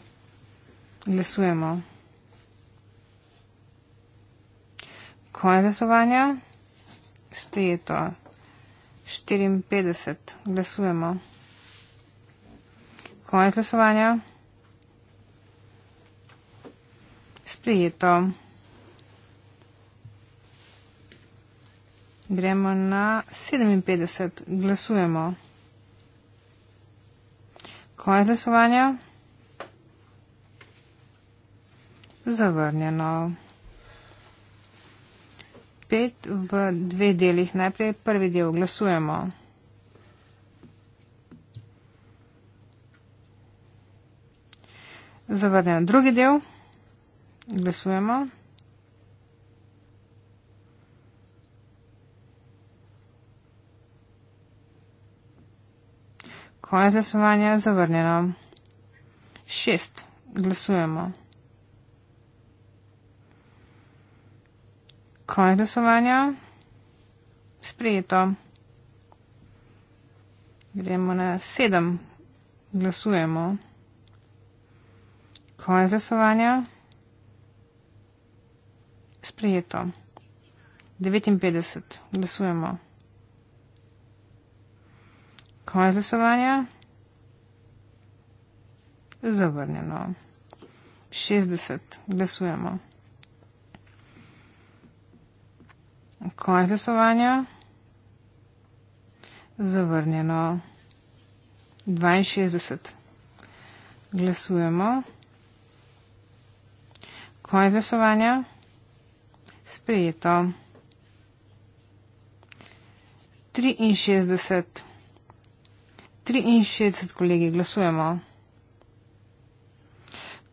Glasujemo. konec glasovanja. Sprijeto. 54. Glasujemo. Konec glasovanja. Sprijeto. Gremo na 57. Glasujemo. Konec glasovanja. Zavrnjeno spet v dveh delih. Najprej prvi del glasujemo. Zavrnjen drugi del. Glasujemo. Konec glasovanja je zavrnjeno. Šest. Glasujemo. Konec glasovanja. Sprejeto. Gremo na sedem. Glasujemo. Konec glasovanja. Sprejeto. 59. Glasujemo. Konec glasovanja. Zavrnjeno. 60. Glasujemo. Konec glasovanja. Zavrnjeno. 62. Glasujemo. Konec glasovanja. Sprejeto. 63. 63, kolegi, glasujemo.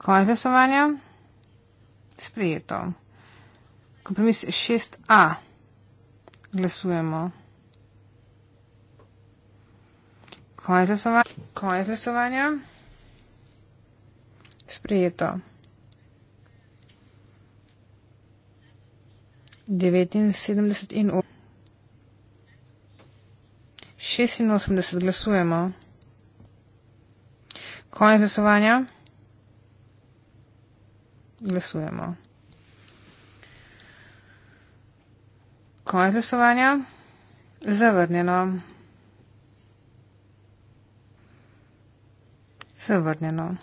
Konec glasovanja. Sprejeto. Kompromis 6a. Glasujemo. Konec glasovanja. Sprejeto. 79 in 86 glasujemo. Konec glasovanja. Glasujemo. Konec glasovanja. Zavrnjeno. Zavrnjeno.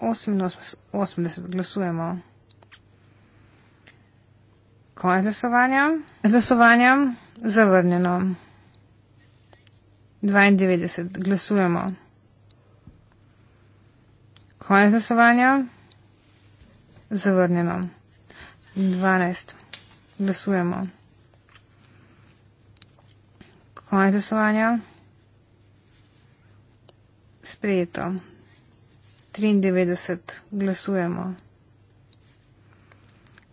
88 glasujemo. Konec glasovanja. Glasovanje. Zavrnjeno. 92 glasujemo. Konec glasovanja. Zavrnjeno. 12. Glasujemo. Konec glasovanja. Sprejeto. 93. Glasujemo.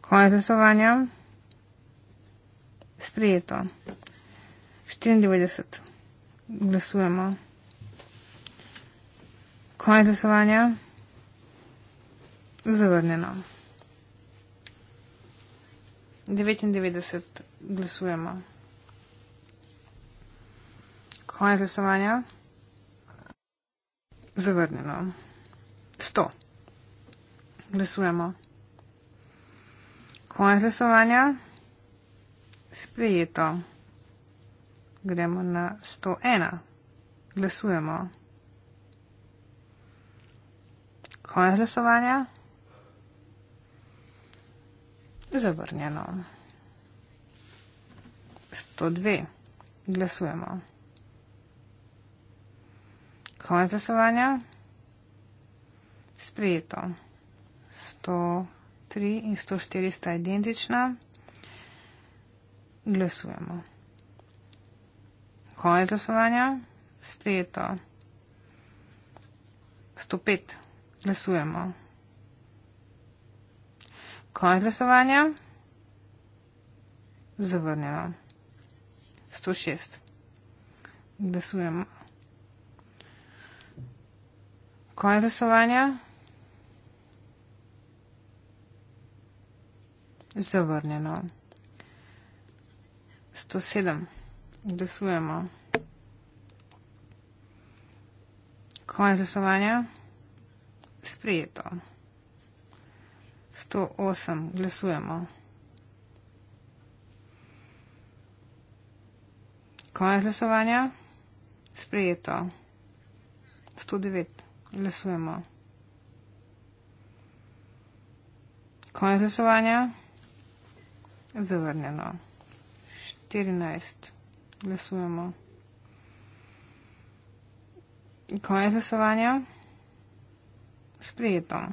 Konec glasovanja. Sprejeto. 94. Glasujemo. Konec glasovanja. Zavrnjeno. 99 glasujemo. Konec glasovanja. Zavrnjeno. 100. Glasujemo. Konec glasovanja. Sprejeto. Gremo na 101. Glasujemo. Konec glasovanja. Zavrnjeno. 102. Glasujemo. Konec glasovanja. Sprijeto. 103 in 104 sta identična. Glasujemo. Konec glasovanja. Sprijeto. 105. Glasujemo. Konec glasovanja. Zavrnjeno. 106. Glasujemo. Konec glasovanja. Zavrnjeno. 107. Glasujemo. Konec glasovanja. Sprejeto. 108. Glasujemo. Konec glasovanja. Sprejeto. 109. Glasujemo. Konec glasovanja. Zavrnjeno. 14. Glasujemo. Konec glasovanja. Sprejeto.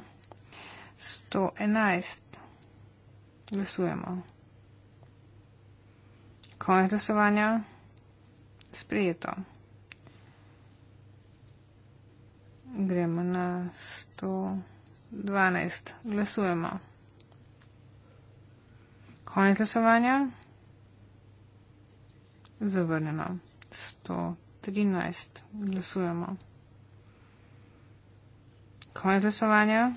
111. Glasujemo. Konec glasovanja. Sprejeto. Gremo na 112. Glasujemo. Konec glasovanja. Zavrnjeno. 113. Glasujemo. Konec glasovanja.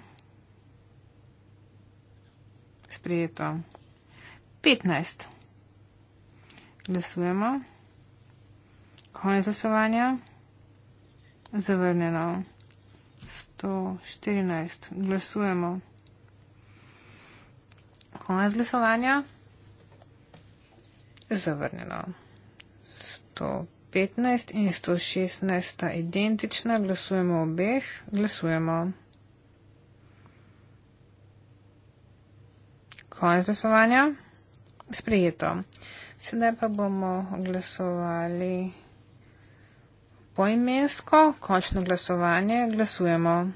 Sprejeto. 15. Glasujemo. Konec glasovanja. Zavrnjeno. 114. Glasujemo. Konec glasovanja. Zavrnjeno. 115 in 116 sta identična. Glasujemo obeh. Glasujemo. konec glasovanja. Sprejeto. Sedaj pa bomo glasovali poimensko. Končno glasovanje. Glasujemo.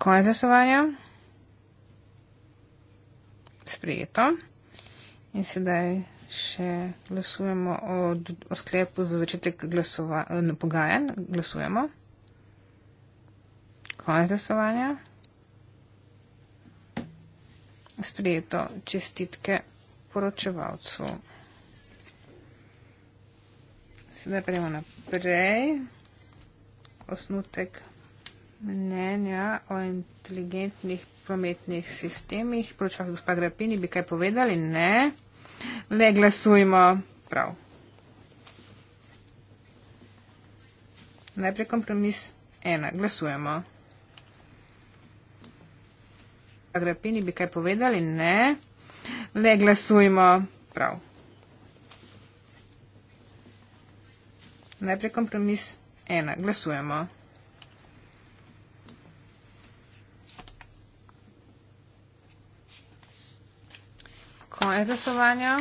Konec glasovanja. Sprejeto. In sedaj še glasujemo o, o sklepu za začetek glasova, eh, pogajanj. Glasujemo. Konec glasovanja sprejeto čestitke poročevalcu. Sedaj prejmo naprej. Osnutek mnenja o inteligentnih prometnih sistemih. Poročevalci gospa Grapini bi kaj povedali? Ne. Le glasujmo. Prav. Najprej kompromis. Ena. Glasujemo. Agrapini bi kaj povedali? Ne. Le glasujmo. Prav. Najprej kompromis ena. Glasujemo. Konec glasovanja.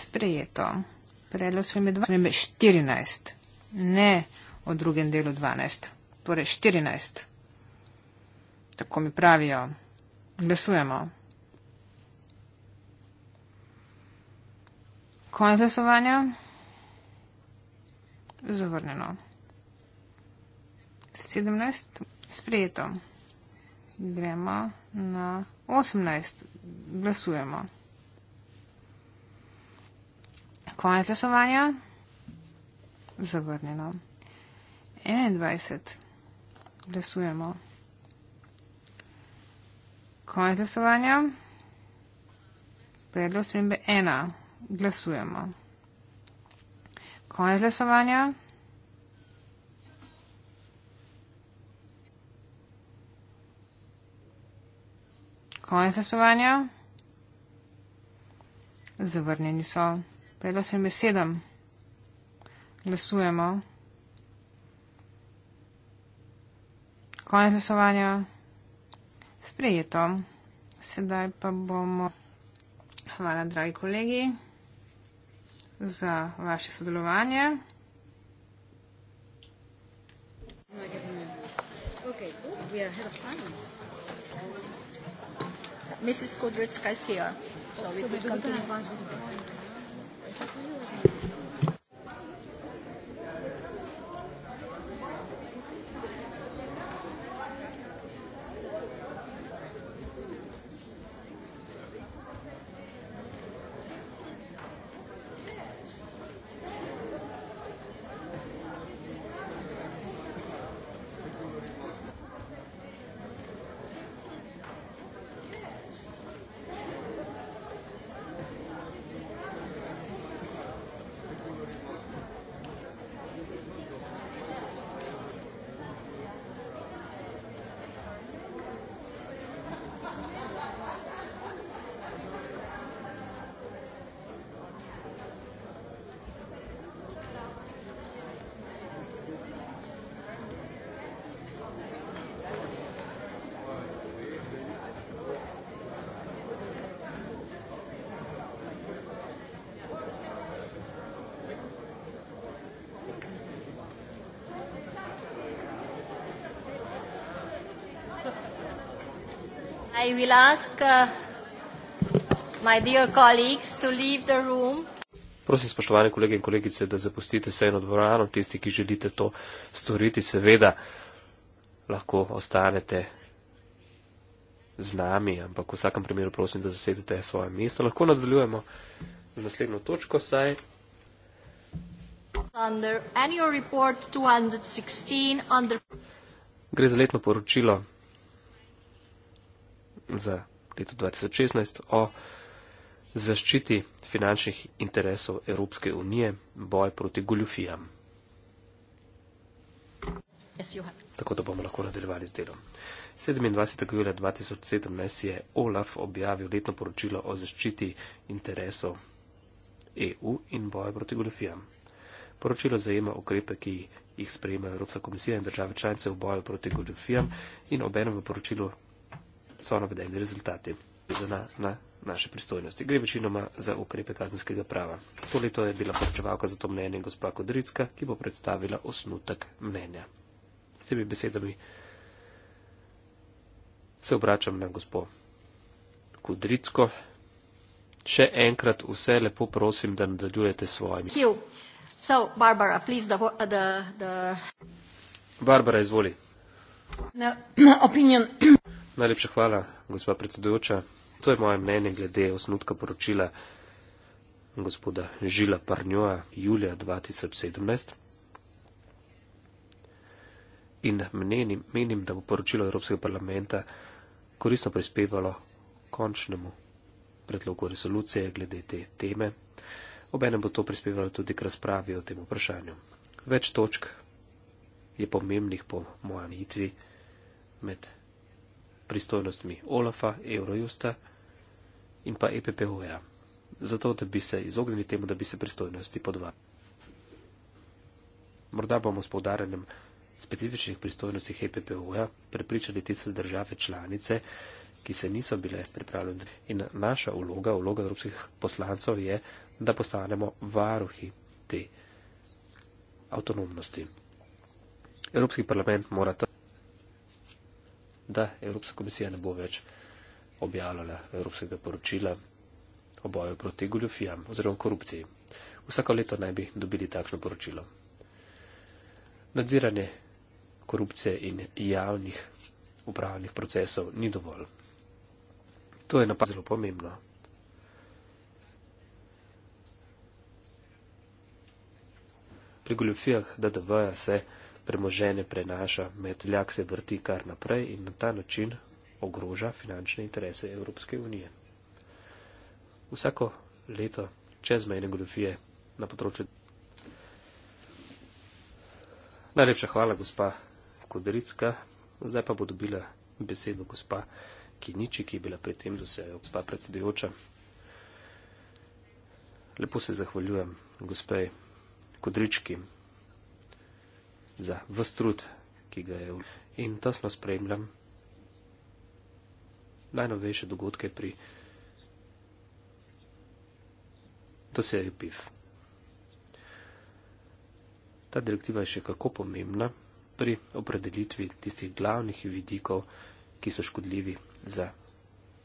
Sprejeto. Predlog svojim je 14. Ne o drugem delu 12. Torej 14 tako mi pravijo. Glasujemo. Konec glasovanja. Zavrnjeno. 17. Sprejeto. Gremo na 18. Glasujemo. Konec glasovanja. Zavrnjeno. 21. Glasujemo. Konec glasovanja. Predlog spremembe ena. Glasujemo. Konec glasovanja. Konec glasovanja. Zavrnjeni so. Predlog spremembe sedem. Glasujemo. Konec glasovanja. Sprejeto. Sedaj pa bomo. Hvala, dragi kolegi, za vaše sodelovanje. Mrs. Kudrick, I see her. So we can continue. I will ask uh, my dear colleagues to leave the room. Prosim, spoštovane kolege in kolegice, da zapustite sejno dvorano. Tisti, ki želite to storiti, seveda lahko ostanete z nami, ampak v vsakem primeru prosim, da zasedete svoje mesto. Lahko nadaljujemo z naslednjo točko, saj. Under report 216, under... Gre za letno poročilo za leto 2016 o zaščiti finančnih interesov Evropske unije, boj proti goljufijam. Tako da bomo lahko nadaljevali z delom. 27. julija 2017 je Olaf objavil letno poročilo o zaščiti interesov EU in boju proti goljufijam. Poročilo zajema ukrepe, ki jih sprejema Evropska komisija in države članice v boju proti goljufijam in obenem v poročilu so navedeni rezultati na, na naše pristojnosti. Gre večinoma za ukrepe kazenskega prava. To leto je bila poročevalka za to mnenje gospa Kodricka, ki bo predstavila osnutek mnenja. S temi besedami se obračam na gospo Kodricko. Še enkrat vse lepo prosim, da nadaljujete s svojimi. So, Barbara, please, the, the, the... Barbara, izvoli. No, opinion. Najlepša hvala, gospa predsedujoča. To je moje mnenje glede osnutka poročila gospoda Žila Parnjoa julija 2017. In menim, menim, da bo poročilo Evropskega parlamenta koristno prispevalo končnemu predlogu resolucije glede te teme. Obenem bo to prispevalo tudi k razpravi o tem vprašanju. Več točk je pomembnih po mojem itvi med pristojnostmi OLAFA, Eurojusta in pa EPPO-ja, zato da bi se izognili temu, da bi se pristojnosti podvali. Morda bomo s povdarjanjem specifičnih pristojnosti EPPO-ja prepričali tiste države članice, ki se niso bile pripravljene. In naša vloga, vloga evropskih poslancov je, da postanemo varuhi te avtonomnosti. Evropski parlament mora to da Evropska komisija ne bo več objavljala Evropskega poročila o boju proti goljofijam oziroma korupciji. Vsako leto naj bi dobili takšno poročilo. Nadziranje korupcije in javnih upravnih procesov ni dovolj. To je napad zelo pomembno. Pri goljofijah DDV se premoženje prenaša, metljak se vrti kar naprej in na ta način ogroža finančne interese Evropske unije. Vsako leto čezmejne goljofije na področju. Najlepša hvala, gospa Kodricka. Zdaj pa bo dobila besedo gospa Kiniči, ki je bila pri tem, da se je gospa predsedujoča. Lepo se zahvaljujem gospej Kodrički za vse trud, ki ga je vložil. In tesno spremljam najnovejše dogodke pri doseju PIF. Ta direktiva je še kako pomembna pri opredelitvi tistih glavnih vidikov, ki so škodljivi za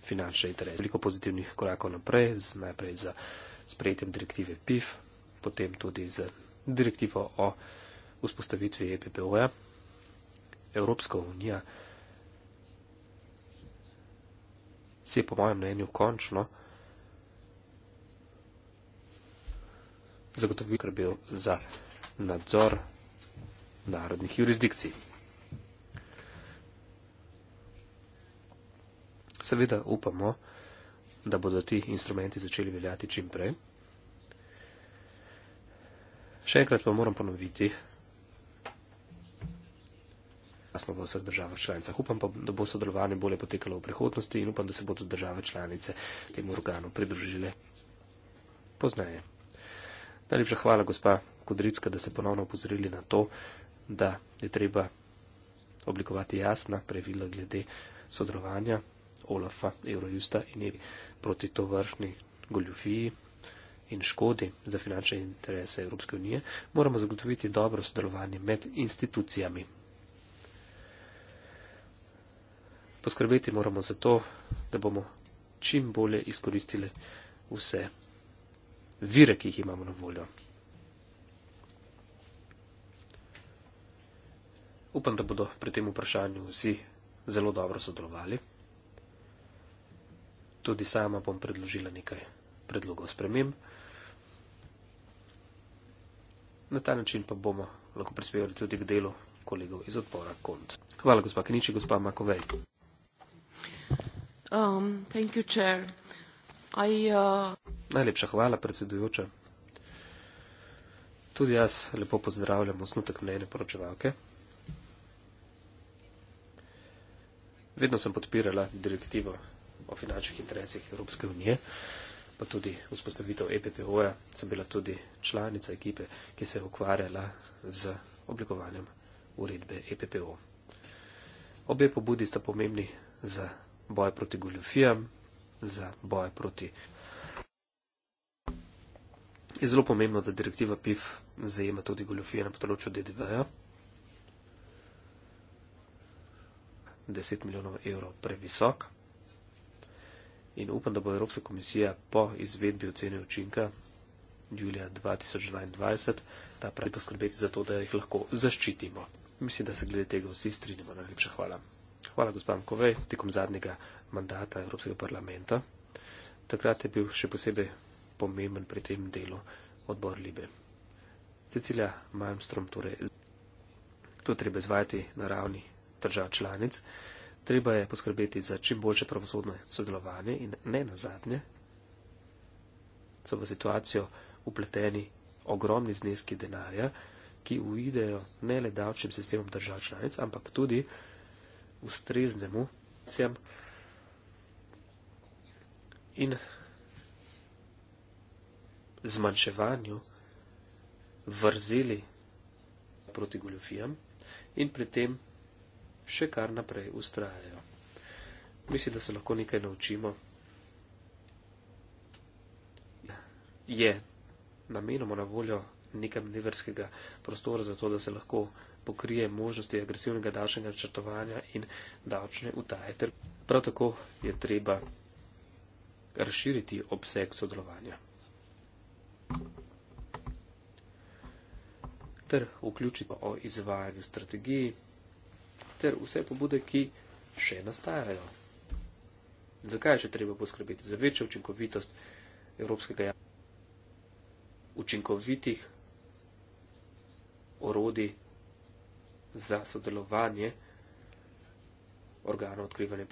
finančne interese. Veliko pozitivnih korakov naprej, najprej z sprejetjem direktive PIF, potem tudi z direktivo o vzpostavitvi EPPO-ja, Evropska unija si je po mojem mnenju končno zagotovil skrbel za nadzor narodnih jurisdikcij. Seveda upamo, da bodo ti instrumenti začeli veljati čim prej. Še enkrat pa moram ponoviti, jasno v vseh državah članicah. Upam pa, da bo sodelovanje bolje potekalo v prihodnosti in upam, da se bodo države članice temu organu pridružile poznaje. Najlepša hvala, gospa Kudricka, da ste ponovno upozorili na to, da je treba oblikovati jasna pravila glede sodelovanja OLAF-a, Eurojusta in je proti to vršni goljufiji in škodi za finančne interese Evropske unije, moramo zagotoviti dobro sodelovanje med institucijami, poskrbeti moramo za to, da bomo čim bolje izkoristili vse vire, ki jih imamo na voljo. Upam, da bodo pri tem vprašanju vsi zelo dobro sodelovali. Tudi sama bom predložila nekaj predlogov sprememb. Na ta način pa bomo lahko prispevali tudi k delu kolegov iz odpora KONT. Hvala, gospa Kniči, gospa Makovej. Um, uh, Najlepša hvala, predsedujoča. Tudi jaz lepo pozdravljam osnutek mnenja poročevalke. Vedno sem podpirala direktivo o finančnih interesih Evropske unije, pa tudi vzpostavitev EPPO-ja. Sem bila tudi članica ekipe, ki se je ukvarjala z oblikovanjem uredbe EPPO. Obe pobudi sta pomembni za boj proti goljofijam, za boj proti. Je zelo pomembno, da direktiva PIF zajema tudi goljofije na področju DDV-ja. 10 milijonov evrov previsok. In upam, da bo Evropska komisija po izvedbi ocene učinka julija 2022 ta pravi poskrbeti za to, da jih lahko zaščitimo. Mislim, da se glede tega vsi strinjamo. Najlepša hvala. Hvala, gospod Kovej, tekom zadnjega mandata Evropskega parlamenta. Takrat je bil še posebej pomemben pri tem delu odbor Libe. Cecilija Malmström, torej, to treba izvajati na ravni držav članic, treba je poskrbeti za čim boljše pravosodno sodelovanje in ne na zadnje, so v situacijo upleteni ogromni zneski denarja, ki ujidejo ne le davčnim sistemom držav članic, ampak tudi ustreznemu cem in zmanjševanju vrzeli proti goljofijam in pri tem še kar naprej ustrajajo. Mislim, da se lahko nekaj naučimo. Je namenoma na voljo nekem neverskega prostora za to, da se lahko pokrije možnosti agresivnega davčnega načrtovanja in davčne utaje. Ter prav tako je treba razširiti obseg sodelovanja. Ter vključiti o izvajanju strategiji, ter vse pobude, ki še nastajajo. Zakaj je še treba poskrbeti za večjo učinkovitost evropskega javnega? učinkovitih orodij za sodelovanje organov odkrivanja